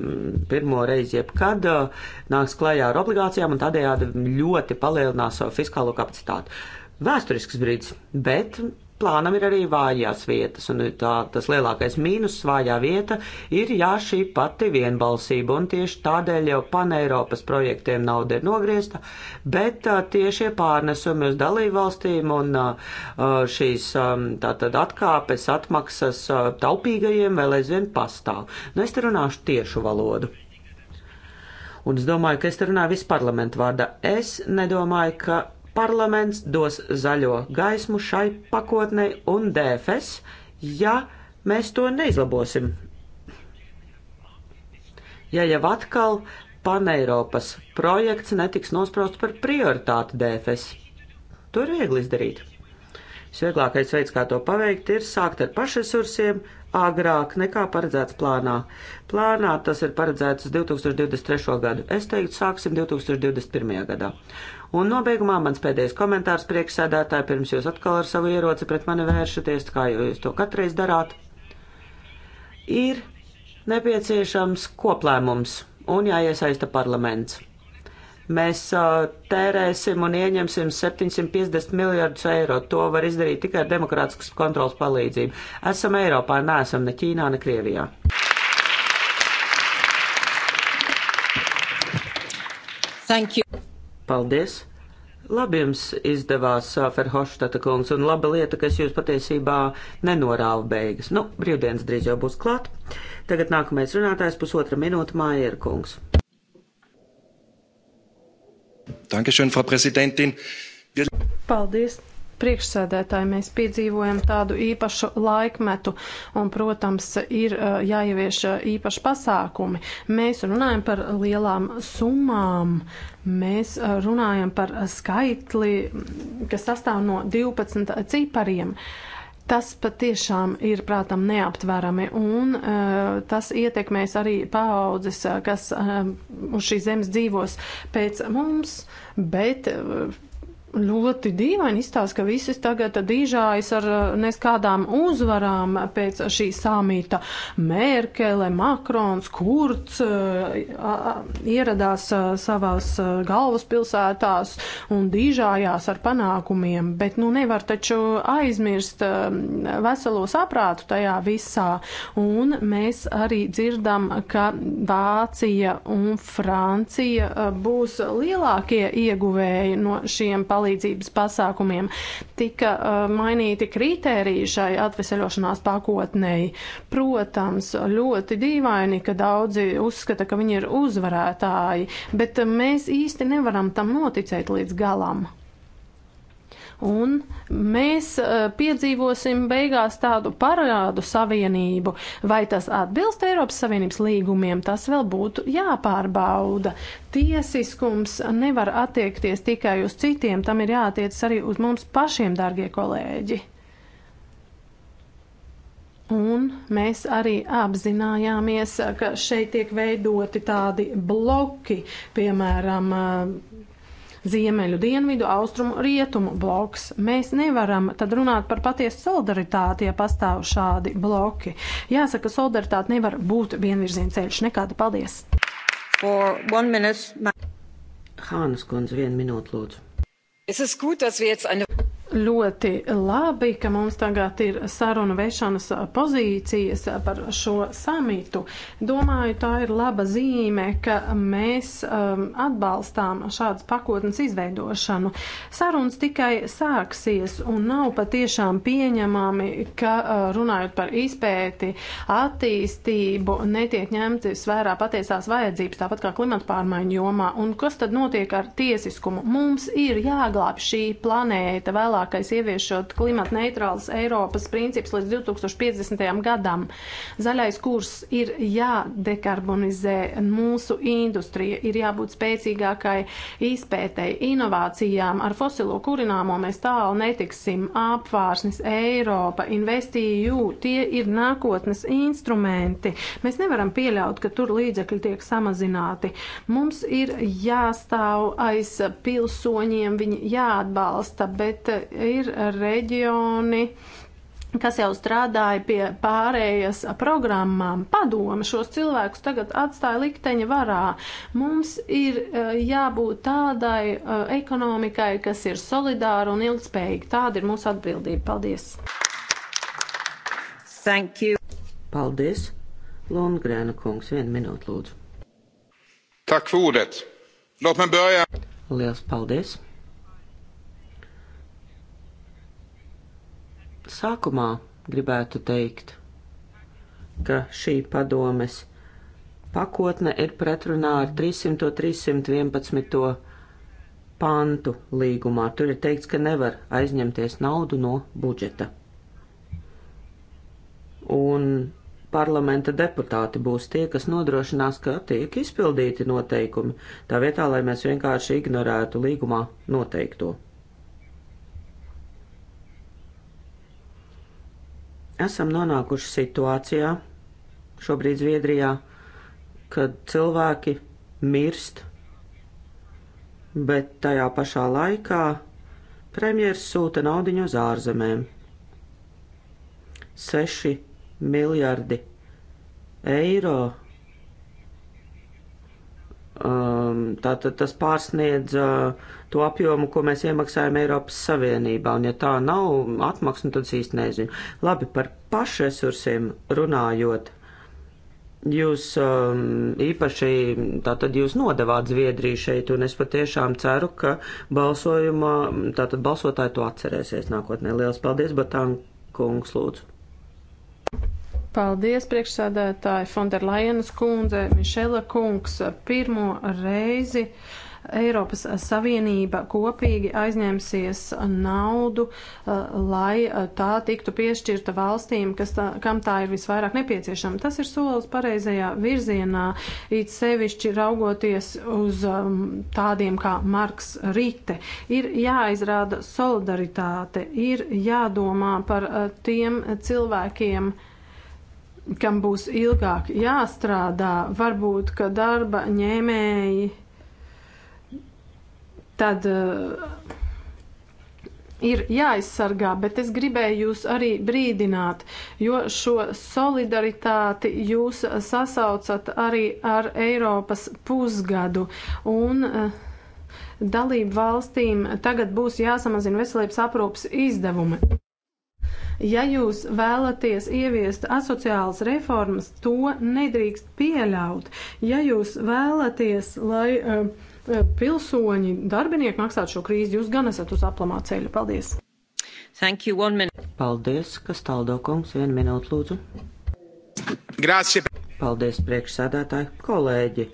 pirmoreiz jebkad uh, nāks klajā ar obligācijām un tādējādi ļoti palielinās savu fiskālo kapacitāti. Vēsturisks brīdis, bet plānam ir arī vājās vietas, un tā, tas lielākais mīnus vājā vieta ir, jā, šī pati vienbalsība, un tieši tādēļ jau paneiropas projektiem nauda ir nogriezta, bet uh, tiešie pārnesumi uz dalībvalstīm un uh, šīs um, tātad atkāpes, atmaksas uh, taupīgajiem vēl aizvien pastāv. Nu, es te runāšu tiešu valodu un es domāju, ka es te runāju visu parlamentu vārdā. Es nedomāju, ka parlaments dos zaļo gaismu šai pakotnei un DFS, ja mēs to neizlabosim. Ja jau atkal Paneiropas projekts netiks nosprausts par prioritāti DFS, to ir viegli izdarīt. Visvieglākais veids, kā to paveikt, ir sākt ar pašresursiem agrāk nekā paredzēts plānā. Plānā tas ir paredzēts 2023. gadu. Es teiktu, sāksim 2021. gadā. Un nobeigumā mans pēdējais komentārs priekšsēdētāji, pirms jūs atkal ar savu ieroci pret mani vēršaties, kā jūs to katreiz darāt, ir nepieciešams koplēmums un jāiesaista parlaments. Mēs uh, tērēsim un ieņemsim 750 miljardus eiro. To var izdarīt tikai ar demokrātiskas kontrolas palīdzību. Esam Eiropā, neesam ne Ķīnā, ne Krievijā. Thank you. Paldies! Labi jums izdevās, Ferhoštata kungs, un laba lieta, kas jūs patiesībā nenorāva beigas. Nu, brīvdienas drīz jau būs klāt. Tagad nākamais runātājs pusotra minūte Mājer kungs. Dankeschön, Frau Präsidentin. Paldies, priekšsēdētāji, mēs piedzīvojam tādu īpašu laikmetu un, protams, ir uh, jāievieš uh, īpaši pasākumi. Mēs runājam par lielām summām, mēs uh, runājam par skaitli, kas sastāv no 12 cipariem. Tas patiešām ir, prātam, neaptverami, un uh, tas ietekmēs arī paaudzes, kas uh, uz šīs zemes dzīvos pēc mums, bet uh, Ļoti dīvaini izstāsta, ka visas tagad dīžājas ar eh, neskādām uzvarām pēc šī samīta. Merkele, Makrons, Kurts eh, ieradās eh, savās galvaspilsētās un dīžājās ar panākumiem, bet nu nevar taču aizmirst veselo saprātu tajā visā. Un mēs arī dzirdam, ka Vācija un Francija būs lielākie ieguvēji no šiem palīdzības palīdzības pasākumiem. Tika uh, mainīti kritēriji šai atveseļošanās pakotnei. Protams, ļoti dīvaini, ka daudzi uzskata, ka viņi ir uzvarētāji, bet uh, mēs īsti nevaram tam noticēt līdz galam. Un mēs eh, piedzīvosim beigās tādu parādu savienību. Vai tas atbilst Eiropas Savienības līgumiem, tas vēl būtu jāpārbauda. Tiesiskums nevar attiekties tikai uz citiem, tam ir jātiec arī uz mums pašiem, dārgie kolēģi. Un mēs arī apzinājāmies, ka šeit tiek veidoti tādi bloki, piemēram, ziemeļu, dienvidu, austrumu, rietumu bloks. Mēs nevaram tad runāt par patiesu solidaritāti, ja pastāv šādi bloki. Jāsaka, solidaritāte nevar būt vienvirziena ceļš. Nekāda paldies! Hānas kundze, vienu minūtu lūdzu. Es esmu gut, dass wir jetzt eine ļoti labi, ka mums tagad ir saruna vešanas pozīcijas par šo samitu. Domāju, tā ir laba zīme, ka mēs um, atbalstām šādas pakotnes izveidošanu. Sarunas tikai sāksies un nav patiešām pieņemami, ka uh, runājot par izpēti, attīstību, netiek ņemtas vērā patiesās vajadzības, tāpat kā klimata pārmaiņu jomā. Un kas tad notiek ar tiesiskumu? Mums ir jāglāb šī planēta vēlāk lielākais ieviešot klimata neitrāls Eiropas princips līdz 2050. gadam. Zaļais kurs ir jādekarbonizē mūsu industrija, ir jābūt spēcīgākai izpētei, inovācijām. Ar fosilo kurināmo mēs tālu netiksim. Apvārsnis Eiropa, investīju, tie ir nākotnes instrumenti. Mēs nevaram pieļaut, ka tur līdzekļi tiek samazināti. Mums ir jāstāv aiz pilsoņiem, viņi jāatbalsta, bet ir reģioni, kas jau strādāja pie pārējas programmām. Padoma šos cilvēkus tagad atstāja likteņa varā. Mums ir e, jābūt tādai e, ekonomikai, kas ir solidāra un ilgspējīga. Tāda ir mūsu atbildība. Paldies! Thank you! Paldies! Lundgrēna kungs, vienu minūtu lūdzu. Tak for ordet! Låt mig börja! Liels paldies! Sākumā gribētu teikt, ka šī padomes pakotne ir pretrunā ar 300. 311. pantu līgumā. Tur ir teikts, ka nevar aizņemties naudu no budžeta. Un parlamenta deputāti būs tie, kas nodrošinās, ka tiek izpildīti noteikumi, tā vietā, lai mēs vienkārši ignorētu līgumā noteikto. esam nonākuši situācijā šobrīd Zviedrijā, kad cilvēki mirst, bet tajā pašā laikā premjers sūta naudiņu uz ārzemēm. Seši miljardi eiro Um, tātad tas pārsniedz uh, to apjomu, ko mēs iemaksājam Eiropas Savienībā, un ja tā nav atmaksna, nu, tad es īsti nezinu. Labi, par pašresursiem runājot, jūs um, īpaši, tātad jūs nodevāt Zviedriju šeit, un es patiešām ceru, ka balsojumā, tātad balsotāji to atcerēsies nākotnē. Lielas paldies, Batānkungs, lūdzu! Paldies, priekšsādātāji Fonderlajenas kundze, Mišela kungs. Pirmo reizi Eiropas Savienība kopīgi aizņemsies naudu, eh, lai eh, tā tiktu piešķirta valstīm, kas tā, kam tā ir visvairāk nepieciešama. Tas ir solis pareizajā virzienā, it sevišķi raugoties uz um, tādiem kā Marks Rite. Ir jāizrāda solidaritāte, ir jādomā par eh, tiem cilvēkiem, kam būs ilgāk jāstrādā, varbūt, ka darba ņēmēji tad uh, ir jāaizsargā, bet es gribēju jūs arī brīdināt, jo šo solidaritāti jūs sasaucat arī ar Eiropas pusgadu. Un, uh, Dalību valstīm tagad būs jāsamazina veselības aprūpas izdevumi. Ja jūs vēlaties ieviest asociālas reformas, to nedrīkst pieļaut. Ja jūs vēlaties, lai uh, pilsoņi, darbinieki maksātu šo krīzi, jūs gan esat uz aplamā ceļa. Paldies! Thank you, one minute. Paldies, kas taldo kungs, vienu minūtu lūdzu. Grāsie. Paldies, priekšsēdētāji, kolēģi!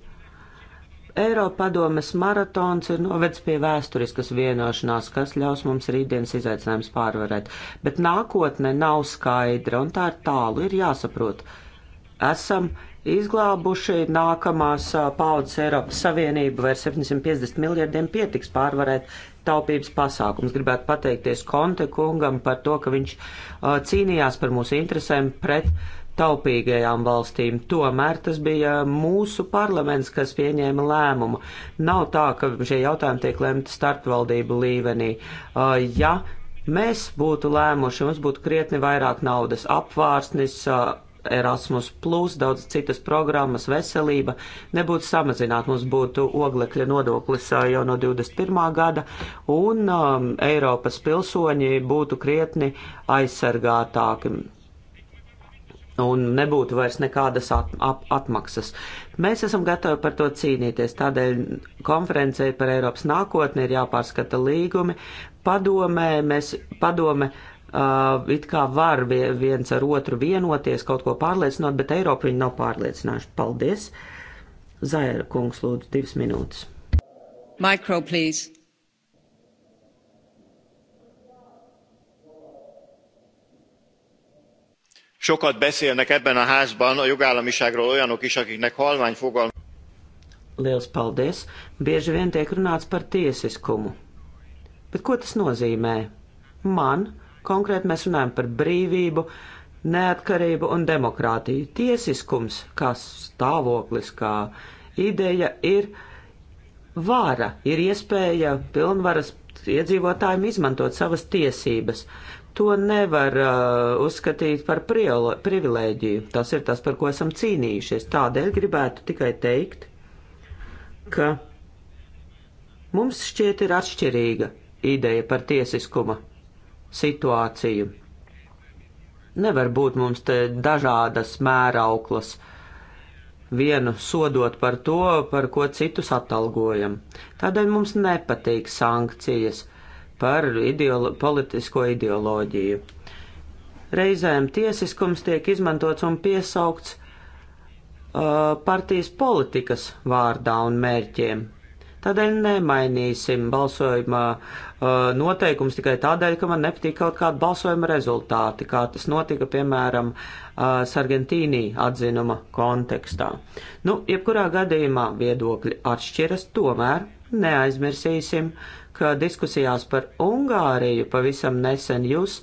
Eiropadomes maratons ir novedis pie vēsturiskas vienošanās, kas ļaus mums rītdienas izaicinājums pārvarēt, bet nākotne nav skaidra un tā ir tālu, ir jāsaprot. Esam izglābuši nākamās paudzes Eiropas Savienību, vai 750 miljardiem pietiks pārvarēt taupības pasākums. Gribētu pateikties Konte kungam par to, ka viņš uh, cīnījās par mūsu interesēm pret taupīgajām valstīm. Tomēr tas bija mūsu parlaments, kas pieņēma lēmumu. Nav tā, ka šie jautājumi tiek lemti starpvaldību līmenī. Uh, ja mēs būtu lēmuši, mums būtu krietni vairāk naudas apvārsnis, uh, Erasmus, plus, daudz citas programmas, veselība nebūtu samazināta. Mums būtu oglekļa nodoklis uh, jau no 21. gada, un um, Eiropas pilsoņi būtu krietni aizsargātāki un nebūtu vairs nekādas at, ap, atmaksas. Mēs esam gatavi par to cīnīties, tādēļ konferencei par Eiropas nākotni ir jāpārskata līgumi. Padomē, mēs, padome uh, it kā var viens ar otru vienoties, kaut ko pārliecinot, bet Eiropu viņi nav pārliecinājuši. Paldies! Zaira kungs, lūdzu, divas minūtes. Micro, please. sokat beszélnek ebben a házban a jogállamiságról olyanok is, akiknek halvány fogalma. Liels paldies! Bieži vien tiek runāts par tiesiskumu. Bet ko tas nozīmē? Man konkrēti mēs runājam par brīvību, neatkarību un demokrātiju. Tiesiskums, kā stāvoklis, kā ideja ir vara, ir iespēja pilnvaras iedzīvotājiem izmantot savas tiesības. Uh, To nevar uh, uzskatīt par privilēģiju. Tas ir tas, par ko esam cīnījušies. Tādēļ gribētu tikai teikt, ka mums šķiet ir atšķirīga ideja par tiesiskuma situāciju. Nevar būt mums te dažādas mērauklas, vienu sodot par to, par ko citus atalgojam. Tādēļ mums nepatīk sankcijas par ideolo politisko ideoloģiju. Reizēm tiesiskums tiek izmantots un piesaukts uh, partijas politikas vārdā un mērķiem. Tādēļ nemainīsim balsojuma uh, noteikums tikai tādēļ, ka man nepatīk kaut kāda balsojuma rezultāti, kā tas notika, piemēram, uh, Sargentīnī atzinuma kontekstā. Nu, jebkurā gadījumā viedokļi atšķiras, tomēr neaizmirsīsim, ka diskusijās par Ungāriju pavisam nesen jūs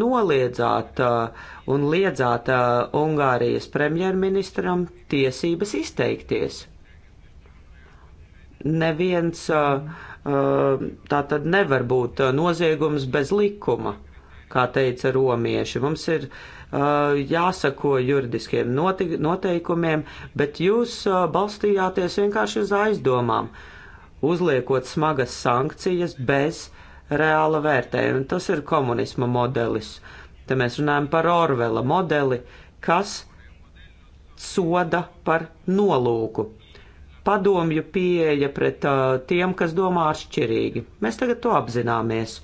noliedzāt uh, un liedzāt uh, Ungārijas premjerministram tiesības izteikties. Neviens uh, uh, tā tad nevar būt uh, noziegums bez likuma, kā teica romieši. Mums ir uh, jāsako juridiskiem noteikumiem, bet jūs uh, balstījāties vienkārši uz aizdomām. Uh, uzliekot smagas sankcijas bez reāla vērtējuma. Tas ir komunisma modelis. Te mēs runājam par Orvela modeli, kas soda par nolūku. Padomju pieeja pret uh, tiem, kas domā atšķirīgi. Mēs tagad to apzināmies.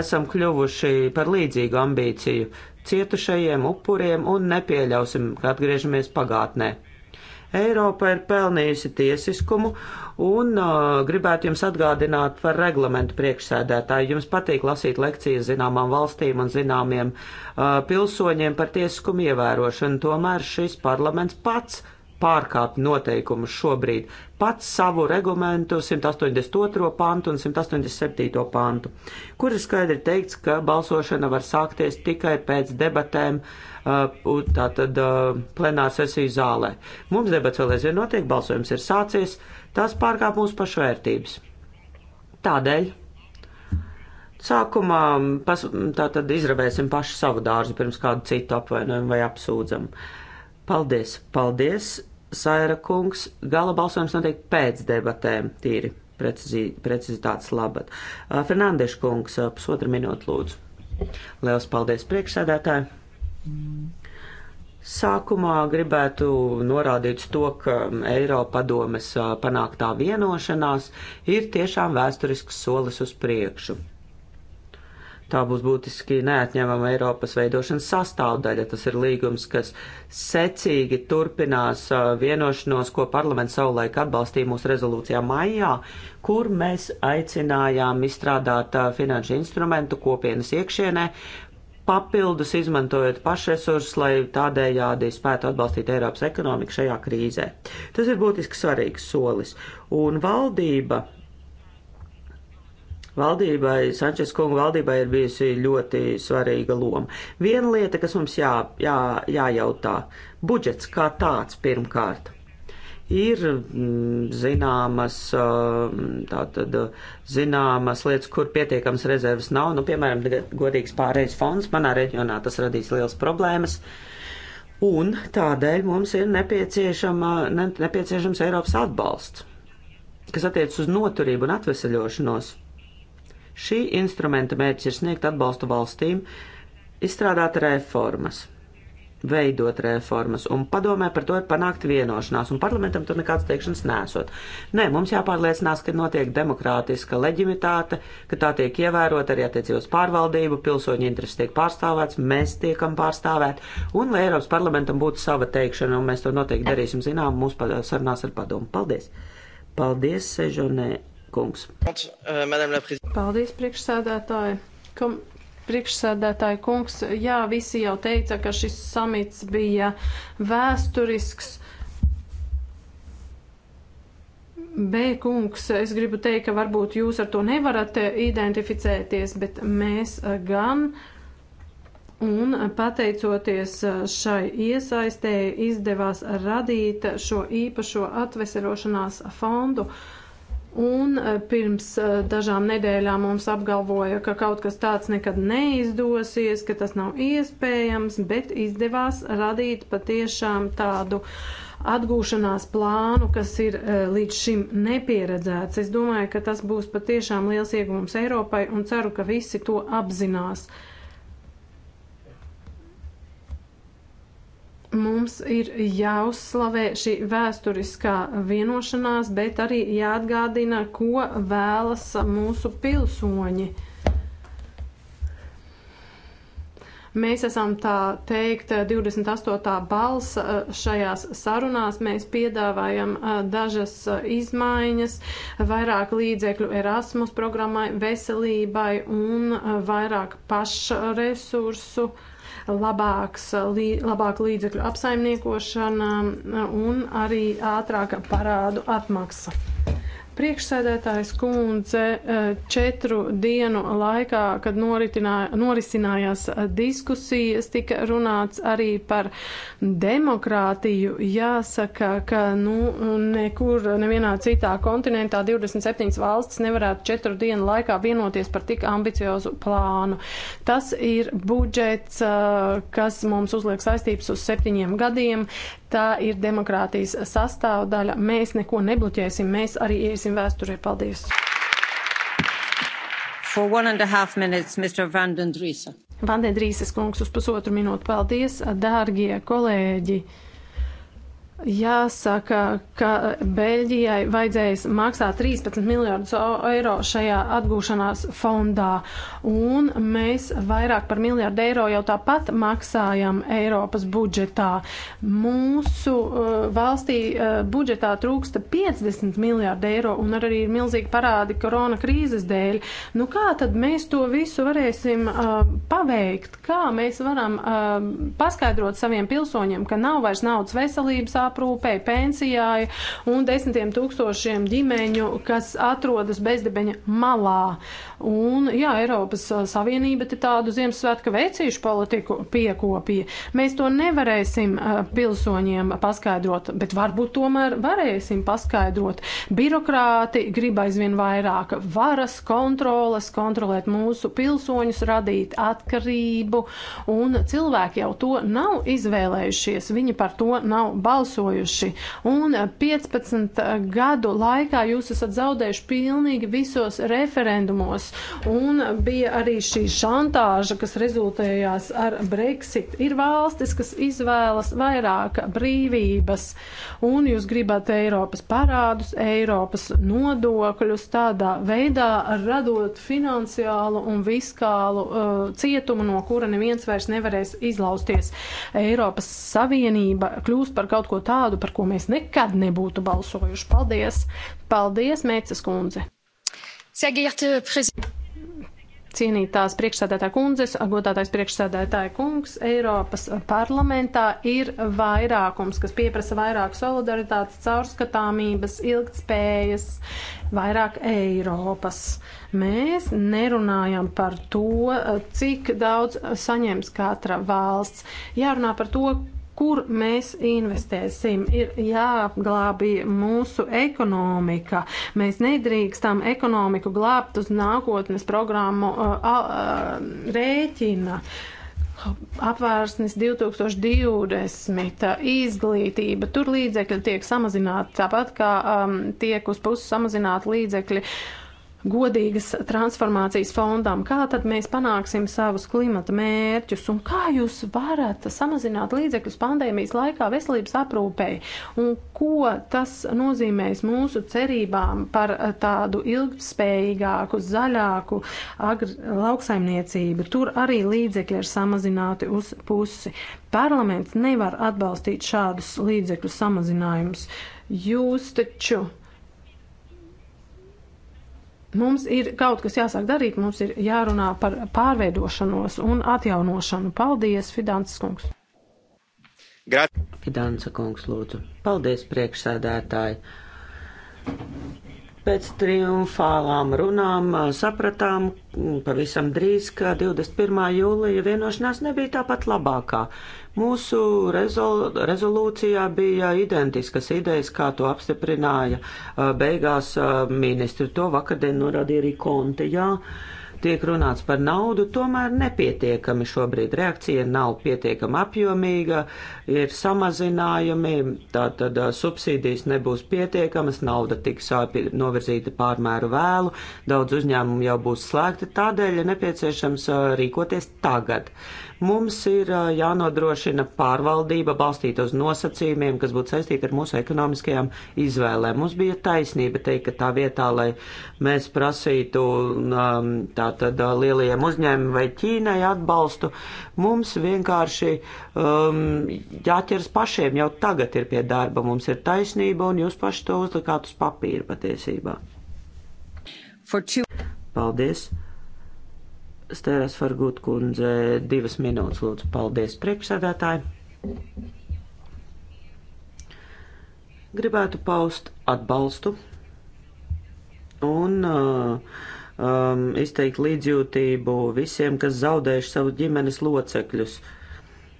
Esam kļuvuši par līdzīgu ambīciju cietušajiem upuriem un nepieļausim, ka atgriežamies pagātnē. Eiropa ir pelnījusi tiesiskumu un uh, gribētu jums atgādināt par reglamentu priekšsēdētāju. Jums patīk lasīt lekcijas zināmām valstīm un zināmiem uh, pilsoņiem par tiesiskumu ievērošanu. Tomēr šis parlaments pats pārkāpt noteikumus šobrīd, pats savu regulamentu 182. pantu un 187. pantu, kur ir skaidri teikts, ka balsošana var sākties tikai pēc debatēm uh, Uh, tātad uh, plenāra sesiju zālē. Mums debats vēl aizvien notiek, balsojums ir sācies, tās pārkāp mūsu pašvērtības. Tādēļ sākumā um, pas, tātad izravēsim pašu savu dārzu pirms kādu citu apvainojumu vai apsūdzam. Paldies, paldies, Saira kungs. Gala balsojums notiek pēc debatēm, tīri precizī, precizitātes labad. Uh, Fernandeša kungs, pusotra minūte lūdzu. Liels paldies priekšsēdētāji! Sākumā gribētu norādīt to, ka Eiropadomes panāktā vienošanās ir tiešām vēsturisks solis uz priekšu. Tā būs būtiski neatņemama Eiropas veidošanas sastāvdaļa. Tas ir līgums, kas secīgi turpinās vienošanos, ko parlaments savulaik atbalstīja mūsu rezolūcijā maijā, kur mēs aicinājām izstrādāt finanšu instrumentu kopienas iekšienē, papildus izmantojot pašresursus, lai tādējādi spētu atbalstīt Eiropas ekonomiku šajā krīzē. Tas ir būtiski svarīgs solis. Un valdība Valdībai, Sančes kungu valdībai ir bijusi ļoti svarīga loma. Viena lieta, kas mums jā, jā, jājautā - budžets kā tāds pirmkārt ir mm, zināmas, mm, tātad, zināmas lietas, kur pietiekams rezerves nav. Nu, piemēram, godīgs pārējais fonds manā reģionā tas radīs liels problēmas. Un tādēļ mums ir nepieciešama, ne, nepieciešams Eiropas atbalsts, kas attiec uz noturību un atveseļošanos. Šī instrumenta mērķis ir sniegt atbalstu valstīm, izstrādāt reformas, veidot reformas, un padomē par to ir panākt vienošanās, un parlamentam tur nekāds teikšanas nesot. Nē, mums jāpārliecinās, ka notiek demokrātiska leģimitāte, ka tā tiek ievērot arī attiecībos pārvaldību, pilsoņu intereses tiek pārstāvēts, mēs tiekam pārstāvēt, un lai Eiropas parlamentam būtu sava teikšana, un mēs to noteikti darīsim zinām mūsu sarunās ar padomu. Paldies! Paldies, Sežonē kungs! Paldies, priekšsēdētāji! Kom priekšsēdētāja kungs. Jā, visi jau teica, ka šis samits bija vēsturisks. B kungs, es gribu teikt, ka varbūt jūs ar to nevarat eh, identificēties, bet mēs eh, gan. Un pateicoties eh, šai iesaistēji izdevās radīt šo īpašo atveserošanās fondu. Uh, Un eh, pirms eh, dažām nedēļām mums apgalvoja, ka kaut kas tāds nekad neizdosies, ka tas nav iespējams, bet izdevās radīt patiešām tādu atgūšanās plānu, kas ir eh, līdz šim nepieredzēts. Es domāju, ka tas būs patiešām liels iegums Eiropai un ceru, ka visi to apzinās. Uh, mums ir jāuzslavē šī vēsturiskā vienošanās, bet arī jāatgādina, ko vēlas mūsu pilsoņi. Mēs esam tā teikt 28. balss eh, šajās sarunās. Mēs piedāvājam eh, dažas eh, izmaiņas, vairāk līdzekļu Erasmus programmai, veselībai un vairāk pašresursu. resursu labāks, lī, labāk līdzekļu apsaimniekošana un arī ātrāka parādu atmaksa. Priekšsēdētājs kundze e, četru dienu laikā, kad norisinājās e, diskusijas, tika runāts arī par demokrātiju. Jāsaka, ka nu, nekur, nevienā citā kontinentā 27 valstis nevarētu četru dienu laikā vienoties par tik ambiciozu plānu. Tas ir budžets, e, kas mums uzliek saistības uz septiņiem gadiem. Tā ir demokrātijas sastāvdaļa. Mēs neko nebloķēsim, mēs arī iesim vēsturē. Paldies! For one and a half minutes, Mr. Vandendrīsa. Vandendrīsas kungs uz pusotru minūtu. Paldies, dārgie kolēģi! Jāsaka, ka Beļģijai vajadzēs maksāt 13 miljardus eiro šajā atgūšanās fondā, un mēs vairāk par miljardu eiro jau tāpat maksājam Eiropas budžetā. Mūsu uh, valstī uh, budžetā trūksta 50 miljardu eiro, un arī ir milzīgi parādi korona krīzes dēļ. Nu, kā tad mēs to visu varēsim uh, paveikt? Kā mēs varam uh, paskaidrot saviem pilsoņiem, ka nav vairs naudas veselības? aprūpei, pensijai un desmitiem tūkstošiem ģimeņu, kas atrodas bezdebeņa malā. Un, jā, Eiropas Savienība te tādu Ziemassvētku veicīšu politiku piekopīja. Mēs to nevarēsim pilsoņiem paskaidrot, bet varbūt tomēr varēsim paskaidrot. Birokrāti grib aizvien vairāk varas, kontrolas, kontrolēt mūsu pilsoņus, radīt atkarību, un cilvēki jau to nav izvēlējušies, viņi par to nav balsojuši novecojuši. Un 15 gadu laikā jūs esat zaudējuši pilnīgi visos referendumos. Un bija arī šī šantāža, kas rezultējās ar Brexit. Ir valstis, kas izvēlas vairāk brīvības. Un jūs gribat Eiropas parādus, Eiropas nodokļus tādā veidā radot finansiālu un fiskālu uh, cietumu, no kura neviens vairs nevarēs izlausties. Eiropas Savienība kļūst par kaut ko tādu, par ko mēs nekad nebūtu balsojuši. Paldies! Paldies, Mēces kundze! Cienītās priekšsēdētāja kundzes, agotātais priekšsēdētāja kungs, Eiropas parlamentā ir vairākums, kas pieprasa vairāk solidaritātes, caurskatāmības, ilgtspējas, vairāk Eiropas. Mēs nerunājam par to, cik daudz saņems katra valsts. Jārunā par to, kur mēs investēsim. Ir jāglābj mūsu ekonomika. Mēs nedrīkstam ekonomiku glābt uz nākotnes programmu uh, uh, rēķina. Apvērsnes 2020, uh, izglītība, tur līdzekļi tiek samazināti, tāpat kā um, tiek uz puses samazināti līdzekļi uh, godīgas transformācijas fondam. Kā tad mēs panāksim savus klimata mērķus un kā jūs varat samazināt līdzekļus pandēmijas laikā veselības aprūpei un ko tas nozīmēs mūsu cerībām par tādu ilgspējīgāku, zaļāku lauksaimniecību. Tur arī līdzekļi ir samazināti uz pusi. Parlaments nevar atbalstīt šādus līdzekļu samazinājumus. Jūs taču Mums ir kaut kas jāsāk darīt, mums ir jārunā par pārveidošanos un atjaunošanu. Paldies, Fidanses kungs! Grat. Fidansa kungs, lūdzu. Paldies, priekšsēdētāji! Pēc triumfālām runām uh, sapratām mm, pavisam drīz, ka 21. jūlija vienošanās nebija tāpat labākā. Mūsu rezol rezolūcijā bija identiskas idejas, kā to apstiprināja beigās ministri. To vakardien norādīja arī Konte. Jā, tiek runāts par naudu, tomēr nepietiekami šobrīd reakcija nav pietiekami apjomīga, ir samazinājumi, tātad subsīdijas nebūs pietiekamas, nauda tiks novirzīta pārmēru vēlu, daudz uzņēmumu jau būs slēgti, tādēļ ir nepieciešams rīkoties tagad. Mums ir jānodrošina pārvaldība balstīta uz nosacījumiem, kas būtu saistīti ar mūsu ekonomiskajām izvēlēm. Mums bija taisnība teikt, ka tā vietā, lai mēs prasītu tātad lielajiem uzņēmumiem vai Ķīnai atbalstu, mums vienkārši um, jāķers pašiem jau tagad ir pie darba. Mums ir taisnība un jūs paši to uzlikāt uz papīra patiesībā. Paldies! Stēras Fargūt kundze, divas minūtes lūdzu. Paldies priekšsēdētāji. Gribētu paust atbalstu un uh, um, izteikt līdzjūtību visiem, kas zaudējuši savus ģimenes locekļus. Uh,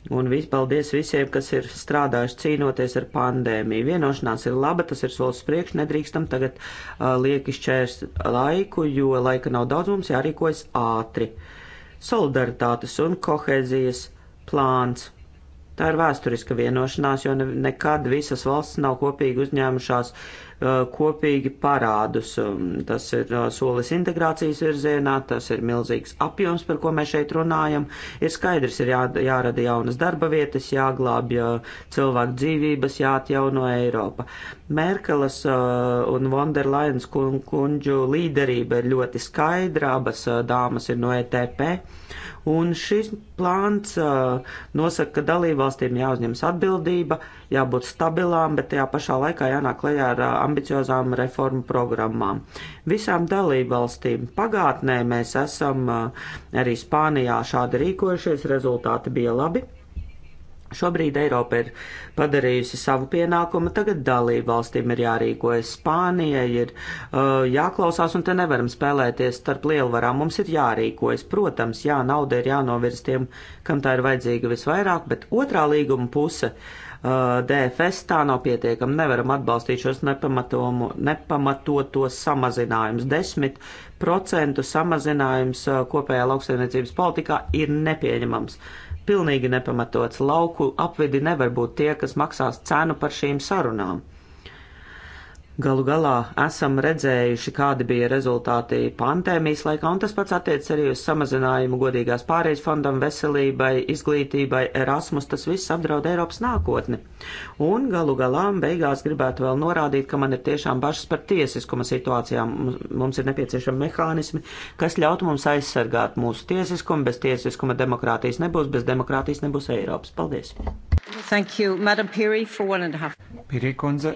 Un vis, paldies visiem, kas ir strādājuši cīnoties ar pandēmiju. Vienošanās ir laba, tas ir solis priekš, nedrīkstam tagad uh, lieki šķērst laiku, jo laika nav daudz, mums jārīkojas ātri. Solidaritātes un kohēzijas plāns. Tā ir vēsturiska vienošanās, jo ne, nekad visas valsts nav kopīgi uzņēmušās uh, Uh, kopīgi parādus. Um, tas ir uh, solis integrācijas virzienā, tas ir milzīgs apjoms, par ko mēs šeit runājam. Ir skaidrs, ir jā, jārada jaunas darba vietas, jāglābj uh, cilvēku dzīvības, jāatjauno Eiropa. Merkelas un Vonderlainas kundžu līderība ir ļoti skaidra, abas dāmas ir no ETP. Un šis plāns uh, nosaka, ka dalībvalstīm jāuzņemas atbildība, jābūt stabilām, bet tajā pašā laikā jānāk lejā ar uh, ambiciozām reformu programmām. Visām dalībvalstīm pagātnē mēs esam uh, arī Spānijā šādi rīkojušies, rezultāti bija labi. Šobrīd Eiropa ir padarījusi savu pienākumu, tagad dalību valstīm ir jārīkojas. Spānijai ir uh, jāklausās, un te nevaram spēlēties starp lielvarām. Mums ir jārīkojas. Protams, jā, nauda ir jānovirz tiem, kam tā ir vajadzīga visvairāk, bet otrā līguma puse uh, DFS tā nav pietiekama. Nevaram atbalstīt šos nepamatotos samazinājumus. 10% samazinājums uh, kopējā lauksaimniecības politikā ir nepieņemams. Uh, pilnīgi nepamatots. Lauku apvidi nevar būt tie, kas maksās cenu par šīm sarunām. Galu galā esam redzējuši, kādi bija rezultāti pandēmijas laikā, un tas pats attiec arī uz samazinājumu godīgās pārējais fondam, veselībai, izglītībai, Erasmus, tas viss apdraud Eiropas nākotni. Un galu galā beigās gribētu vēl norādīt, ka man ir tiešām bažas par tiesiskuma situācijām. Mums ir nepieciešami mehānismi, kas ļautu mums aizsargāt mūsu tiesiskumu. Bez tiesiskuma demokrātijas nebūs, bez demokrātijas nebūs Eiropas. Paldies! Thank you. Madam Piri, for one and a half. Piri kundze,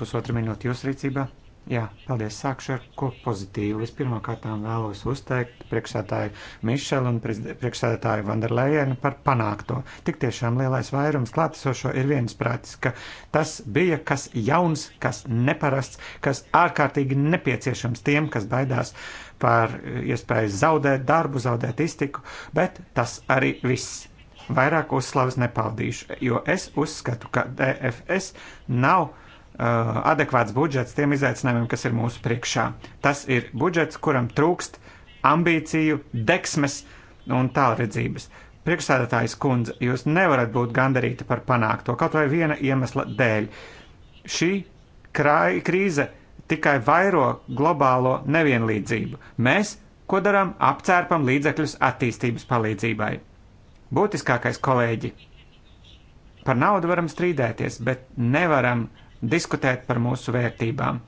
pusotra minūte jūsu rīcībā. Jā, paldies. Sākšu ar ko pozitīvu. Vispirmā kārtām vēlos uzteikt priekšsētāju Mišelu un priekšsētāju Vanderlejenu par panākto. Tik tiešām lielais vairums klātesošo ir viensprātis, ka tas bija kas jauns, kas neparasts, kas ārkārtīgi nepieciešams tiem, kas baidās par eh, iespēju zaudēt darbu, zaudēt iztiku, bet tas arī viss vairāk uzslavas nepaldīšu, jo es uzskatu, ka DFS nav uh, adekvāts budžets tiem izaicinājumiem, kas ir mūsu priekšā. Tas ir budžets, kuram trūkst ambīciju, deksmes un tālredzības. Priekšsēdētājs kundze, jūs nevarat būt gandarīti par panākto, kaut vai viena iemesla dēļ. Šī krāj, krīze tikai vairo globālo nevienlīdzību. Mēs, ko darām, apcērpam līdzekļus attīstības palīdzībai būtiskākais, kolēģi. Par naudu varam strīdēties, bet nevaram diskutēt par mūsu vērtībām.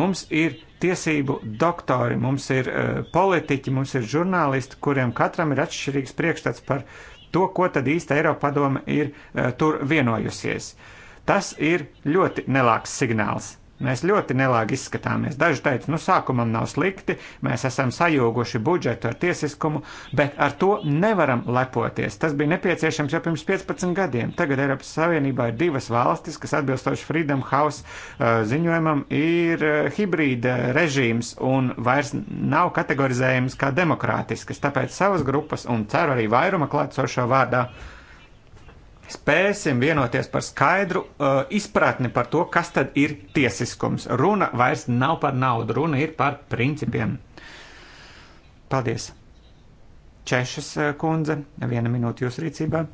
Mums ir tiesību doktori, mums ir uh, politiķi, mums ir žurnālisti, kuriem katram ir atšķirīgs priekšstats par to, ko tad īsta Eiropa padome ir uh, tur vienojusies. Tas ir ļoti nelāks signāls. Mēs ļoti nelāgi izskatāmies. Daži teica, nu sākumam nav slikti, mēs esam sajūguši budžetu ar tiesiskumu, bet ar to nevaram lepoties. Tas bija nepieciešams jau pirms 15 gadiem. Tagad Eiropas Savienībā ir divas valstis, kas atbilstoši Freedom House uh, ziņojumam ir uh, hibrīda režīms un vairs nav kategorizējams kā demokrātiskas. Tāpēc savas grupas un ceru arī vairuma klātsošo vārdā. Uh, spēsim vienoties par skaidru uh, izpratni par to, kas tad ir tiesiskums. Runa vairs nav par naudu, runa ir par principiem. Paldies! Češas uh, kundze, viena minūte jūsu rīcībā.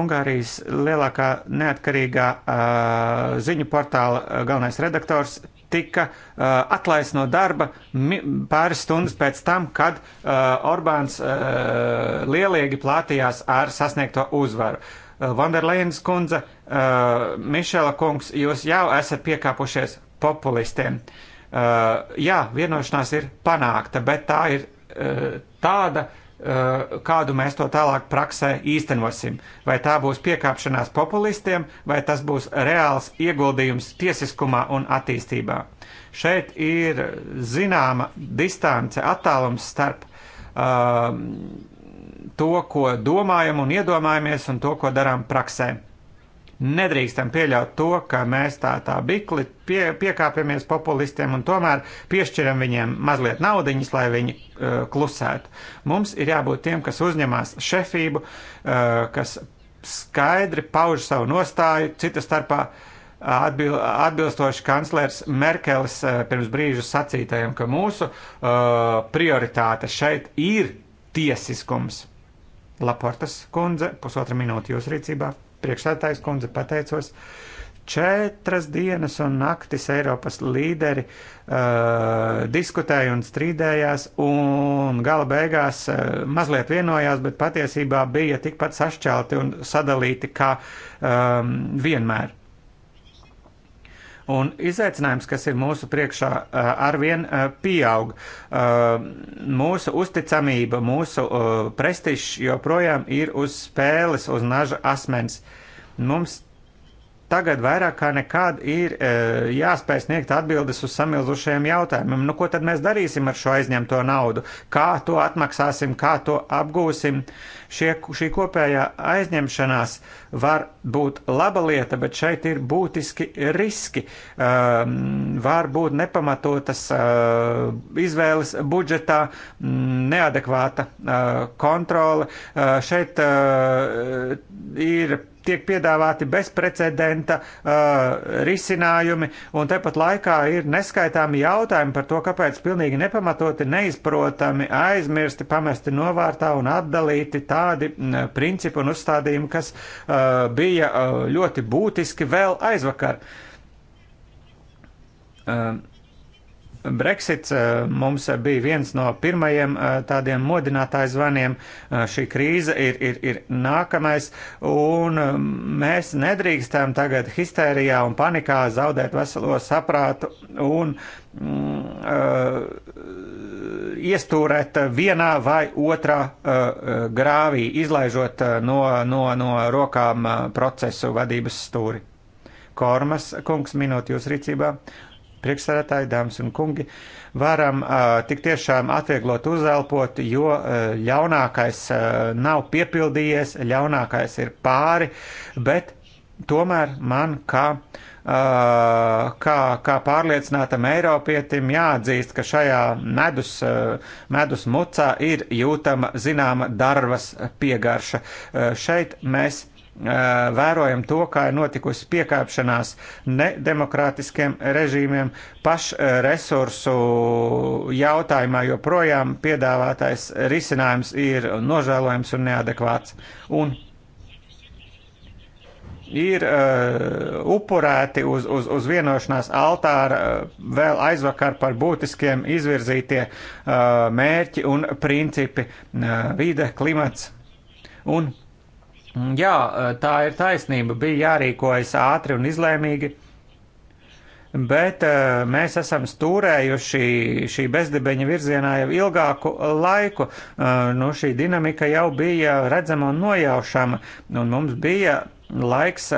Ungārijas lielākā neatkarīgā uh, ziņu portāla uh, galvenais redaktors tika uh, atlaists no darba pāris stundas pēc tam, kad uh, Orbāns uh, lieliegi plātījās ar sasniegto uzvaru. Uh, Vanderlēnas kundze, uh, Mišela kungs, jūs jau esat piekāpušies populistiem. Uh, jā, vienošanās ir panākta, bet tā ir uh, tāda, uh, Eh, kādu mēs to tālāk praksē īstenosim. Vai tā būs piekāpšanās populistiem, vai tas būs reāls ieguldījums tiesiskumā un attīstībā. Šeit ir zināma distance, attālums starp uh, to, ko domājam un iedomājamies, un to, ko darām praksē. Nedrīkstam pieļaut to, ka mēs tā tā bikli pie, piekāpjamies populistiem un tomēr piešķiram viņiem mazliet naudiņas, lai viņi uh, klusētu. Mums ir jābūt tiem, kas uzņemās šefību, uh, kas skaidri pauž savu nostāju, cita starpā uh, atbil, atbilstoši kanclers Merkelis uh, pirms brīža sacītajam, ka mūsu uh, prioritāte šeit ir tiesiskums. Laportas kundze, pusotra minūte jūsu rīcībā priekšsētājs kundze pateicos. Četras dienas un naktis Eiropas līderi uh, diskutēja un strīdējās, un gala beigās uh, mazliet vienojās, bet patiesībā bija tikpat sašķelti un sadalīti kā um, vienmēr. Un izaicinājums, kas ir mūsu priekšā, eh, arvien eh, pieaug. Eh, mūsu uzticamība, mūsu prestižs joprojām ir uz spēles, uz naža asmens. Mums tagad vairāk kā nekad ir e, jāspēj sniegt atbildes uz samilzušajiem jautājumiem. Nu, ko tad mēs darīsim ar šo aizņemto naudu? Kā to atmaksāsim, kā to apgūsim? Šie, šī kopējā aizņemšanās var būt laba lieta, bet šeit ir būtiski riski. E, var būt nepamatotas e, izvēles budžetā, neadekvāta kontrole. Šeit ir tiek piedāvāti bezprecedenta uh, risinājumi, un tepat laikā ir neskaitāmi jautājumi par to, kāpēc pilnīgi nepamatoti, neizprotami, aizmirsti, pamesti novārtā un atdalīti tādi uh, principi un uzstādījumi, kas uh, bija uh, ļoti būtiski vēl aizvakar. Uh, Brexits eh, mums bija viens no pirmajiem eh, tādiem modinātāju zvaniem. Eh, šī krīze ir, ir, ir nākamais, un mēs nedrīkstam tagad histērijā un panikā zaudēt veselo saprātu un mm, iestūrēt vienā vai otrā grāvī, izlaižot no, no, no rokām procesu vadības stūri. Kormas kungs, minūte jūs rīcībā priekšsēdētāji, dāmas un kungi, varam uh, tik tiešām atvieglot uzelpot, jo uh, ļaunākais uh, nav piepildījies, ļaunākais ir pāri, bet tomēr man kā, uh, kā, kā pārliecinātam Eiropietim jāatzīst, ka šajā medus, uh, medus mucā ir jūtama zināma darvas piegarša. Uh, šeit mēs vērojam to, kā ir notikusi piekāpšanās nedemokrātiskiem režīmiem, pašresursu jautājumā joprojām piedāvātais risinājums ir nožēlojams un neadekvāts. Un ir uh, upurēti uz, uz, uz vienošanās altāra uh, vēl aizvakar par būtiskiem izvirzītie uh, mērķi un principi uh, - vide, klimats un uh, Mm, jā, tā ir taisnība. Bija jārīkojas ātri un izlēmīgi, bet mēs esam stūrējuši šī bezdibeņa virzienā jau ilgāku laiku. Nu, šī dinamika jau bija redzama un nojaušama, un mums bija laiks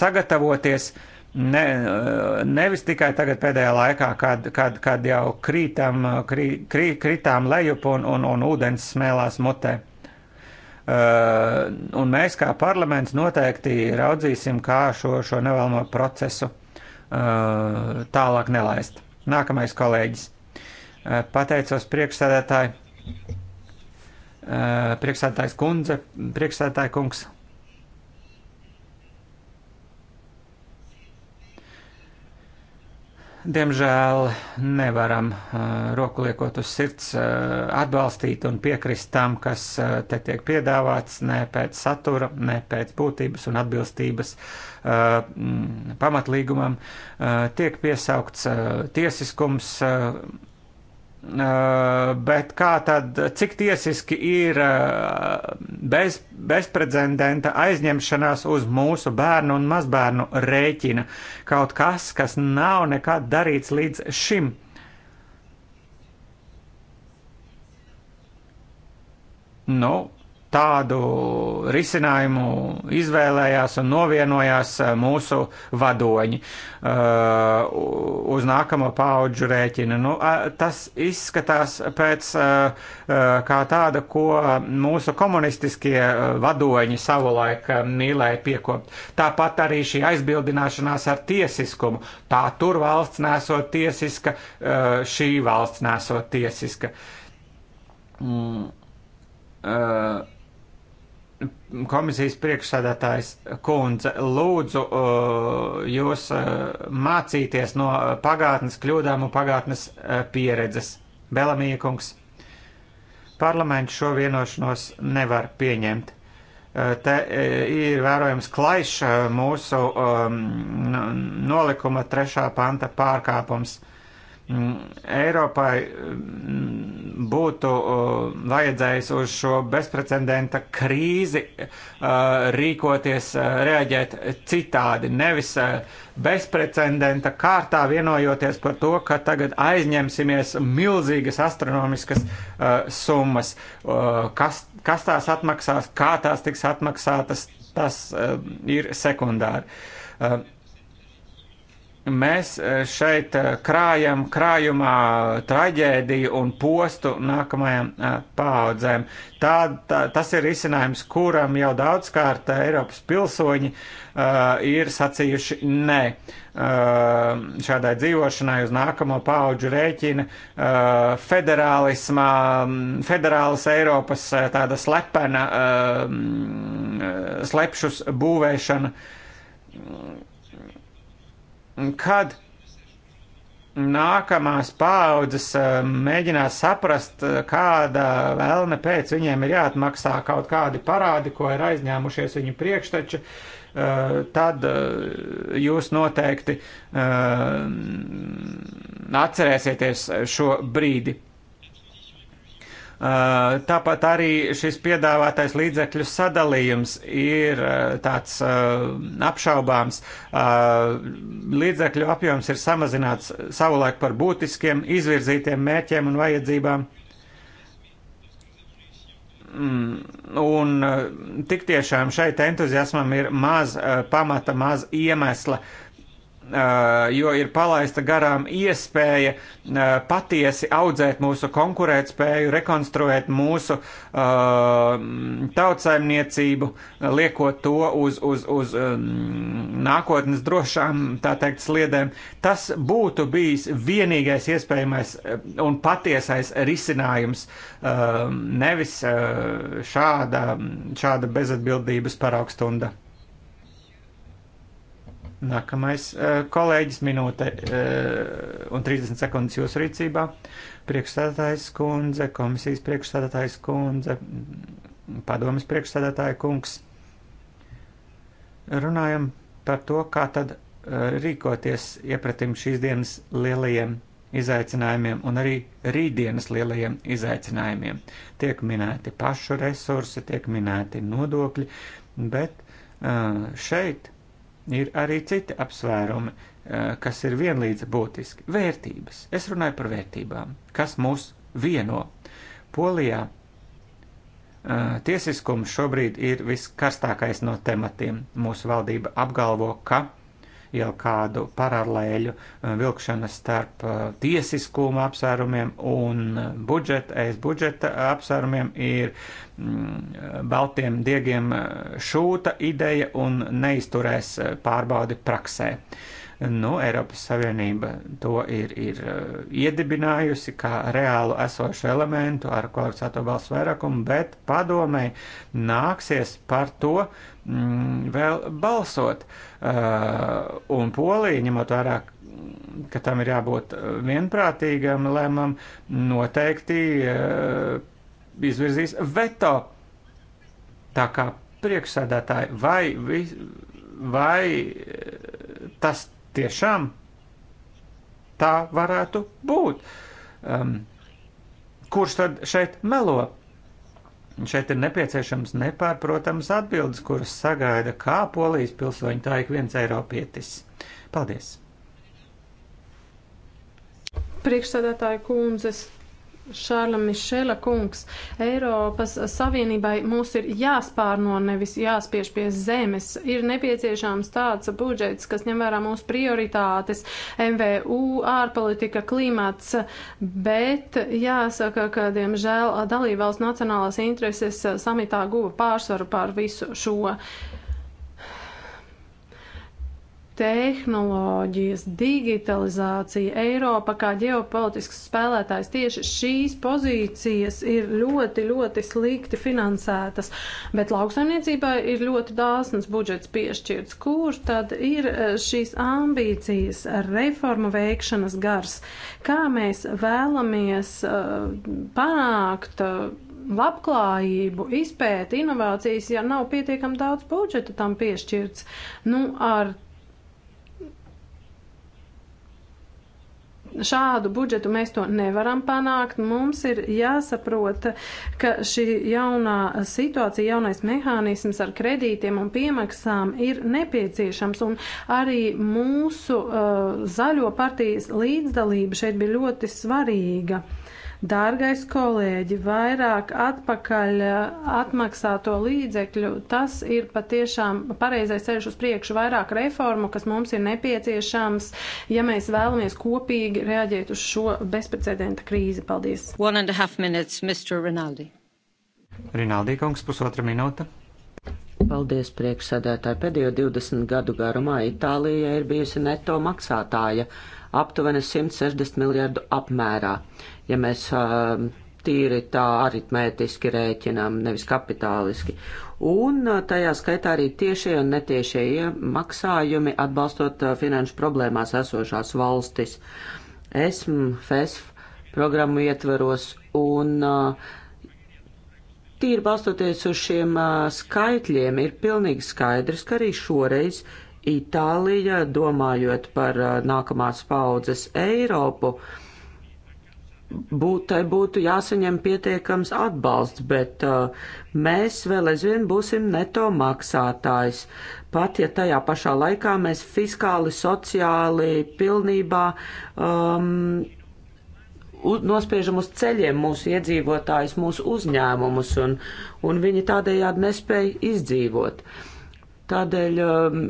sagatavoties. Ne, nevis tikai tagad pēdējā laikā, kad, kad, kad jau krītam, krī, krī, krītām lejup un, un, un ūdens smēlās mutē. Eh, un mēs kā parlaments noteikti raudzīsim, kā šo, šo nevēlamo procesu eh, tālāk nelaist. Nākamais kolēģis. Eh, pateicos priekšsēdētāji, priekšsēdētājs kundze, priekšsēdētāji kungs. diemžēl nevaram uh, roku liekot uz sirds uh, atbalstīt un piekrist tam, kas uh, te tiek piedāvāts, ne pēc satura, ne pēc būtības un atbilstības mm, pamatlīgumam. Tiek piesaukts tiesiskums, Eh, bet kā tad, cik tiesiski ir eh, bez, bezprecedenta aizņemšanās uz mūsu bērnu un mazbērnu rēķina kaut kas, kas nav nekad darīts līdz šim? Nu, tādu risinājumu izvēlējās un novienojās eh, mūsu vadoņi uh, uz nākamo paudžu rēķina. Nu, uh, tas izskatās pēc uh, kā tāda, ko mūsu komunistiskie vadoņi savulaik mīlēja piekopt. Tāpat arī šī aizbildināšanās ar tiesiskumu. Tā tur valsts nesot tiesiska, šī valsts nesot tiesiska. Mm. Uh, komisijas priekšsēdētājs kundze, lūdzu uh, jūs uh, mācīties no pagātnes kļūdām un pagātnes uh, pieredzes. Belamīja kungs, parlaments šo vienošanos nevar pieņemt. Te ir vērojams klaišs mūsu um, nolikuma trešā panta pārkāpums Eiropai mm, būtu mm, vajadzējis uz šo bezprecedenta krīzi mm, rīkoties, reaģēt citādi, nevis bezprecedenta kārtā vienojoties par to, ka tagad aizņemsimies milzīgas astronomiskas summas, kas, kas tās atmaksās, kā tās tiks atmaksātas, tas ir sekundāri mēs e, šeit e, krājam krājumā traģēdiju un postu nākamajām e, paaudzēm. Tā, tā, tas ir risinājums, kuram jau daudzkārt Eiropas pilsoņi uh, ir sacījuši nē uh, šādai dzīvošanai uz nākamo paauģu rēķina uh, federālismā, federālas Eiropas tāda slepena, uh, slepšus būvēšana. Uh, kad nākamās paaudzes eh, mēģinās saprast, eh, kāda vēlme pēc viņiem ir jāatmaksā kaut kādi parādi, ko ir aizņēmušies viņu priekšteči, eh, tad jūs noteikti atcerēsieties šo brīdi. Tāpat arī šis piedāvātais līdzekļu sadalījums ir tāds apšaubāms. Līdzekļu apjoms ir samazināts savulaik par būtiskiem, izvirzītiem mērķiem un vajadzībām. Mm, un tik tiešām šeit entuziasmam ir maz pamata, maz iemesla uh, Eh, jo ir palaista garām iespēja eh, patiesi audzēt mūsu konkurētspēju, rekonstruēt mūsu eh, tautsaimniecību, liekot to uz, uz, uz nākotnes drošām, tā teikt, sliedēm. Tas būtu bijis vienīgais iespējamais un patiesais risinājums, nevis šāda, šāda bezatbildības paraugstunda. Nākamais eh, kolēģis minūte eh, un 30 sekundes jūsu rīcībā. Priekšstādātājs kundze, komisijas priekšstādātājs kundze, padomas priekšstādātāja kungs. Runājam par to, kā tad eh, rīkoties iepratim šīs dienas lielajiem izaicinājumiem un arī rītdienas lielajiem izaicinājumiem. Tiek minēti pašu resursi, tiek minēti nodokļi, bet šeit Ir arī citi apsvērumi, eh, kas ir vienlīdz būtiski. Vērtības. Es runāju par vērtībām. Kas mūs vieno? Polijā eh, tiesiskums šobrīd ir viskarstākais no tematiem. Mūsu valdība apgalvo, ka jau kādu paralēļu uh, vilkšanu starp uh, tiesiskuma apsvērumiem un uh, budžeta, es budžeta apsvērumiem ir mm, baltiem diegiem šūta ideja un neizturēs pārbaudi praksē. Uh, Nu, Eiropas Savienība to ir, ir uh, iedibinājusi kā reālu esošu elementu ar kvalificēto balsu vairākumu, bet padomē nāksies par to mm, vēl balsot. Uh, un Polija, ņemot vērā, ka tam ir jābūt uh, vienprātīgam lēmam, noteikti uh, izvirzīs veto. Tā kā priekšsēdētāji, vai, vai uh, tas tiešām tā varētu būt. Um, kurš tad šeit melo? Šeit ir nepieciešams nepārprotams atbildes, kuras sagaida kā polijas pilsoņi, tā ik viens eiropietis. Paldies! Priekšsēdētāja kundzes Šārla Mišela kungs, Eiropas Savienībai mūs ir jāspārno, nevis jāspiež pie zemes. Ir nepieciešams tāds budžets, kas ņem vērā mūsu prioritātes, MVU, ārpolitika, klimats, bet jāsaka, ka, diemžēl, dalībvalsts nacionālās intereses samitā guva pārsvaru pār visu šo. Uh, tehnoloģijas, digitalizācija, Eiropa kā ģeopolitisks spēlētājs. Tieši šīs pozīcijas ir ļoti, ļoti slikti finansētas, bet lauksaimniecībai ir ļoti dāsnas budžets piešķirts. Kur tad ir e, šīs ambīcijas, reformu veikšanas gars? Kā mēs vēlamies uh, panākt? Uh, labklājību, izpēti, inovācijas, ja nav pietiekami daudz budžeta tam piešķirts. Nu, ar šādu budžetu mēs to nevaram panākt. Mums ir jāsaprot, ka šī jaunā situācija, jaunais mehānisms ar kredītiem un piemaksām ir nepieciešams. Un arī mūsu uh, zaļo partijas līdzdalība šeit bija ļoti svarīga. Dārgais kolēģi, vairāk atpakaļ eh, atmaksāto līdzekļu, tas ir patiešām pareizais ceļš uz priekšu, vairāk reformu, kas mums ir nepieciešams, ja mēs vēlamies kopīgi reaģēt uz šo bezprecedenta krīzi. Paldies! Minutes, Rinaldi. Rinaldi kungs, pusotra minūte. Paldies, priekšsēdētāji. Pēdējo 20 gadu garumā Itālija ir bijusi neto maksātāja aptuveni 160 miljardu apmērā ja mēs tīri tā aritmētiski rēķinām, nevis kapitāliski. Un tajā skaitā arī tiešie un netiešie maksājumi atbalstot finanšu problēmās esošās valstis. ESM, FESF programmu ietveros un uh, Tīri balstoties uz šiem uh, skaitļiem, ir pilnīgi skaidrs, ka arī šoreiz Itālija, domājot par uh, nākamās paudzes Eiropu, būt, tai būtu jāsaņem pietiekams atbalsts, bet uh, mēs vēl aizvien būsim neto maksātājs. Pat ja tajā pašā laikā mēs fiskāli, sociāli pilnībā um, nospiežam uz ceļiem mūsu iedzīvotājus, mūsu uzņēmumus, un, un viņi tādējādi nespēja izdzīvot. Tādēļ um,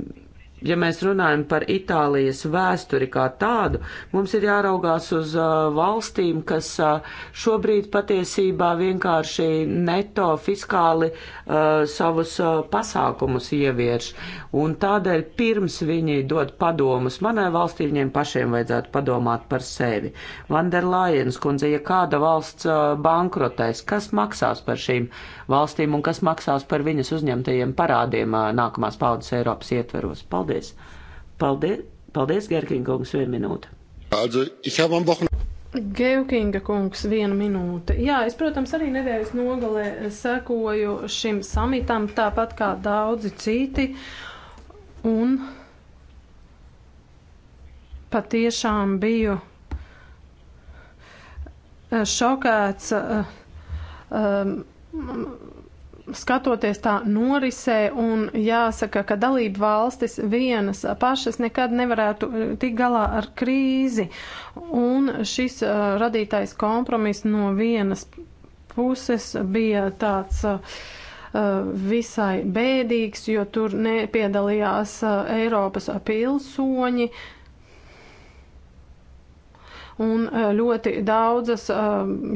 ja mēs runājam par Itālijas vēsturi kā tādu, mums ir jāraugās uz uh, valstīm, kas uh, šobrīd patiesībā vienkārši neto fiskāli uh, savus uh, pasākumus ievieš. Un tādēļ pirms viņi dod padomus manai valstī, viņiem pašiem vajadzētu padomāt par sevi. Vanderlājens kundze, ja kāda valsts uh, bankrotēs, kas maksās par šīm valstīm un kas maksās par viņas uzņemtajiem parādiem uh, nākamās paudzes Eiropas ietveros? Paldies! Paldies, Paldies Gerkinkungs, vienu minūtu! Also, ich habe am Wochenende. Gevkinga kungs, viena minūte. Jā, es, protams, arī nedēļas nogalē sekoju šim samitam, tāpat kā daudzi citi. Un patiešām biju eh, šokēts. Um, skatoties tā norisē un jāsaka, ka dalība valstis vienas pašas nekad nevarētu eh, tik galā ar krīzi. Un šis uh, radītais kompromiss no vienas puses bija tāds uh, visai bēdīgs, jo tur nepiedalījās uh, Eiropas pilsoņi. Uh, un eh, ļoti daudzas eh,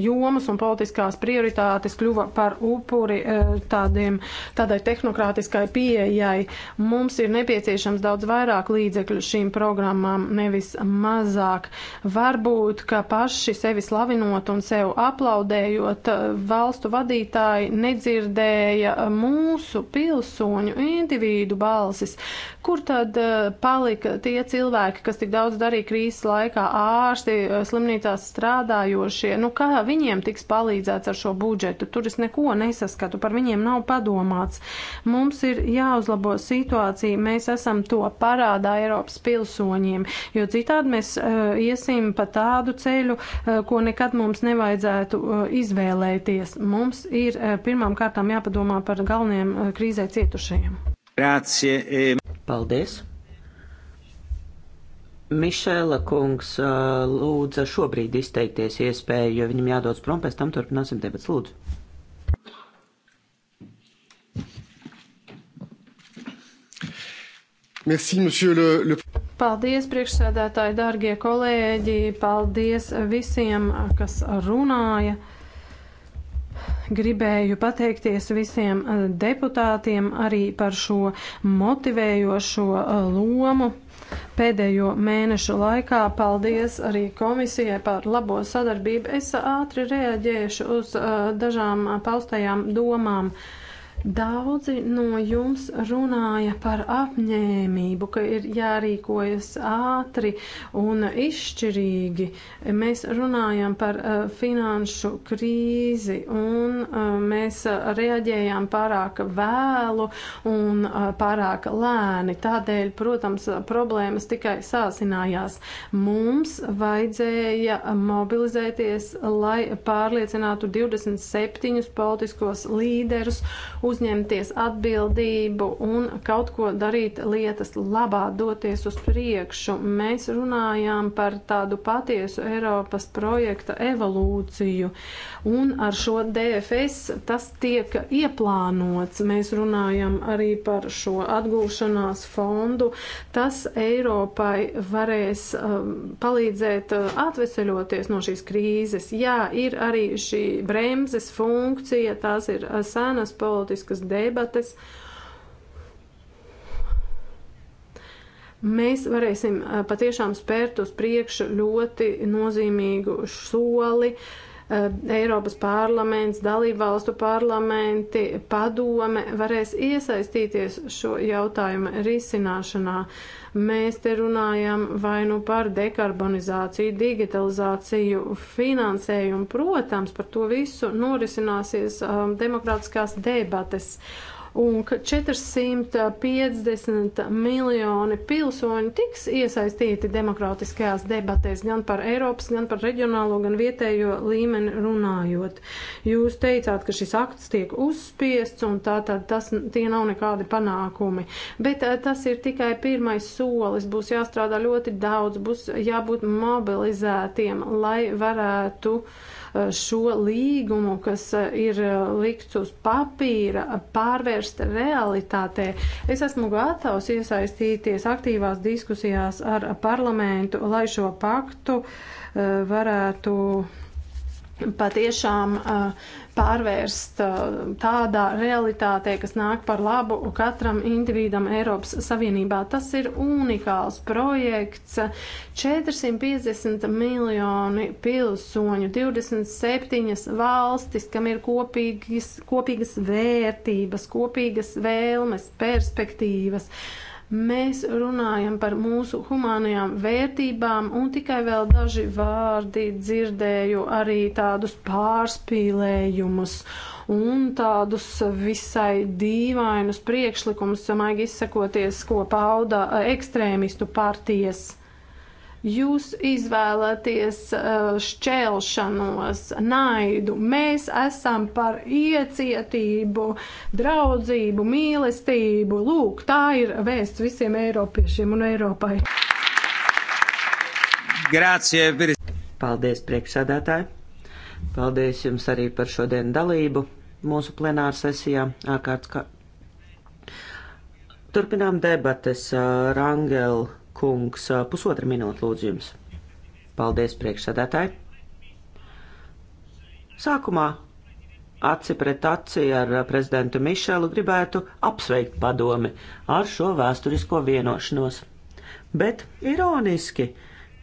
jomas un politiskās prioritātes kļuva par upuri eh, tādiem, tādai tehnokrātiskai pieejai. Mums ir nepieciešams daudz vairāk līdzekļu šīm programmām, nevis mazāk. Varbūt, ka paši sevi slavinot un sev aplaudējot, valstu vadītāji nedzirdēja mūsu pilsoņu individu balsis. Kur tad palika tie cilvēki, kas tik daudz darīja krīzes laikā ārsti, Eh, slimnīcās strādājošie, nu kā viņiem tiks palīdzēts ar šo budžetu? Tur es neko nesaskatu, par viņiem nav padomāts. Mums ir jāuzlabo situācija, mēs esam to parādā Eiropas pilsoņiem, jo citādi mēs uh, iesim pa tādu ceļu, uh, ko nekad mums nevajadzētu uh, izvēlēties. Mums ir uh, pirmām kārtām jāpadomā par galveniem uh, krīzē cietušajiem. Grācie. Paldies! Mišela kungs lūdza šobrīd izteikties iespēju, jo viņam jādodas prom, pēc tam turpināsim debats. Lūdzu. Merci, monsieur le, le... Paldies, priekšsēdētāji, dārgie kolēģi, paldies visiem, kas runāja. Gribēju pateikties visiem deputātiem arī par šo motivējošo lomu pēdējo mēnešu laikā. Paldies arī komisijai par labo sadarbību. Es ātri reaģēšu uz uh, dažām paustajām domām. Uh, Daudzi no jums runāja par apņēmību, ka ir jārīkojas ātri un izšķirīgi. Mēs runājam par uh, finanšu krīzi un uh, mēs eh, reaģējām pārāk vēlu un uh, pārāk lēni. Tādēļ, protams, problēmas tikai sāsinājās. Mums vajadzēja mobilizēties, lai pārliecinātu 27 politiskos līderus uz uzņemties atbildību un kaut ko darīt lietas labā, doties uz priekšu. Mēs runājām par tādu patiesu Eiropas projekta evolūciju, un ar šo DFS tas tiek ieplānots. Mēs runājam arī par šo atgūšanās fondu. Tas Eiropai varēs um, palīdzēt uh, atveseļoties no šīs krīzes. Jā, ir arī šī bremzes funkcija, tās ir uh, senas politiskas politiskas debates. Mēs varēsim eh, patiešām spērt uz priekšu ļoti nozīmīgu soli. Eh, Eiropas parlaments, dalībvalstu parlamenti, padome varēs iesaistīties šo jautājumu risināšanā. Uh, Mēs te runājam vai nu par dekarbonizāciju, digitalizāciju, finansējumu. Protams, par to visu norisināsies um, demokrātiskās debates. Uh, un ka 450 miljoni pilsoņi tiks iesaistīti demokrātiskajās debatēs, gan par Eiropas, gan par reģionālo, gan vietējo līmeni runājot. Jūs teicāt, ka šis akts tiek uzspiests, un tā tad tas, tie nav nekādi panākumi. Bet eh, tas ir tikai pirmais solis, būs jāstrādā ļoti daudz, būs jābūt mobilizētiem, lai varētu uh, šo līgumu, kas eh, ir eh, likts uz papīra, pārvērst realitātē. Es esmu gatavs iesaistīties aktīvās diskusijās ar parlamentu, lai šo paktu eh, varētu patiešām eh, pārvērst eh, tādā realitātē, kas nāk par labu katram individam Eiropas Savienībā. Tas ir unikāls projekts. 450 miljoni pilsoņu, 27 valstis, kam ir kopīgas, kopīgas vērtības, kopīgas vēlmes, perspektīvas. Uh, Mēs runājam par mūsu humānajām vērtībām un tikai vēl daži vārdi dzirdēju arī tādus pārspīlējumus un tādus visai dīvainus priekšlikumus, maigi izsakoties, ko pauda eh, ekstrēmistu partijas. Jūs izvēlaties eh, šķelšanos, naidu. Mēs esam par iecietību, draudzību, mīlestību. Lūk, tā ir vēsts visiem Eiropiešiem un Eiropai. Grācie, virs. Paldies, priekšsēdētāji! Paldies jums arī par šodien dalību mūsu plenāru sesijā. Ārkārts, ka... Turpinām debates. Eh, Rangela kungs, pusotra minūte lūdzu jums. Paldies, priekšsēdētāji. Sākumā aci pret aci ar prezidentu Mišelu gribētu apsveikt padomi ar šo vēsturisko vienošanos. Bet ironiski,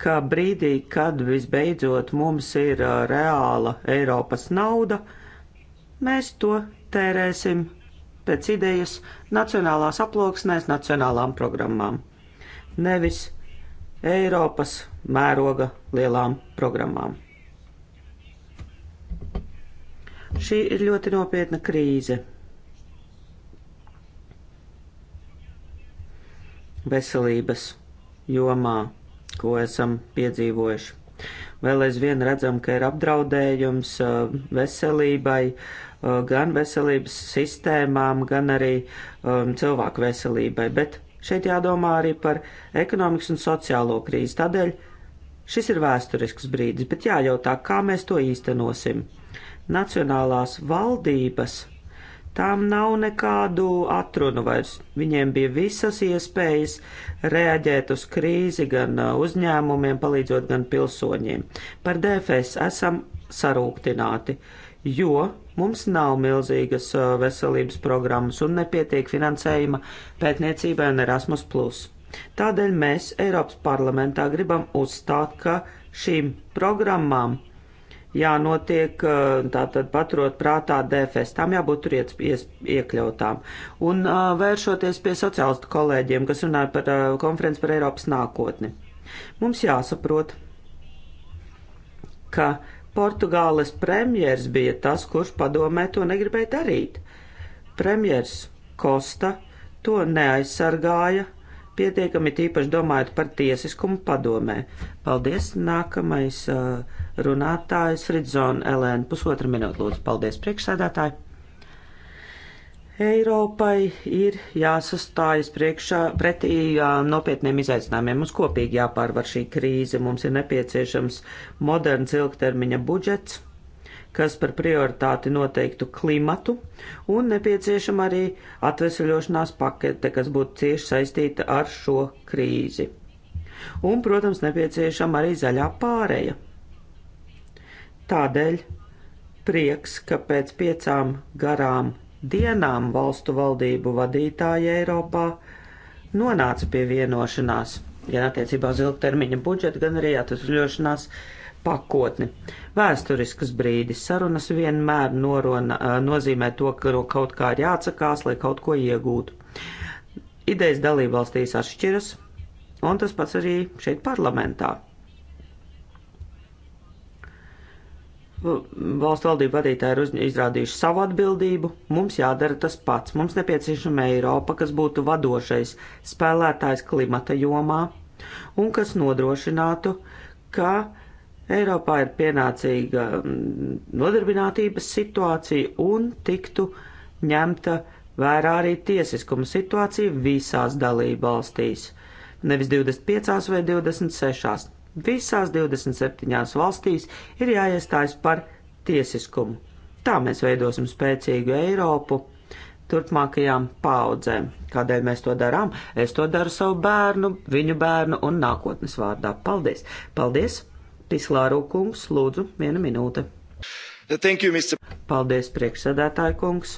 ka brīdī, kad visbeidzot mums ir reāla Eiropas nauda, mēs to tērēsim pēc idejas nacionālās aploksnēs, nacionālām programmām nevis Eiropas mēroga lielām programmām. Šī ir ļoti nopietna krīze. Veselības jomā, ko esam piedzīvojuši. Vēl aizvien redzam, ka ir apdraudējums uh, veselībai, uh, gan veselības sistēmām, gan arī um, cilvēku veselībai, bet Šeit jādomā arī par ekonomikas un sociālo krīzi. Tādēļ šis ir vēsturisks brīdis, bet jājautā, kā mēs to īstenosim. Nacionālās valdības tām nav nekādu atrunu vairs. Viņiem bija visas iespējas reaģēt uz krīzi gan uh, uzņēmumiem, palīdzot gan pilsoņiem. Par DFS esam sarūktināti jo mums nav milzīgas uh, veselības programmas un nepietiek finansējuma pētniecībai un Erasmus. Tādēļ mēs Eiropas parlamentā gribam uzstāt, ka šīm programmām jānotiek uh, tātad paturot prātā DFS, tām jābūt tur iekļautām. Un uh, vēršoties pie sociālistu kolēģiem, kas runāja par konferenci par Eiropas nākotni, mums jāsaprot, ka Portugāles premjers bija tas, kurš padomē to negribēja darīt. Premjers Kosta to neaizsargāja, pietiekami tīpaši domājot par tiesiskumu padomē. Paldies, nākamais uh, runātājs Fridzona Elēna, pusotra minūte lūdzu. Paldies, priekšsēdētāji! Eiropai ir jāsastājas priekšā pretī nopietniem izaicinājumiem. Mums kopīgi jāpārvar šī krīze. Mums ir nepieciešams moderns ilgtermiņa budžets, kas par prioritāti noteiktu klimatu, un nepieciešama arī atvesaļošanās pakete, kas būtu cieši saistīta ar šo krīzi. Un, protams, nepieciešama arī zaļā pāreja. Tādēļ prieks, ka pēc piecām garām dienām valstu valdību vadītāji Eiropā nonāca pie vienošanās, gan attiecībā uz ilgtermiņa budžetu, gan arī atvesļošanās pakotni. Vēsturisks brīdis sarunas vienmēr norona, eh, nozīmē to, ka kaut kā ir jāatsakās, lai kaut ko iegūtu. Idejas dalībvalstīs atšķiras, un tas pats arī šeit parlamentā. Valstu valdību vadītāji ir izrādījuši savu atbildību, mums jādara tas pats. Mums nepieciešama Eiropa, kas būtu vadošais spēlētājs klimata jomā un kas nodrošinātu, ka Eiropā ir pienācīga mm, nodarbinātības situācija un tiktu ņemta vērā arī tiesiskuma situācija visās dalību valstīs, nevis 25 vai 26. Visās 27 valstīs ir jāiestājas par tiesiskumu. Tā mēs veidosim spēcīgu Eiropu turpmākajām paudzēm. Kādēļ mēs to darām? Es to daru savu bērnu, viņu bērnu un nākotnes vārdā. Paldies! Paldies! Pislāru kungs, lūdzu, viena minūte. Thank you, Mr. Paldies, priekšsēdētāju kungs.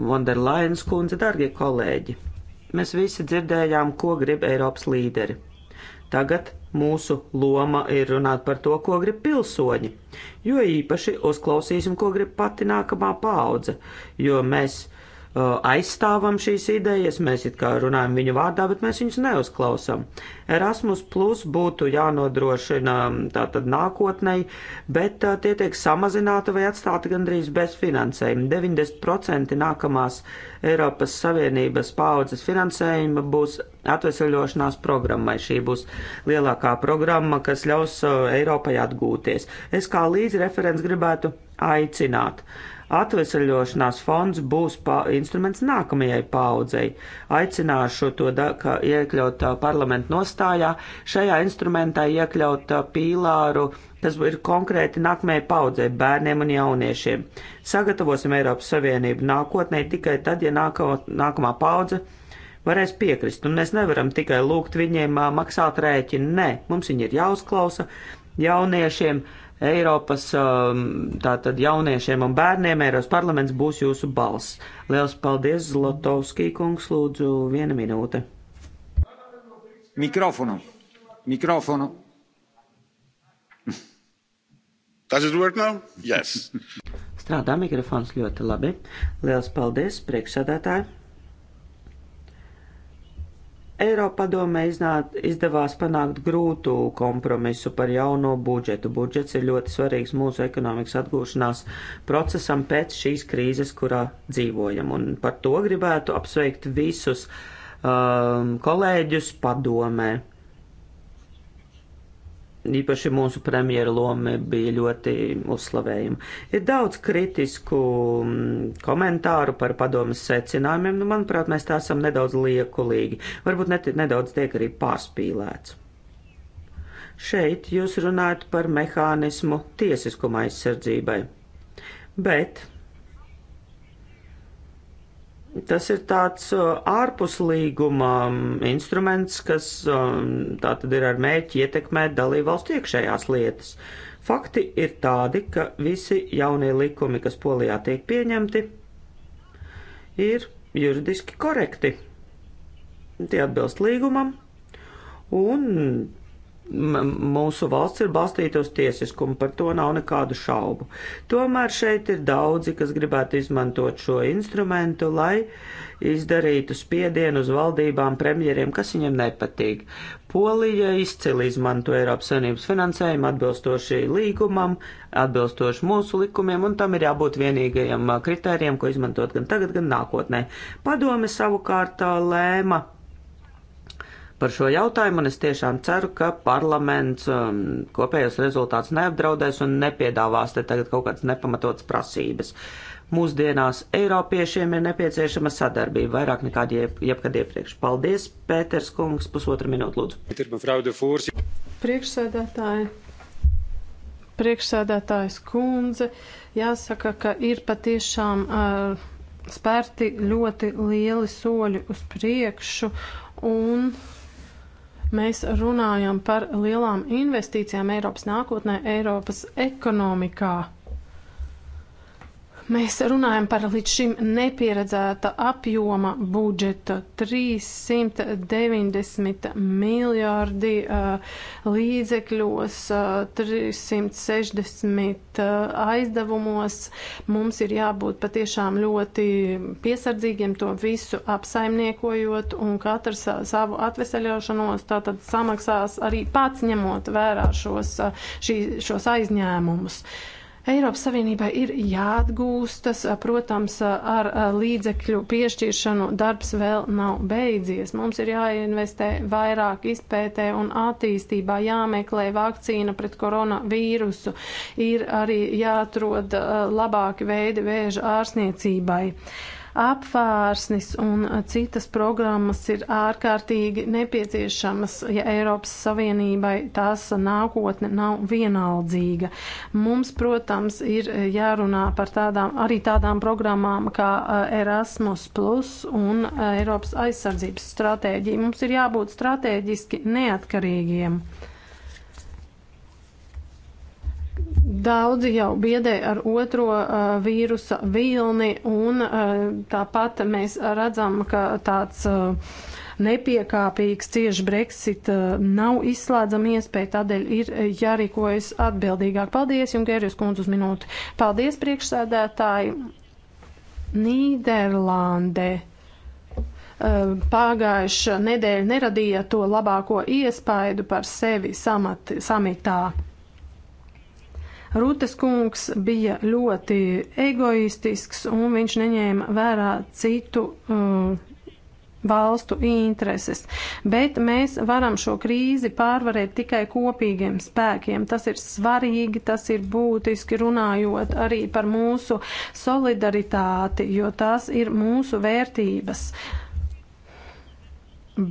Vonderlainas kundze, darbie kolēģi! Mēs visi dzirdējām, ko grib Eiropas līderi. Tagad Mūsu loma ir runāt par to, ko grib pilsoņi, jo īpaši uzklausīsim, ko grib pati nākamā paudze, jo mēs Eh, aizstāvam šīs idejas, mēs it kā runājam viņu vārdā, bet mēs viņus neuzklausām. Erasmus Plus būtu jānodrošina mm, tātad nākotnei, bet eh, tie tiek samazināti vai atstāti gandrīz bez finansējuma. 90% nākamās Eiropas Savienības paudzes finansējuma būs atvesaļošanās programmai. Šī būs lielākā programma, kas ļaus eh, Eiropai atgūties. Es kā līdzreferents gribētu aicināt. Uh, Atveseļošanās fonds būs pa, instruments nākamajai paudzei. Aicināšu to da, iekļaut uh, parlamentu nostājā, šajā instrumentā iekļaut uh, pīlāru, kas ir konkrēti nākamajai paudzei - bērniem un jauniešiem. Sagatavosim Eiropas Savienību nākotnē tikai tad, ja nākamo, nākamā paudze varēs piekrist, un mēs nevaram tikai lūgt viņiem uh, maksāt rēķinu. Nē, mums viņi ir jāuzklausa jauniešiem. Uh, Eiropas um, tātad jauniešiem un bērniem Eiropas parlaments būs jūsu balss. Liels paldies, Zlotovskī kungs, lūdzu, viena minūte. Mikrofonu. Mikrofonu. Does it work now? Yes. Strādā mikrofons ļoti labi. Liels paldies, priekšsādātāji. Eiropadomē izdevās panākt grūtu kompromisu par jauno budžetu. Budžets ir ļoti svarīgs mūsu ekonomikas atgūšanās procesam pēc šīs krīzes, kurā dzīvojam. Un par to gribētu apsveikt visus um, kolēģus padomē īpaši mūsu premjera loma bija ļoti uzslavējama. Ir daudz kritisku mm, komentāru par padomas secinājumiem, nu, manuprāt, mēs tā esam nedaudz liekulīgi, varbūt net, nedaudz tiek arī pārspīlēts. Šeit jūs runājat par mehānismu tiesiskuma aizsardzībai, bet Tas ir tāds uh, ārpus līguma um, instruments, kas um, tātad ir ar mēķi ietekmēt dalībvalstu iekšējās lietas. Fakti ir tādi, ka visi jaunie likumi, kas polijā tiek pieņemti, ir juridiski korekti. Tie atbilst līgumam, un mūsu valsts ir balstīta uz tiesiskumu, par to nav nekādu šaubu. Tomēr šeit ir daudzi, kas gribētu izmantot šo instrumentu, lai izdarītu spiedienu uz valdībām, premjeriem, kas viņiem nepatīk. Polija izcili izmanto Eiropas Savienības finansējumu atbilstoši līgumam, atbilstoši mūsu likumiem, un tam ir jābūt vienīgajam kritērijam, ko izmantot gan tagad, gan nākotnē. Padome savukārt lēma par šo jautājumu, un es tiešām ceru, ka parlaments um, kopējos rezultātus neapdraudēs un nepiedāvās te tagad kaut kādas nepamatotas prasības. Mūsdienās Eiropiešiem ir nepieciešama sadarbība vairāk nekā jeb, jebkad iepriekš. Paldies, Pēters Kungs, pusotra minūte lūdzu. Priekšsēdētāji, priekšsēdētājs kundze, jāsaka, ka ir patiešām uh, spērti ļoti lieli soļi uz priekšu un. Mēs runājam par lielām investīcijām Eiropas nākotnē, Eiropas ekonomikā. Mēs runājam par līdz šim nepieredzēta apjoma budžeta 390 miljārdi uh, līdzekļos, uh, 360 uh, aizdevumos. Mums ir jābūt patiešām ļoti piesardzīgiem to visu apsaimniekojot un katrs uh, savu atveseļošanos tātad samaksās arī pats ņemot vērā šos, uh, šī, šos aizņēmumus. Uh, Eiropas Savienībai ir jāatgūstas, protams, ar līdzekļu piešķiršanu darbs vēl nav beidzies. Mums ir jāinvestē vairāk izpētē un attīstībā, jāmeklē vakcīna pret koronavīrusu, ir arī jāatrod labāki veidi vēža ārsniecībai. Uh, Apvārsnis un citas programmas ir ārkārtīgi nepieciešamas, ja Eiropas Savienībai tās nākotne nav vienaldzīga. Mums, protams, ir jārunā par tādām, arī tādām programmām kā Erasmus Plus un Eiropas aizsardzības stratēģija. Mums ir jābūt strateģiski neatkarīgiem. Daudzi jau biedē ar otro uh, vīrusa vilni, un uh, tāpat mēs redzam, ka tāds uh, nepiekāpīgs cieši Brexit uh, nav izslēdzama iespēja, tādēļ ir jārīkojas atbildīgāk. Paldies, Junkērijas kundze, uz minūti. Paldies, priekšsēdētāji. Nīderlande uh, pagājuša nedēļa neradīja to labāko iespaidu par sevi samat, samitā. Rutes kungs bija ļoti egoistisks un viņš neņēma vērā citu um, valstu intereses, bet mēs varam šo krīzi pārvarēt tikai kopīgiem spēkiem. Tas ir svarīgi, tas ir būtiski runājot arī par mūsu solidaritāti, jo tās ir mūsu vērtības.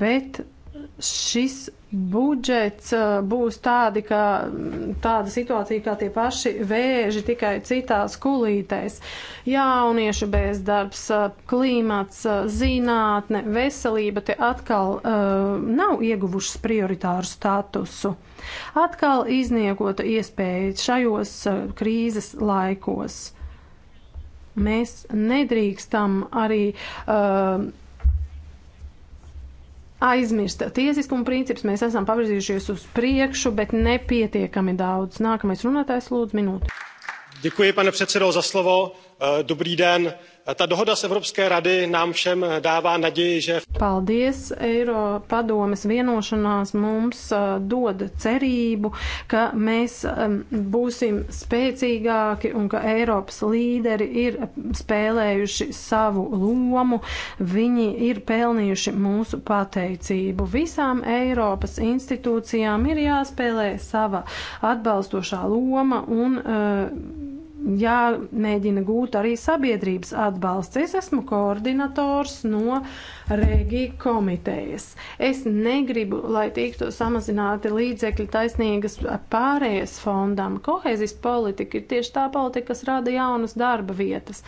Bet šis budžets eh, būs tādi, ka, mm, tāda situācija kā tie paši vēži, tikai citās kulītēs. Jauniešu bezdarbs, eh, klimats, eh, zinātne, veselība te atkal uh, nav ieguvušas prioritāru statusu. Atkal izniegota iespēja šajos krīzes laikos. Mēs nedrīkstam arī uh, aizmirsta tiesiskuma princips, mēs esam pavirzījušies uz priekšu, bet nepietiekami daudz. Nākamais runātājs lūdzu minūti. Děkuji, pane předsedo, za slovo. Eh, dobrý den. Ta dohoda z Evropské rady nám všem dává naději, že. Paldies! Eiro padomes vienošanās mums eh, dod cerību, ka mēs būsim spēcīgāki un ka Eiropas līderi ir spēlējuši savu lomu. Viņi ir pelnījuši mūsu pateicību. Visām Eiropas institūcijām ir jāspēlē sava atbalstošā loma un. Uh, jāmēģina gūt arī sabiedrības atbalsts. Es esmu koordinators no uh, Rēgī komitejas. Es negribu, lai tiktu samazināti līdzekļi taisnīgas pārējas fondam. Kohēzijas politika ir tieši tā politika, kas rada jaunas darba vietas.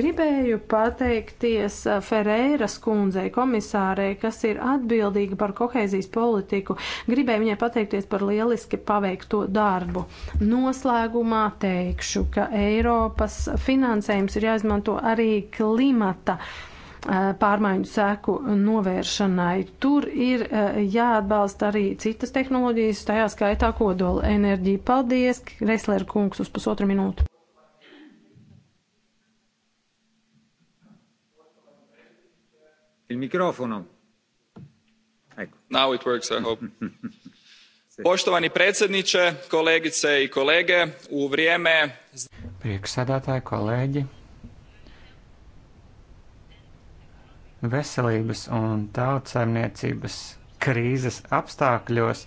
Gribēju pateikties eh, Ferēras kundzei, komisārei, kas ir atbildīga par kohēzijas politiku. Gribēju viņai pateikties par lieliski paveikto darbu. Noslēgumā teikšu, ka Eiropas finansējums ir jāizmanto arī klimata pārmaiņu sēku novēršanai. Tur ir jāatbalsta arī citas tehnoloģijas, tajā skaitā kodola enerģija. Paldies, Kresler kungs, uz pusotru minūtu. Il mikrofono. Eko. Now it works, I hope. Poštovani predsjedniče, kolegice i kolege, u vrijeme... Priekšsēdētāji, kolēģi, veselības un tautsēmniecības krīzes apstākļos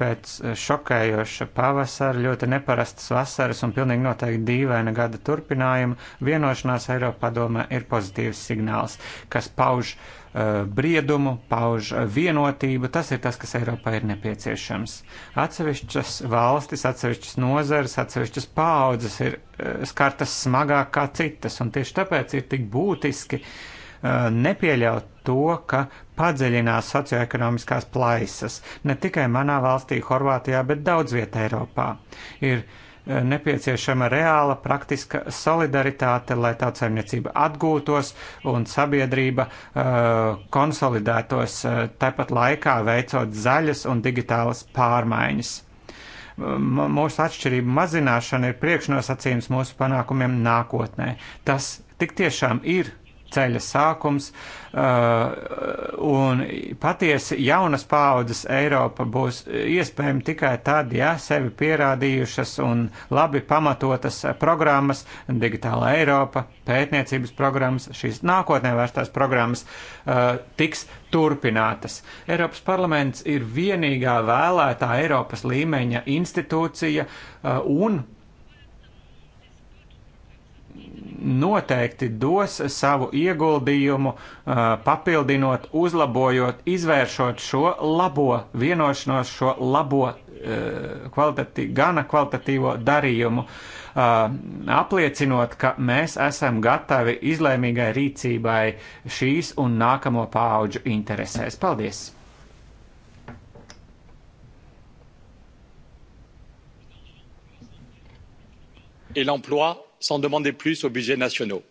pēc eh, šokējoša pavasara, ļoti neparastas vasaras un pilnīgi noteikti dīvaina gada turpinājuma, vienošanās Eiropā domā ir pozitīvs signāls, kas pauž uh, briedumu, pauž eh, vienotību. Tas ir tas, kas Eiropā ir nepieciešams. Atsevišķas valstis, atsevišķas nozares, atsevišķas paudzes ir uh, skartas smagāk kā citas, un tieši tāpēc ir tik būtiski uh, Uh, nepieļaut to, ka padziļinās socioekonomiskās plaisas ne tikai manā valstī, Horvātijā, bet daudz vietā Eiropā. Ir uh, nepieciešama reāla, praktiska solidaritāte, lai tā saimniecība atgūtos un sabiedrība uh, konsolidētos, uh, tāpat laikā veicot zaļas un digitālas pārmaiņas. M mūsu atšķirību mazināšana ir priekšnosacījums mūsu panākumiem nākotnē. Tas tik tiešām ir ceļa sākums, uh, un patiesi jaunas paaudzes Eiropa būs iespējama tikai tad, ja sevi pierādījušas un labi pamatotas programmas, digitāla Eiropa, pētniecības programmas, šīs nākotnē vērstās programmas uh, tiks turpinātas. Eiropas parlaments ir vienīgā vēlētā Eiropas līmeņa institūcija uh, un noteikti dos savu ieguldījumu, uh, papildinot, uzlabojot, izvēršot šo labo vienošanos, šo labo uh, kvalitati, gana kvalitatīvo darījumu, uh, apliecinot, ka mēs esam gatavi izlēmīgai rīcībai šīs un nākamo paaudžu interesēs. Paldies! Et l'emploi sans demander plus aux budgets nationaux.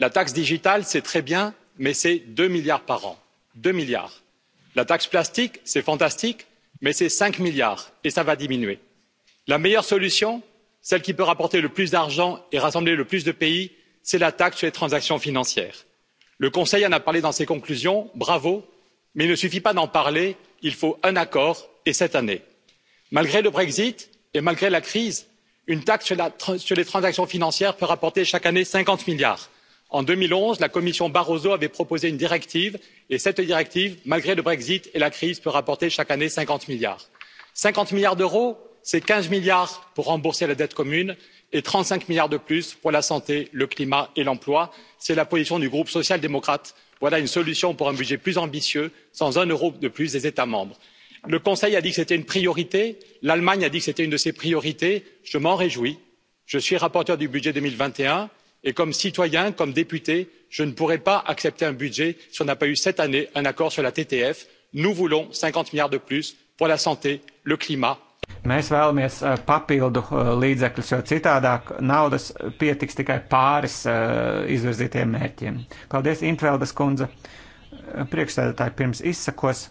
la taxe digitale c'est très bien mais c'est deux milliards par an deux milliards. la taxe plastique c'est fantastique mais c'est cinq milliards et ça va diminuer. la meilleure solution celle qui peut rapporter le plus d'argent et rassembler le plus de pays c'est la taxe sur les transactions financières. le conseil en a parlé dans ses conclusions bravo mais il ne suffit pas d'en parler il faut un accord et cette année. malgré le brexit et malgré la crise une taxe sur les transactions financières peut rapporter chaque année cinquante milliards. en deux mille onze la commission barroso avait proposé une directive et cette directive malgré le brexit et la crise peut rapporter chaque année cinquante milliards. cinquante milliards d'euros c'est quinze milliards pour rembourser la dette commune et trente cinq milliards de plus pour la santé le climat et l'emploi. c'est la position du groupe social démocrate voilà une solution pour un budget plus ambitieux sans un euro de plus des états membres le conseil a dit que c'était une priorité l'allemagne a dit que c'était une de ses priorités je m'en réjouis je suis rapporteur du budget deux mille vingt et un et comme citoyen comme député je ne pourrais pas accepter un budget si on n'a pas eu cette année un accord sur la ttf nous voulons cinquante milliards de plus pour la santé le climat. Mēs vēlamies uh, papildu uh, līdzekļus, jo citādāk naudas pietiks tikai pāris uh, izvirzītiem mērķiem. Paldies, Intveldes kundze. Priekšsēdētāji pirms izsakos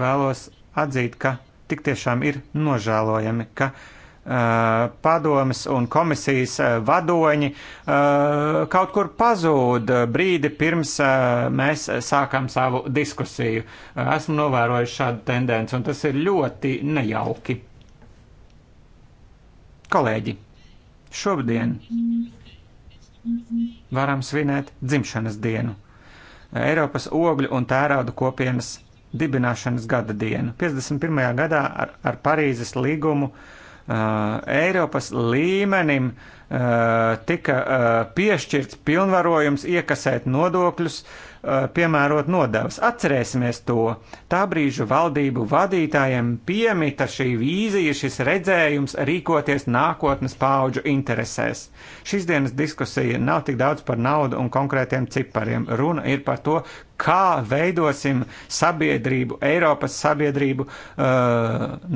vēlos atzīt, ka tik tiešām ir nožēlojami, ka uh, padomas un komisijas uh, vadoņi uh, kaut kur pazūd brīdi pirms mēs sākam savu diskusiju. Esmu novērojis šādu tendenci, un tas ir ļoti nejauki. Kolēģi, šobdien varam svinēt dzimšanas dienu. Eiropas ogļu un tērauda kopienas dibināšanas gada dienu. 51. gadā ar, ar Parīzes līgumu uh, Eiropas līmenim uh, tika uh, piešķirts pilnvarojums iekasēt nodokļus uh, Eh, piemērot nodevas. Atcerēsimies to. Tā brīža valdību vadītājiem piemita šī vīzija, šis redzējums rīkoties nākotnes paauģu interesēs. Šīs dienas diskusija nav tik daudz par naudu un konkrētiem cipariem. Runa ir par to, kā veidosim sabiedrību, Eiropas sabiedrību uh,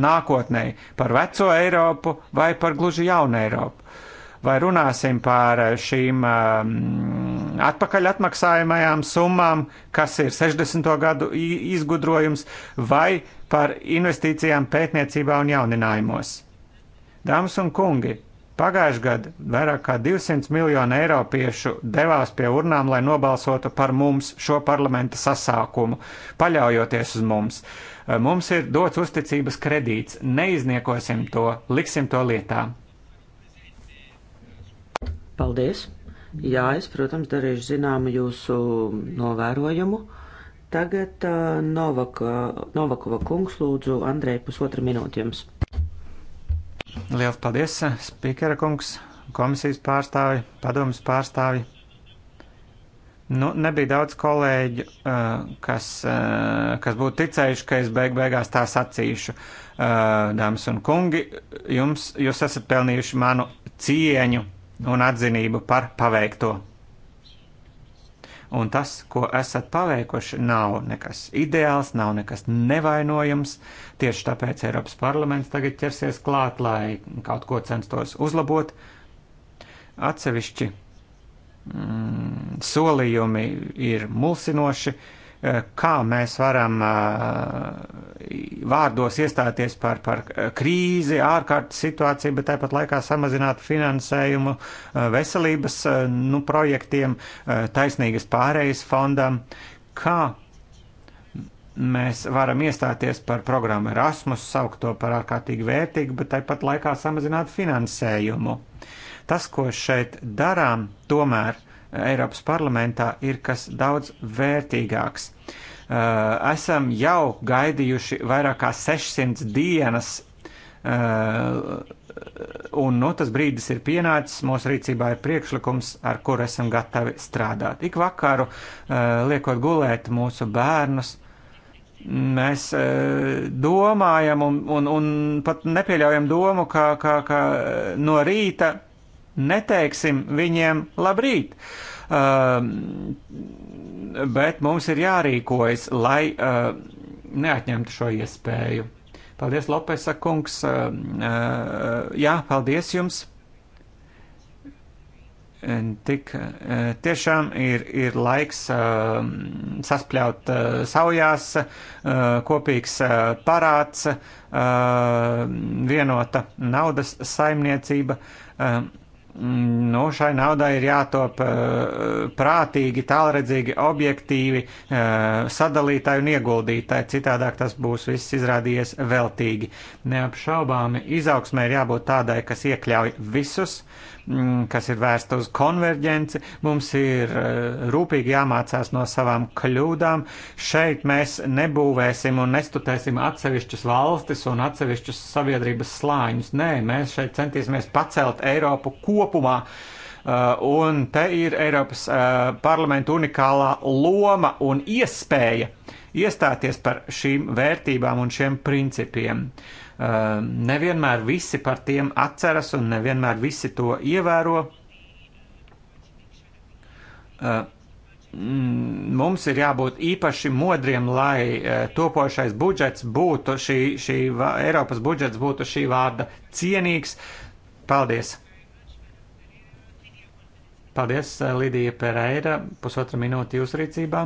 nākotnē, par veco Eiropu vai par gluži jaunu Eiropu vai runāsim par šīm um, atpakaļ atmaksājumajām summām, kas ir 60. gadu izgudrojums, vai par investīcijām pētniecībā un jauninājumos. Dāmas un kungi, pagājuši gadu vairāk kā 200 miljonu eiropiešu devās pie urnām, lai nobalsotu par mums šo parlamenta sasākumu, paļaujoties uz mums. Mums ir dots uzticības kredīts, neizniekosim to, liksim to lietā. Paldies! Jā, es, protams, darīšu zināmu jūsu novērojumu. Tagad uh, Novaka, Novakova kungs lūdzu Andrei pusotra minūte jums. Liels paldies, eh, spīkera kungs, komisijas pārstāvi, padomas pārstāvi. Nu, nebija daudz kolēģu, uh, kas, uh, kas būtu ticējuši, ka es beig beigās tā sacīšu. Uh, dāmas un kungi, jums, jūs esat pelnījuši manu cieņu un atzinību par paveikto. Un tas, ko esat paveikuši, nav nekas ideāls, nav nekas nevainojams. Tieši tāpēc Eiropas parlaments tagad ķersies klāt, lai kaut ko censtos uzlabot. Atsevišķi mm, solījumi ir mulsinoši, uh, Eh, kā mēs varam eh, vārdos iestāties par, par krīzi, ārkārtas situāciju, bet tāpat laikā samazināt finansējumu eh, veselības nu, projektiem, taisnīgas pārējas fondam, kā mēs varam iestāties par programmu Erasmus, saukt to par ārkārtīgi vērtīgu, bet tāpat laikā samazināt finansējumu. Tas, ko šeit darām, tomēr ir Eiropas parlamentā ir kas daudz vērtīgāks. Uh, esam jau gaidījuši vairāk kā 600 dienas uh, un nu, tas brīdis ir pienācis. Mūsu rīcībā ir priekšlikums, ar kuru esam gatavi strādāt. Ik vakaru uh, liekot gulēt mūsu bērnus. Mēs domājam un, un, un pat nepieļaujam domu, ka, ka, ka no rīta neteiksim viņiem labrīt. Uh, bet mums ir jārīkojas, lai uh, neatņemtu šo iespēju. Paldies, Lopesa kungs. Uh, uh, jā, paldies jums. Tik uh, tiešām ir, ir laiks uh, saspļaut uh, saujās, uh, kopīgs uh, parāds, uh, vienota naudas saimniecība. Uh, Mm, nu, šai naudai ir jātop eh, prātīgi, tālredzīgi, objektīvi, eh, sadalītāji un ieguldītāji. Citādāk tas būs viss izrādījies veltīgi. Neapšaubāmi izaugsmē ir jābūt tādai, kas iekļauj visus, Mm, kas ir vērsta uz konverģenci. Mums ir eh, rūpīgi jāmācās no savām kļūdām. Šeit mēs nebūvēsim un nestutēsim atsevišķas valstis un atsevišķus sabiedrības slāņus. Nē, mēs šeit centīsimies pacelt Eiropu kopumā. Uh, un te ir Eiropas uh, parlamenta unikālā loma un iespēja iestāties par šīm vērtībām un šiem principiem. Uh, Eh, nevienmēr visi par tiem atceras un nevienmēr visi to ievēro. Eh, mm, mums ir jābūt īpaši modriem, lai eh, topošais budžets būtu šī, šī Eiropas budžets būtu šī vārda cienīgs. Paldies! Paldies, Lidija Pereira, pusotra minūte jūsu rīcībā.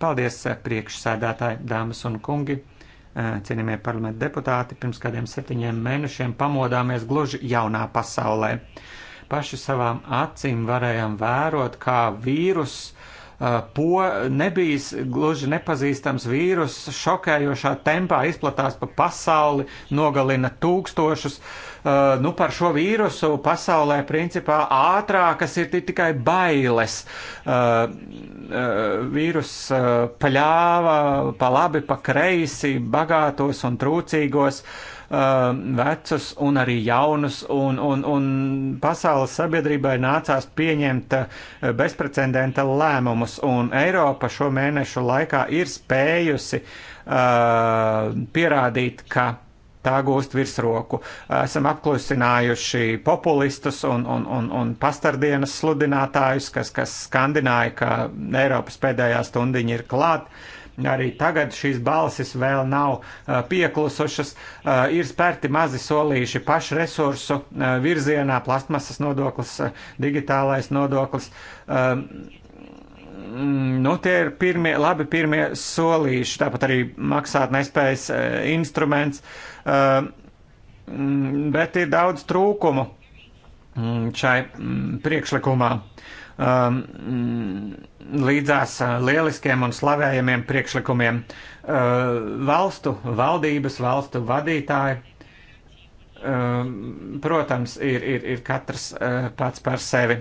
Paldies, priekšsēdētāji, dāmas un kungi! cienījamie parlamenta deputāti, pirms kādiem septiņiem mēnešiem pamodāmies gluži jaunā pasaulē. Paši savām acīm varējām vērot, kā vīruss Uh, po nebijis gluži nepazīstams vīrus šokējošā tempā izplatās pa pasauli, nogalina tūkstošus. Uh, nu, par šo vīrusu pasaulē principā ātrākas ir tikai bailes. Uh, vīrus paļāva pa labi, pa kreisi, bagātos un trūcīgos. Uh, Um, vecus un arī jaunus, un, un, un pasaules sabiedrībai nācās pieņemt uh, bezprecedenta lēmumus, un Eiropa šo mēnešu laikā ir spējusi uh, pierādīt, ka tā gūst virsroku. Esam apklusinājuši populistus un, un, un, un pastardienas sludinātājus, kas, kas skandināja, ka Eiropas pēdējā stundiņa ir klāta arī tagad šīs balsis vēl nav pieklusušas, ir spērti mazi solīši pašresursu virzienā, plastmasas nodoklis, digitālais nodoklis. Mm, nu, tie ir pirmie, labi pirmie solīši, tāpat arī maksāt nespējas instruments, mm, bet ir daudz trūkumu mm, šai priekšlikumā. Uh, um, līdzās uh, lieliskiem un slavējamiem priekšlikumiem uh, valstu valdības, valstu vadītāji. Um, protams, ir, ir, ir katrs uh, pats par sevi.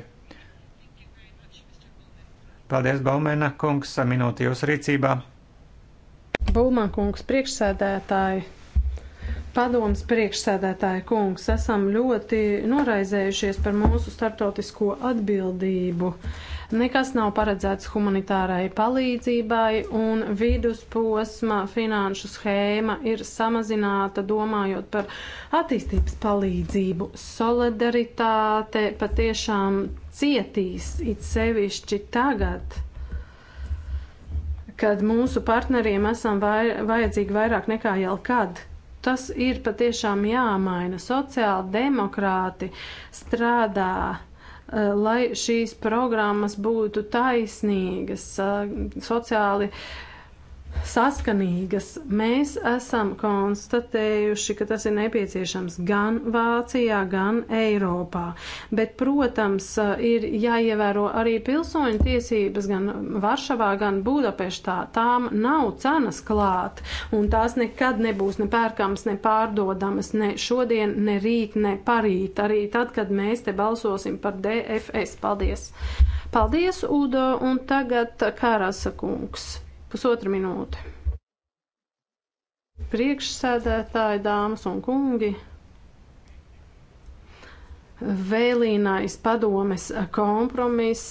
Paldies, Baumēna kungs, minūte jūsu rīcībā. Bulmā kungs priekšsēdētāji. Padomas priekšsēdētāja kungs, esam ļoti noraizējušies par mūsu startautisko atbildību. Nekas nav paredzēts humanitārai palīdzībai, un vidusposma finanšu schēma ir samazināta, domājot par attīstības palīdzību. Solidaritāte patiešām cietīs it sevišķi tagad kad mūsu partneriem esam vai, vajadzīgi vairāk nekā jebkad tas ir patiešām jāmaina. Sociāli demokrāti strādā eh, lai šīs programmas būtu taisnīgas, eh, sociāli uh, saskanīgas. Mēs esam konstatējuši, ka tas ir nepieciešams gan Vācijā, gan Eiropā. Bet, protams, ir jāievēro arī pilsoņu tiesības gan Varšavā, gan Budapeštā. Tām nav cenas klāt, un tās nekad nebūs ne pērkams, ne pārdodamas, ne šodien, ne rīt, ne parīt, arī tad, kad mēs te balsosim par DFS. Paldies! Paldies, Udo, un tagad Karasa kungs. Pusotra minūte. Priekšsēdētāji, dāmas un kungi, vēlīnais padomes kompromiss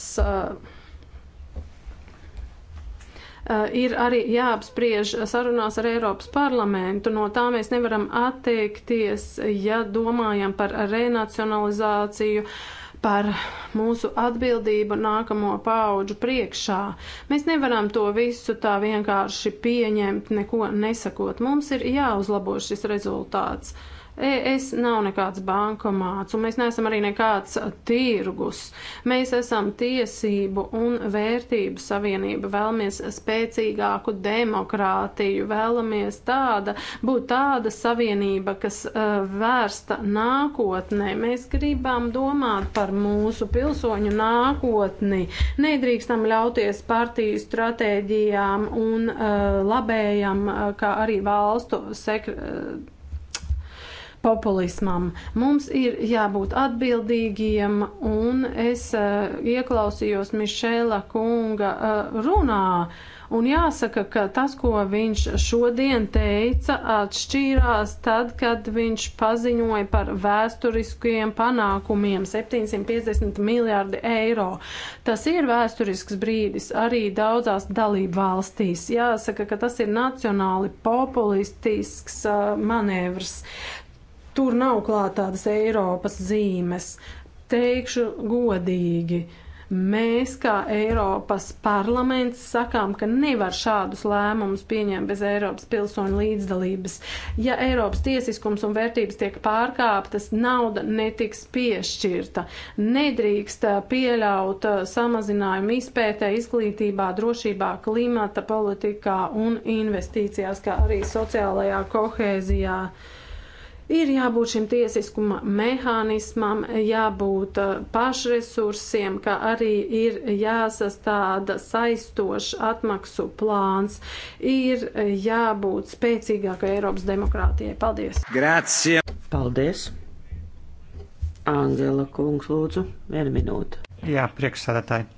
ir arī jāapspriež sarunās ar Eiropas parlamentu. No tā mēs nevaram atteikties, ja domājam par renacionalizāciju. Uh, par mūsu atbildību nākamo pauģu priekšā. Mēs nevaram to visu tā vienkārši pieņemt, neko nesakot. Mums ir jāuzlabo šis rezultāts. Uh, Es nav nekāds bankomāts, un mēs neesam arī nekāds tirgus. Mēs esam tiesību un vērtību savienība, vēlamies spēcīgāku demokrātiju, vēlamies tāda, būt tāda savienība, kas uh, vērsta nākotnē. Mēs gribam domāt par mūsu pilsoņu nākotni. Nedrīkstam ļauties partiju stratēģijām un uh, labējam, uh, kā arī valstu sekretāru populismam. Mums ir jābūt atbildīgiem, un es uh, ieklausījos Mišela kunga uh, runā. Un jāsaka, ka tas, ko viņš šodien teica, atšķīrās tad, kad viņš paziņoja par vēsturiskiem panākumiem 750 miljārdi eiro. Tas ir vēsturisks brīdis arī daudzās dalību valstīs. Jāsaka, ka tas ir nacionāli populistisks uh, manevrs. Uh, tur nav klāt tādas Eiropas zīmes. Teikšu godīgi, mēs kā Eiropas parlaments sakām, ka nevar šādus lēmumus pieņemt bez Eiropas pilsoņu līdzdalības. Ja Eiropas tiesiskums un vērtības tiek pārkāptas, nauda netiks piešķirta. Nedrīkst eh, pieļaut eh, samazinājumu izpētē, izglītībā, drošībā, klimata politikā un investīcijās, kā arī sociālajā kohēzijā. Ir jābūt šim tiesiskuma mehānismam, jābūt uh, pašresursiem, kā arī ir jāsastāda saistošs atmaksu plāns, ir uh, jābūt spēcīgākai Eiropas demokrātijai. Paldies! Grācija! Paldies! Angela kungs, lūdzu, vienu minūtu. Jā, priekšsādātāji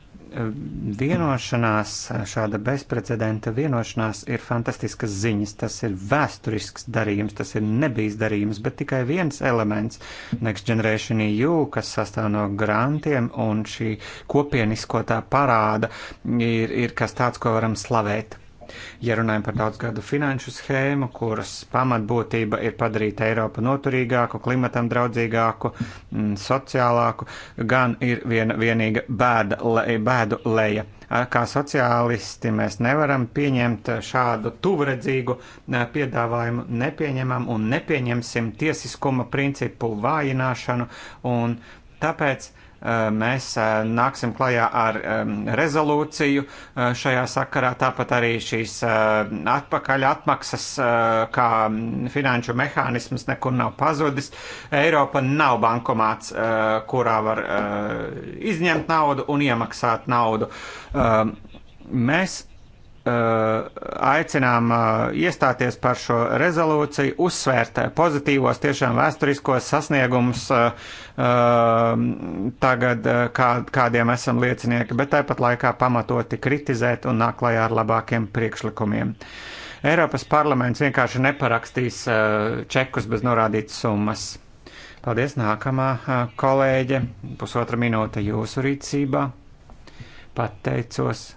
vienošanās, šāda bezprecedenta vienošanās ir fantastiskas ziņas. Tas ir vēsturisks darījums, tas ir nebijis darījums, bet tikai viens elements Next Generation EU, kas sastāv no grantiem un šī kopienisko tā parāda, ir, ir kas tāds, ko varam slavēt. Ja runājam par daudzgadu finanšu schēmu, kuras pamatbūtība ir padarīt Eiropu noturīgāku, klimatam draudzīgāku, mm, sociālāku, gan ir viena vienīga bēda, le, bēdu leja. Kā sociālisti mēs nevaram pieņemt šādu tuvredzīgu piedāvājumu, nepieņemam un nepieņemsim tiesiskuma principu vājināšanu un tāpēc Eh, mēs eh, nāksim klajā ar rezolūciju eh, šajā sakarā, tāpat arī šīs atpakaļ atmaksas kā mm, finanšu mehānisms nekur nav pazudis. Eiropa nav bankomāts, kurā var izņemt naudu un iemaksāt naudu. Mēs Eh, aicinām eh, iestāties par šo rezolūciju, uzsvērt pozitīvos, tiešām vēsturiskos sasniegumus, eh, tagad kā, kādiem esam liecinieki, bet tāpat laikā pamatoti kritizēt un nāk klajā ar labākiem priekšlikumiem. Eiropas parlaments vienkārši neparakstīs čekus bez norādītas summas. Paldies, nākamā kolēģe, pusotra minūte jūsu rīcībā. Pateicos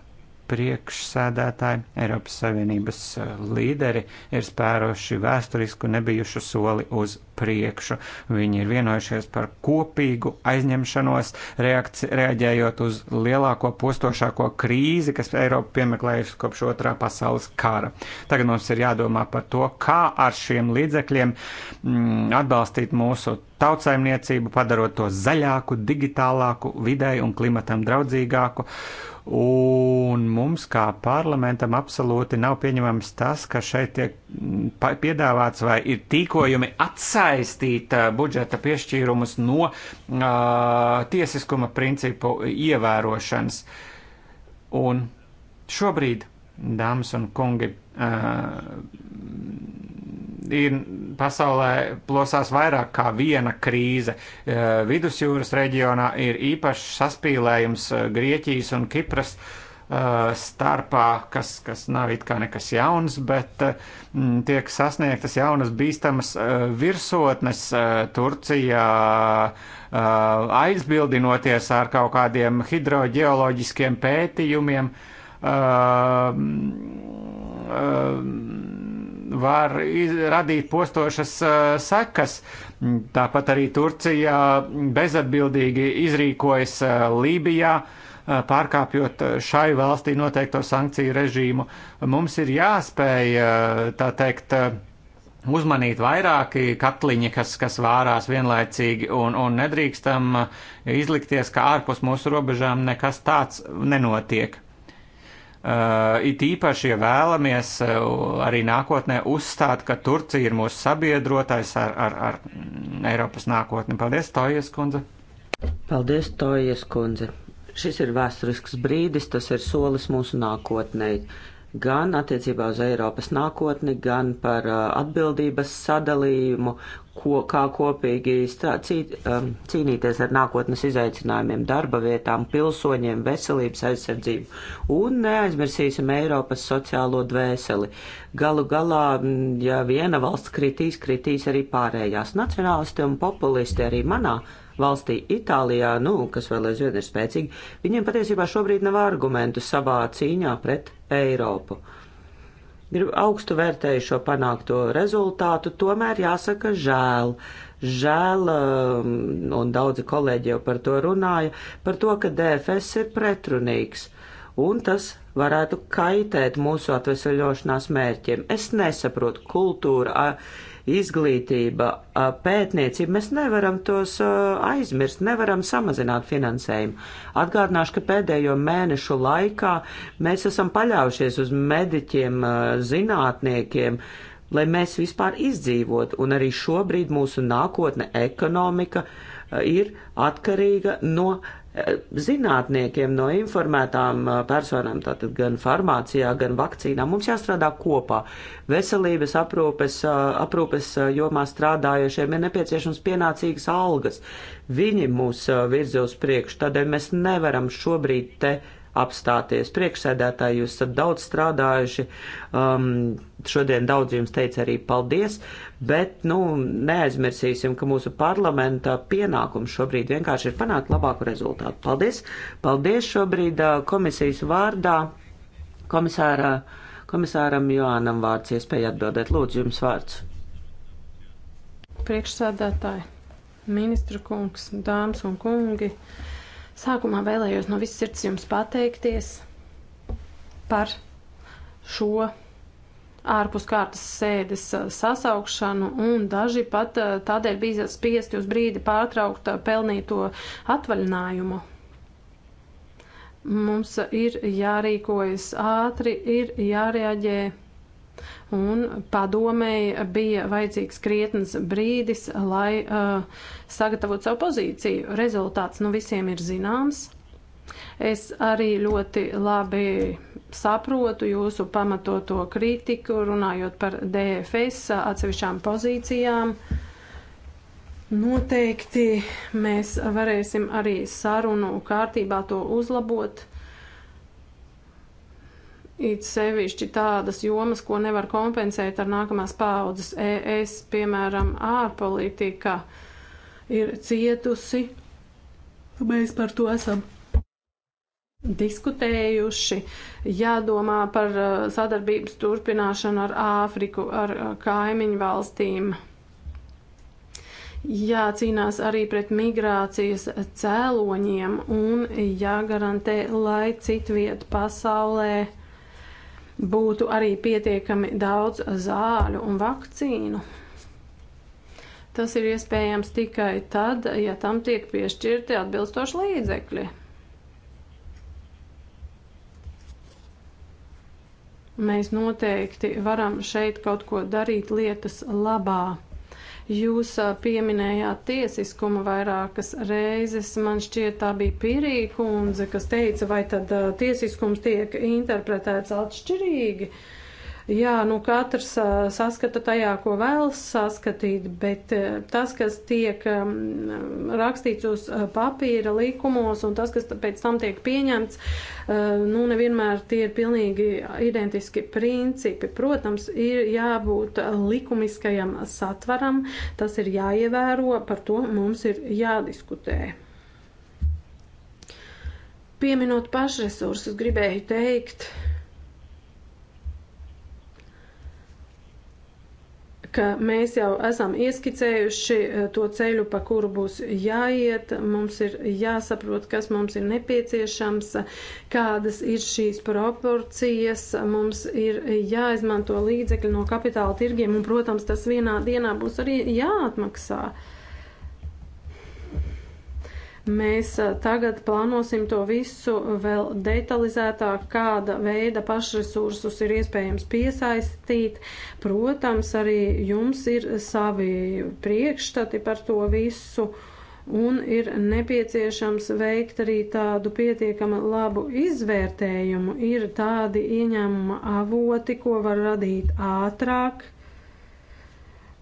priekšsēdētāji, Eiropas Savienības eh, līderi ir spēroši vēsturisku nebijušu soli uz priekšu. Viņi ir vienojušies par kopīgu aizņemšanos, reaģējot uz lielāko postošāko krīzi, kas Eiropu piemeklējusi kopš otrā pasaules kara. Tagad mums ir jādomā par to, kā ar šiem līdzekļiem mm, atbalstīt mūsu tautsaimniecību, padarot to zaļāku, digitālāku, vidēju un klimatam draudzīgāku Un mums, kā parlamentam, absolūti nav pieņemams tas, ka šeit tiek mm, piedāvāts vai ir tīkojumi atsaistīt uh, budžeta piešķīrumus no uh, tiesiskuma principu ievērošanas. Un šobrīd, dāmas un kungi, uh, ir pasaulē plosās vairāk kā viena krīze. Eh, vidusjūras reģionā ir īpašs saspīlējums eh, Grieķijas un Kipras eh, starpā, kas, kas nav it kā nekas jauns, bet tiek sasniegtas jaunas bīstamas virsotnes Turcijā, aizbildinoties ar kaut kādiem hidroģeoloģiskiem pētījumiem. Uh, uh, var radīt postošas eh, sekas. Tāpat arī Turcija bezatbildīgi izrīkojas eh, Lībijā eh, pārkāpjot šai valstī noteikto sankciju režīmu. Mums ir jāspēj, tā teikt, uzmanīt vairāki katliņi, kas, kas vārās vienlaicīgi, un, un nedrīkstam izlikties, ka ārpus mūsu robežām nekas tāds nenotiek. Uh, it īpaši, ja vēlamies uh, arī nākotnē uzstāt, ka Turcija ir mūsu sabiedrotais ar, ar, ar Eiropas nākotni. Paldies, Tojas kundze! Paldies, Tojas kundze! Šis ir vēsturisks brīdis, tas ir solis mūsu nākotnē. Gan attiecībā uz Eiropas nākotni, gan par uh, atbildības sadalījumu ko, kā kopīgi strā, cī, um, cīnīties ar nākotnes izaicinājumiem, darba vietām, pilsoņiem, veselības aizsardzību. Un neaizmirsīsim Eiropas sociālo dvēseli. Galu galā, ja viena valsts kritīs, kritīs arī pārējās. Nacionālisti un populisti arī manā valstī Itālijā, nu, kas vēl aizvien ir spēcīgi, viņiem patiesībā šobrīd nav argumentu savā cīņā pret Eiropu. Uh, augstu vērtēju šo panākto rezultātu, tomēr jāsaka žēl. Žēl, um, un daudzi kolēģi jau par to runāja, par to, ka DFS ir pretrunīgs, un tas varētu kaitēt mūsu atvesaļošanās mērķiem. Es nesaprotu kultūru. A, izglītība, pētniecība, mēs nevaram tos aizmirst, nevaram samazināt finansējumu. Atgādināšu, ka pēdējo mēnešu laikā mēs esam paļaujušies uz mediķiem, zinātniekiem, lai mēs vispār izdzīvotu, un arī šobrīd mūsu nākotne ekonomika ir atkarīga no zinātniekiem, no informētām uh, personām, tātad gan farmācijā, gan vakcīnā. Mums jāstrādā kopā. Veselības aprūpes, uh, aprūpes uh, jomā strādājošiem ir nepieciešams pienācīgas algas. Viņi mūs virza uz priekšu, tādēļ mēs nevaram šobrīd te apstāties. Priekšsēdētāji, jūs esat daudz strādājuši. Um, šodien daudz jums teica arī paldies bet, nu, neaizmirsīsim, ka mūsu parlamenta pienākums šobrīd vienkārši ir panākt labāku rezultātu. Paldies! Paldies šobrīd komisijas vārdā komisārā, komisāram Joānam vārds iespēja atbildēt. Lūdzu, jums vārds. Priekšsādātāji, ministru kungs, dāmas un kungi, sākumā vēlējos no viss sirds jums pateikties par šo ārpus kārtas sēdes eh, sasaukšanu, un daži pat eh, tādēļ bija spiesti uz brīdi pārtraukt eh, pelnīto atvaļinājumu. Mums ir jārīkojas ātri, ir jārēģē, un padomēji bija vajadzīgs krietnes brīdis, lai uh, sagatavotu savu pozīciju. Rezultāts nu visiem ir zināms. Es arī ļoti labi saprotu jūsu pamatoto kritiku, runājot par DFS atsevišķām pozīcijām. Noteikti mēs varēsim arī sarunu kārtībā to uzlabot it sevišķi tādas jomas, ko nevar kompensēt ar nākamās paaudzes ES, piemēram, ārpolitika ir cietusi. Mēs par to esam diskutējuši, jādomā par uh, sadarbības turpināšanu ar Āfriku, ar uh, kaimiņu valstīm. Jācīnās arī pret migrācijas cēloņiem un jāgarantē, lai citviet pasaulē būtu arī pietiekami daudz zāļu un vakcīnu. Tas ir iespējams tikai tad, ja tam tiek piešķirti atbilstoši līdzekļi. Mēs noteikti varam šeit kaut ko darīt lietas labā. Jūs pieminējāt tiesiskumu vairākas reizes. Man šķiet, tā bija Pirīja kundze, kas teica, vai tad tiesiskums tiek interpretēts atšķirīgi. Uh, Jā, nu katrs saskata tajā, ko vēlas saskatīt, bet tas, kas tiek rakstīts uz papīra likumos un tas, kas pēc tam tiek pieņemts, nu nevienmēr tie ir pilnīgi identiski principi. Protams, ir jābūt likumiskajam satvaram, tas ir jāievēro, par to mums ir jādiskutē pieminot pašresursus, gribēju teikt, ka mēs jau esam ieskicējuši eh, to ceļu, pa kuru būs jāiet, mums ir jāsaprot, kas mums ir nepieciešams, kādas ir šīs proporcijas, mums ir jāizmanto līdzekļi no kapitāla tirgiem, un, protams, tas vienā dienā būs arī jāatmaksā. Uh, Mēs tagad plānosim to visu vēl detalizētāk, kāda veida pašresursus ir iespējams piesaistīt. Protams, arī jums ir savi priekšstati par to visu un ir nepieciešams veikt arī tādu pietiekama labu izvērtējumu. Ir tādi ieņēmuma avoti, ko var radīt ātrāk,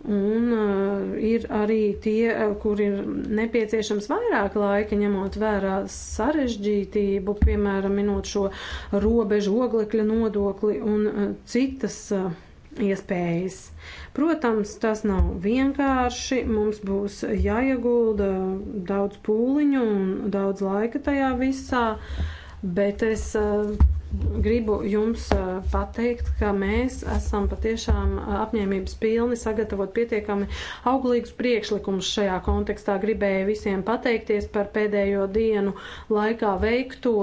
Un uh, ir arī tie, eh, kur ir nepieciešams vairāk laika, ņemot vērā sarežģītību, piemēram, minot šo robežu oglekļa nodokli un uh, citas uh, iespējas. Protams, tas nav vienkārši. Mums būs jāiegulda daudz pūliņu un daudz laika tajā visā, bet es. Uh, gribu jums pateikt, ka mēs esam patiešām apņēmības pilni sagatavot pietiekami auglīgus priekšlikumus šajā kontekstā. Gribēju visiem pateikties par pēdējo dienu laikā veikto,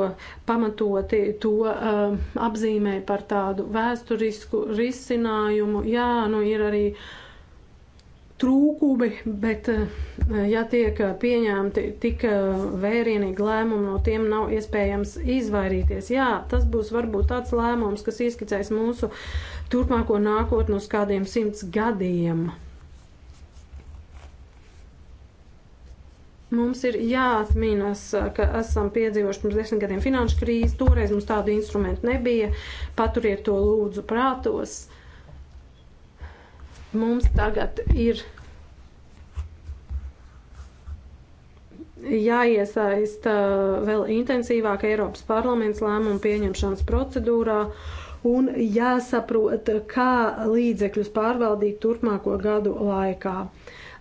pamatoti to um, apzīmē par tādu vēsturisku risinājumu. Jā, nu ir arī. Uh, trūkumi, bet eh, ja tiek eh, pieņemti tik eh, vērienīgi lēmumi, no tiem nav iespējams izvairīties. Jā, tas būs varbūt tāds lēmums, kas ieskicēs mūsu turpmāko nākotni uz kādiem simts gadiem. Mums ir jāatminas, ka esam piedzīvojuši pirms desmit gadiem finanšu krīzi, toreiz mums tādu instrumentu nebija, paturiet to lūdzu prātos. Uh, Mums tagad ir jāiesaista vēl intensīvāk Eiropas parlaments lēmumu pieņemšanas procedūrā un jāsaprot, kā līdzekļus pārvaldīt turpmāko gadu laikā.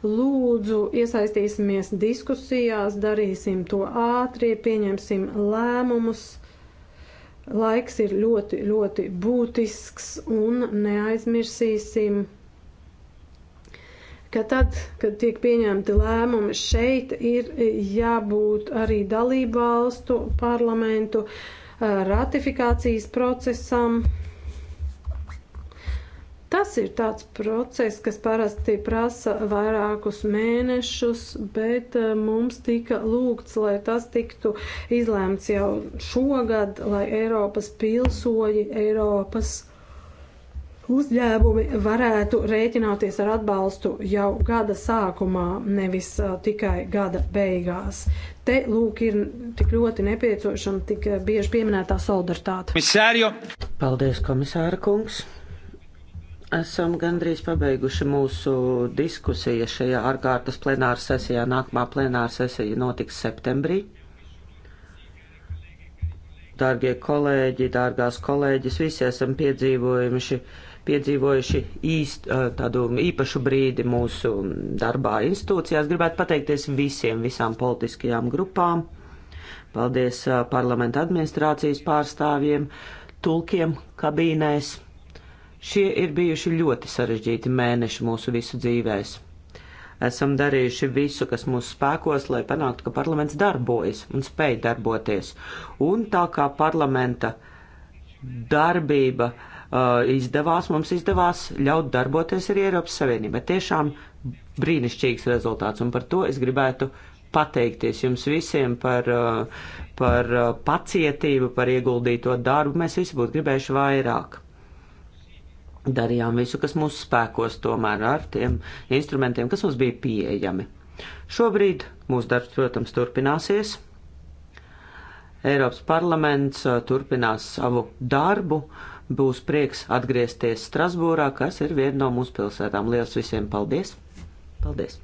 Lūdzu, iesaistīsimies diskusijās, darīsim to ātri, pieņemsim lēmumus. Laiks ir ļoti, ļoti būtisks un neaizmirsīsim ka tad, kad tiek pieņemti lēmumi šeit, ir jābūt arī dalību valstu parlamentu eh, ratifikācijas procesam. Tas ir tāds process, kas parasti prasa vairākus mēnešus, bet eh, mums tika lūgts, lai tas tiktu izlēmts jau šogad, lai Eiropas pilsoņi, Eiropas uzņēmumi varētu rēķināties ar atbalstu jau gada sākumā, nevis tikai gada beigās. Te lūk ir tik ļoti nepieciešama tik bieži pieminētā solidaritāte. Komisārio! Paldies, komisāra kungs! Esam gandrīz pabeiguši mūsu diskusiju šajā ārkārtas plenāra sesijā. Nākamā plenāra sesija notiks septembrī. Dārgie kolēģi, dārgās kolēģis, visi esam piedzīvojuši piedzīvojuši īst, tādu īpašu brīdi mūsu darbā institūcijās. Gribētu pateikties visiem, visām politiskajām grupām. Paldies parlamenta administrācijas pārstāvjiem, tulkiem kabīnēs. Šie ir bijuši ļoti sarežģīti mēneši mūsu visu dzīvēs. Esam darījuši visu, kas mūsu spēkos, lai panāktu, ka parlaments darbojas un spēj darboties. Un tā kā parlamenta darbība uh, Uh, izdevās, mums izdevās ļaut darboties arī Eiropas Savienībai. Tiešām brīnišķīgs rezultāts, un par to es gribētu pateikties jums visiem par, uh, par uh, pacietību, par ieguldīto darbu. Mēs visi būtu gribējuši vairāk. Darījām visu, kas mūsu spēkos, tomēr ar tiem instrumentiem, kas mums bija pieejami. Šobrīd mūsu darbs, protams, turpināsies. Eiropas parlaments turpinās savu darbu. Uh, Būs prieks atgriezties Strasbūrā, kas ir viena no mūsu pilsētām. Lielas visiem paldies! Paldies!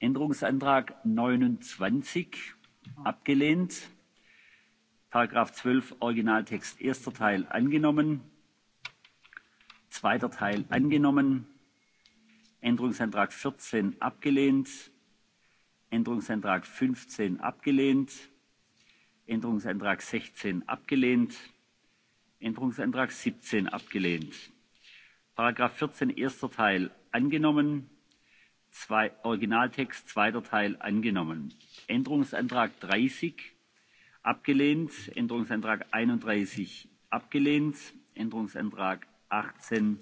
änderungsantrag neunundzwanzig abgelehnt; paragraph zwölf originaltext erster teil angenommen; zweiter teil angenommen; änderungsantrag vierzehn abgelehnt; änderungsantrag fünfzehn abgelehnt; änderungsantrag sechzehn abgelehnt; änderungsantrag siebzehn abgelehnt; paragraph vierzehn erster teil angenommen; zwei originaltext zweiter teil angenommen; änderungsantrag dreißig abgelehnt; änderungsantrag einunddreißig abgelehnt; änderungsantrag achtzehn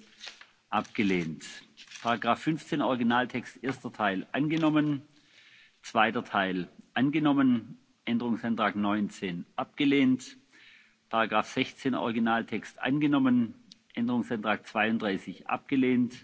abgelehnt; paragraph fünfzehn originaltext erster teil angenommen; zweiter teil angenommen; änderungsantrag neunzehn abgelehnt; paragraph sechzehn originaltext angenommen; änderungsantrag zweiunddreißig abgelehnt;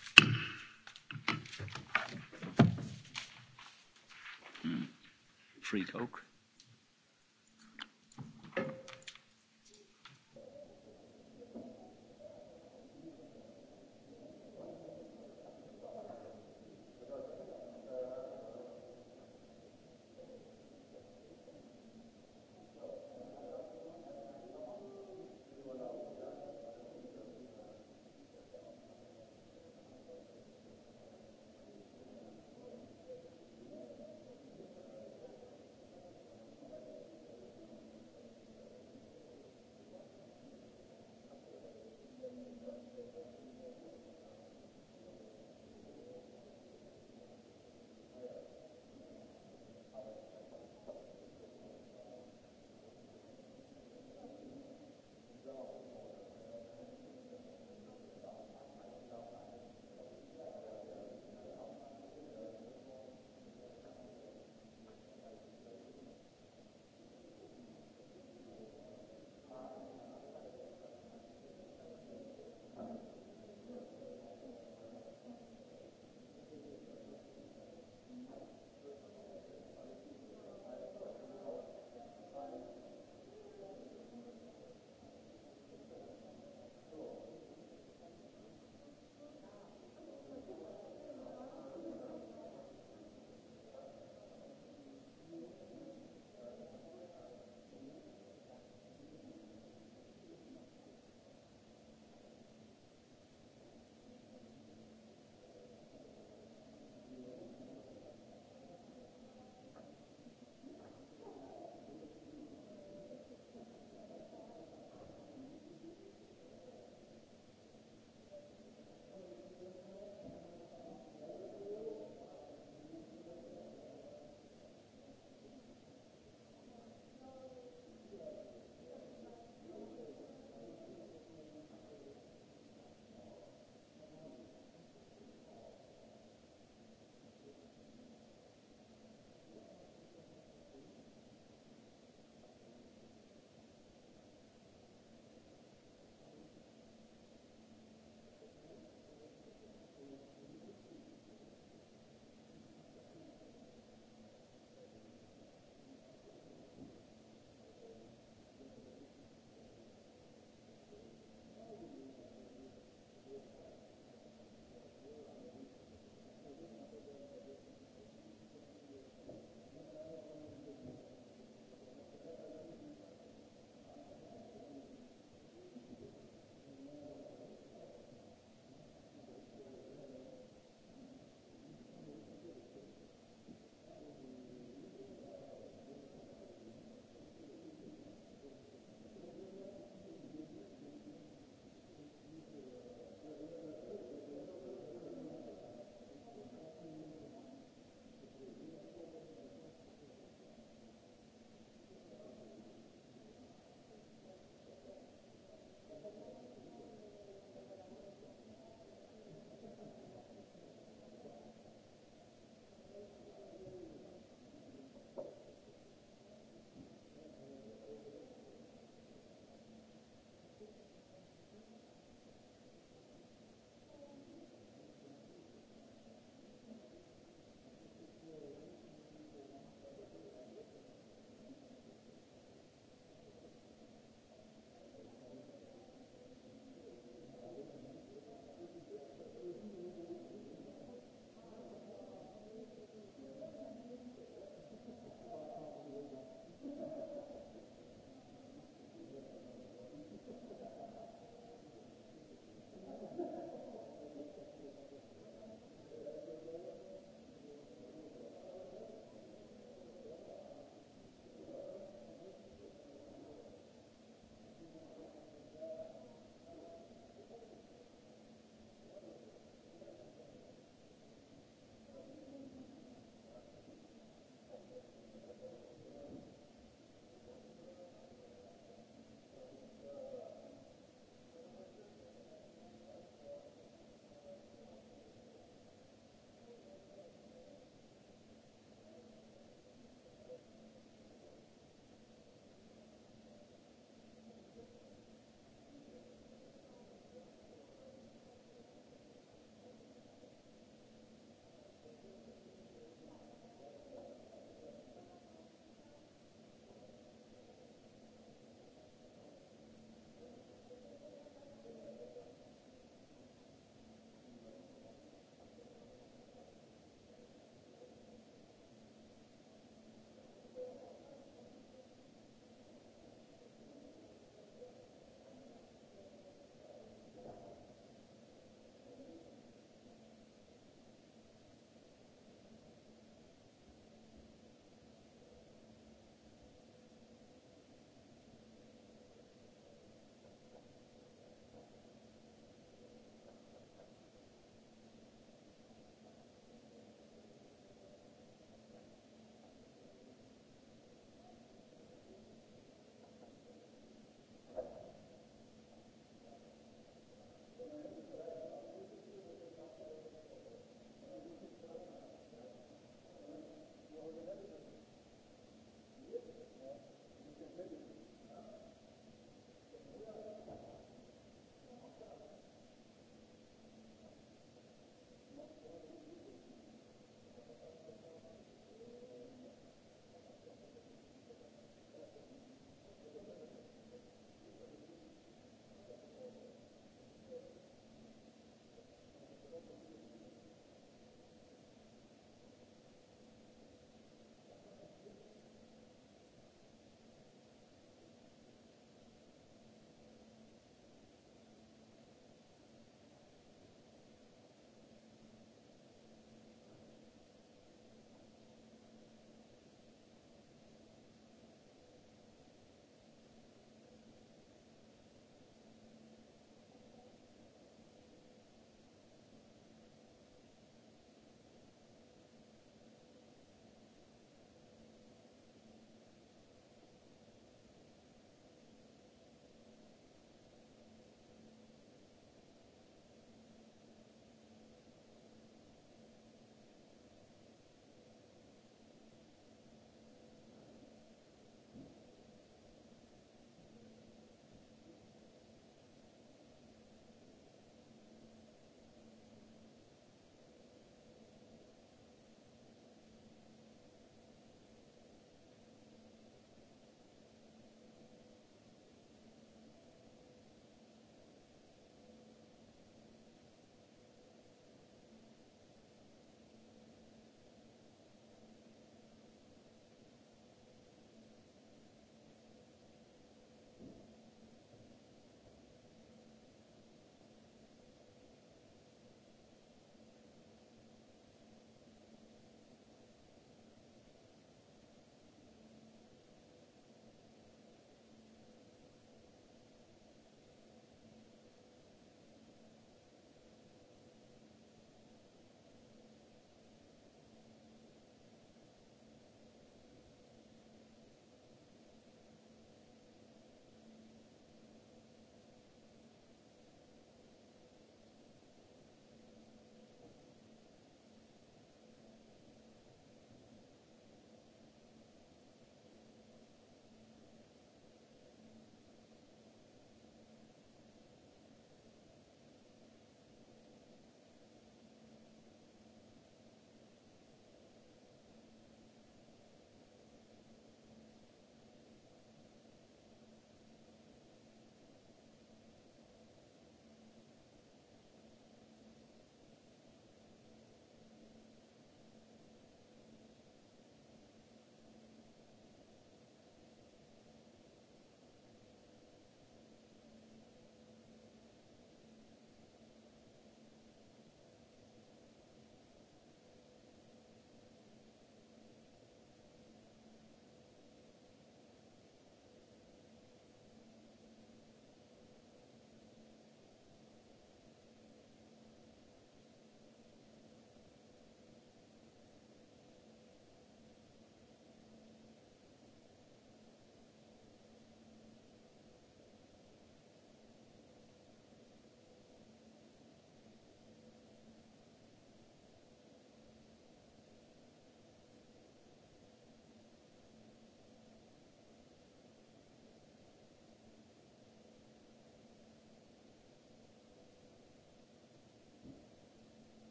freak ook.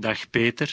dag peter.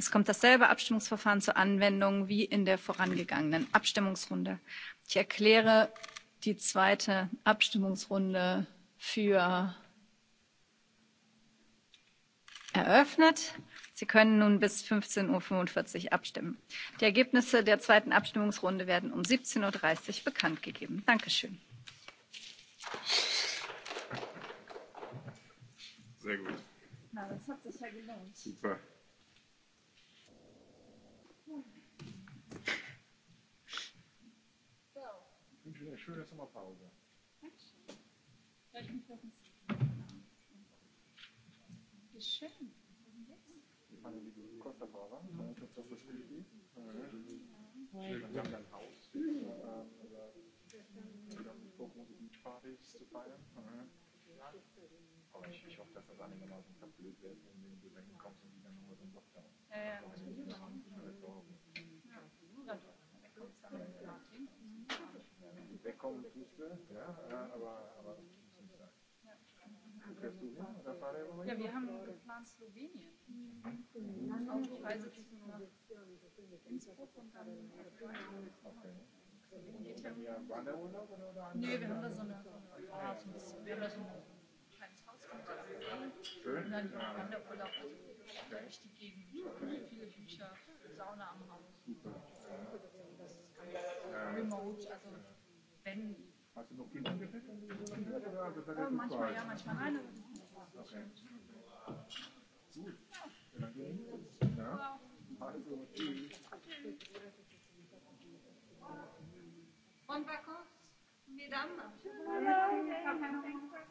es kommt dasselbe abstimmungsverfahren zur anwendung wie in der vorangegangenen abstimmungsrunde. ich erkläre die zweite abstimmungsrunde für eröffnet. sie können nun bis. fünfzehn fünfundvierzig uhr abstimmen. die ergebnisse der zweiten abstimmungsrunde werden um. siebzehn dreißig uhr bekanntgegeben. danke schön. sehr gut. Na, das hat sich ja gelohnt. Super. eine schöne Sommerpause. Dankeschön. Soll ich mich noch Wie schön. Ich meine, die Costa Brava, meine Tochter ist das Spiel. Wir haben ein Haus, wir haben große Beachpartys zu feiern. Aber ich, ich hoffe, dass das einigermaßen verblöd wird, wenn du dahin kommst und die dann nochmal so einen Lockdown. Ja, ja. Ja, ja wegkommen müsste. Ja, aber, aber das muss nicht sein. Fährst du hin? Das war der Moment? Ja, wir haben geplant Slowenien. Mhm. Auf die Reise zu nach Innsbruck und dann Okay. Geht ja. Wanderurlaub oder, oder Nee, wir haben da so eine, ja, so ein bisschen, wir haben da so ein kleines Haus gemacht. Schön. Und dann ja. Wanderurlaub okay. durch die Gegend. Okay. Viele Bücher, Sauna am Haus. Super. Ja. Remote, also. Ja wenn. Hast du noch Kinder gefüttert? Äh, manchmal ja, manchmal nein. Okay. Gut. Ja. Also, tschüss. Bon vacances, mesdames. Hello. Hello.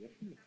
Yes, please.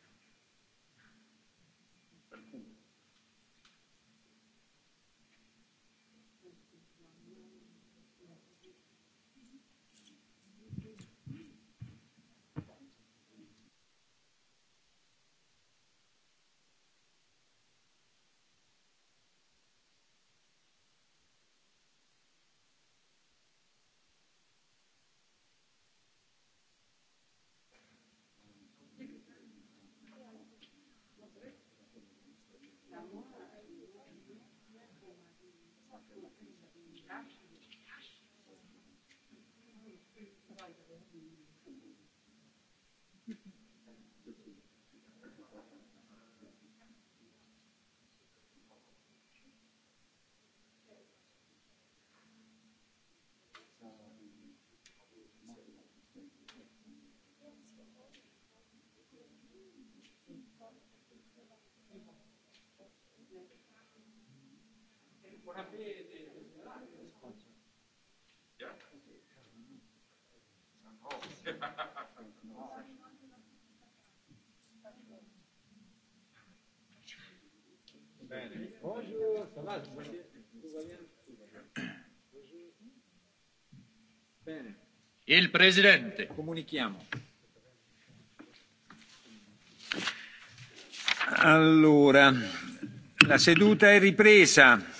Bene. Bonjour, ça va? Tout va bien? Tout va bien? Tout va bien. Bonjour. Bene. Il Presidente. Comunichiamo. Allora, la seduta è ripresa.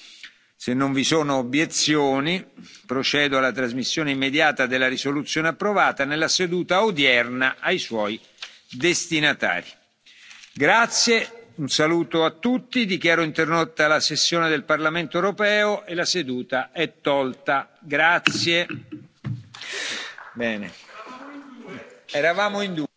se non vi sono obiezioni procedo alla trasmissione immediata della risoluzione approvata nella seduta odierna ai suoi destinatari. grazie un saluto a tutti dichiaro interrotta la sessione del parlamento europeo e la seduta è tolta. grazie. Bene. eravamo in due.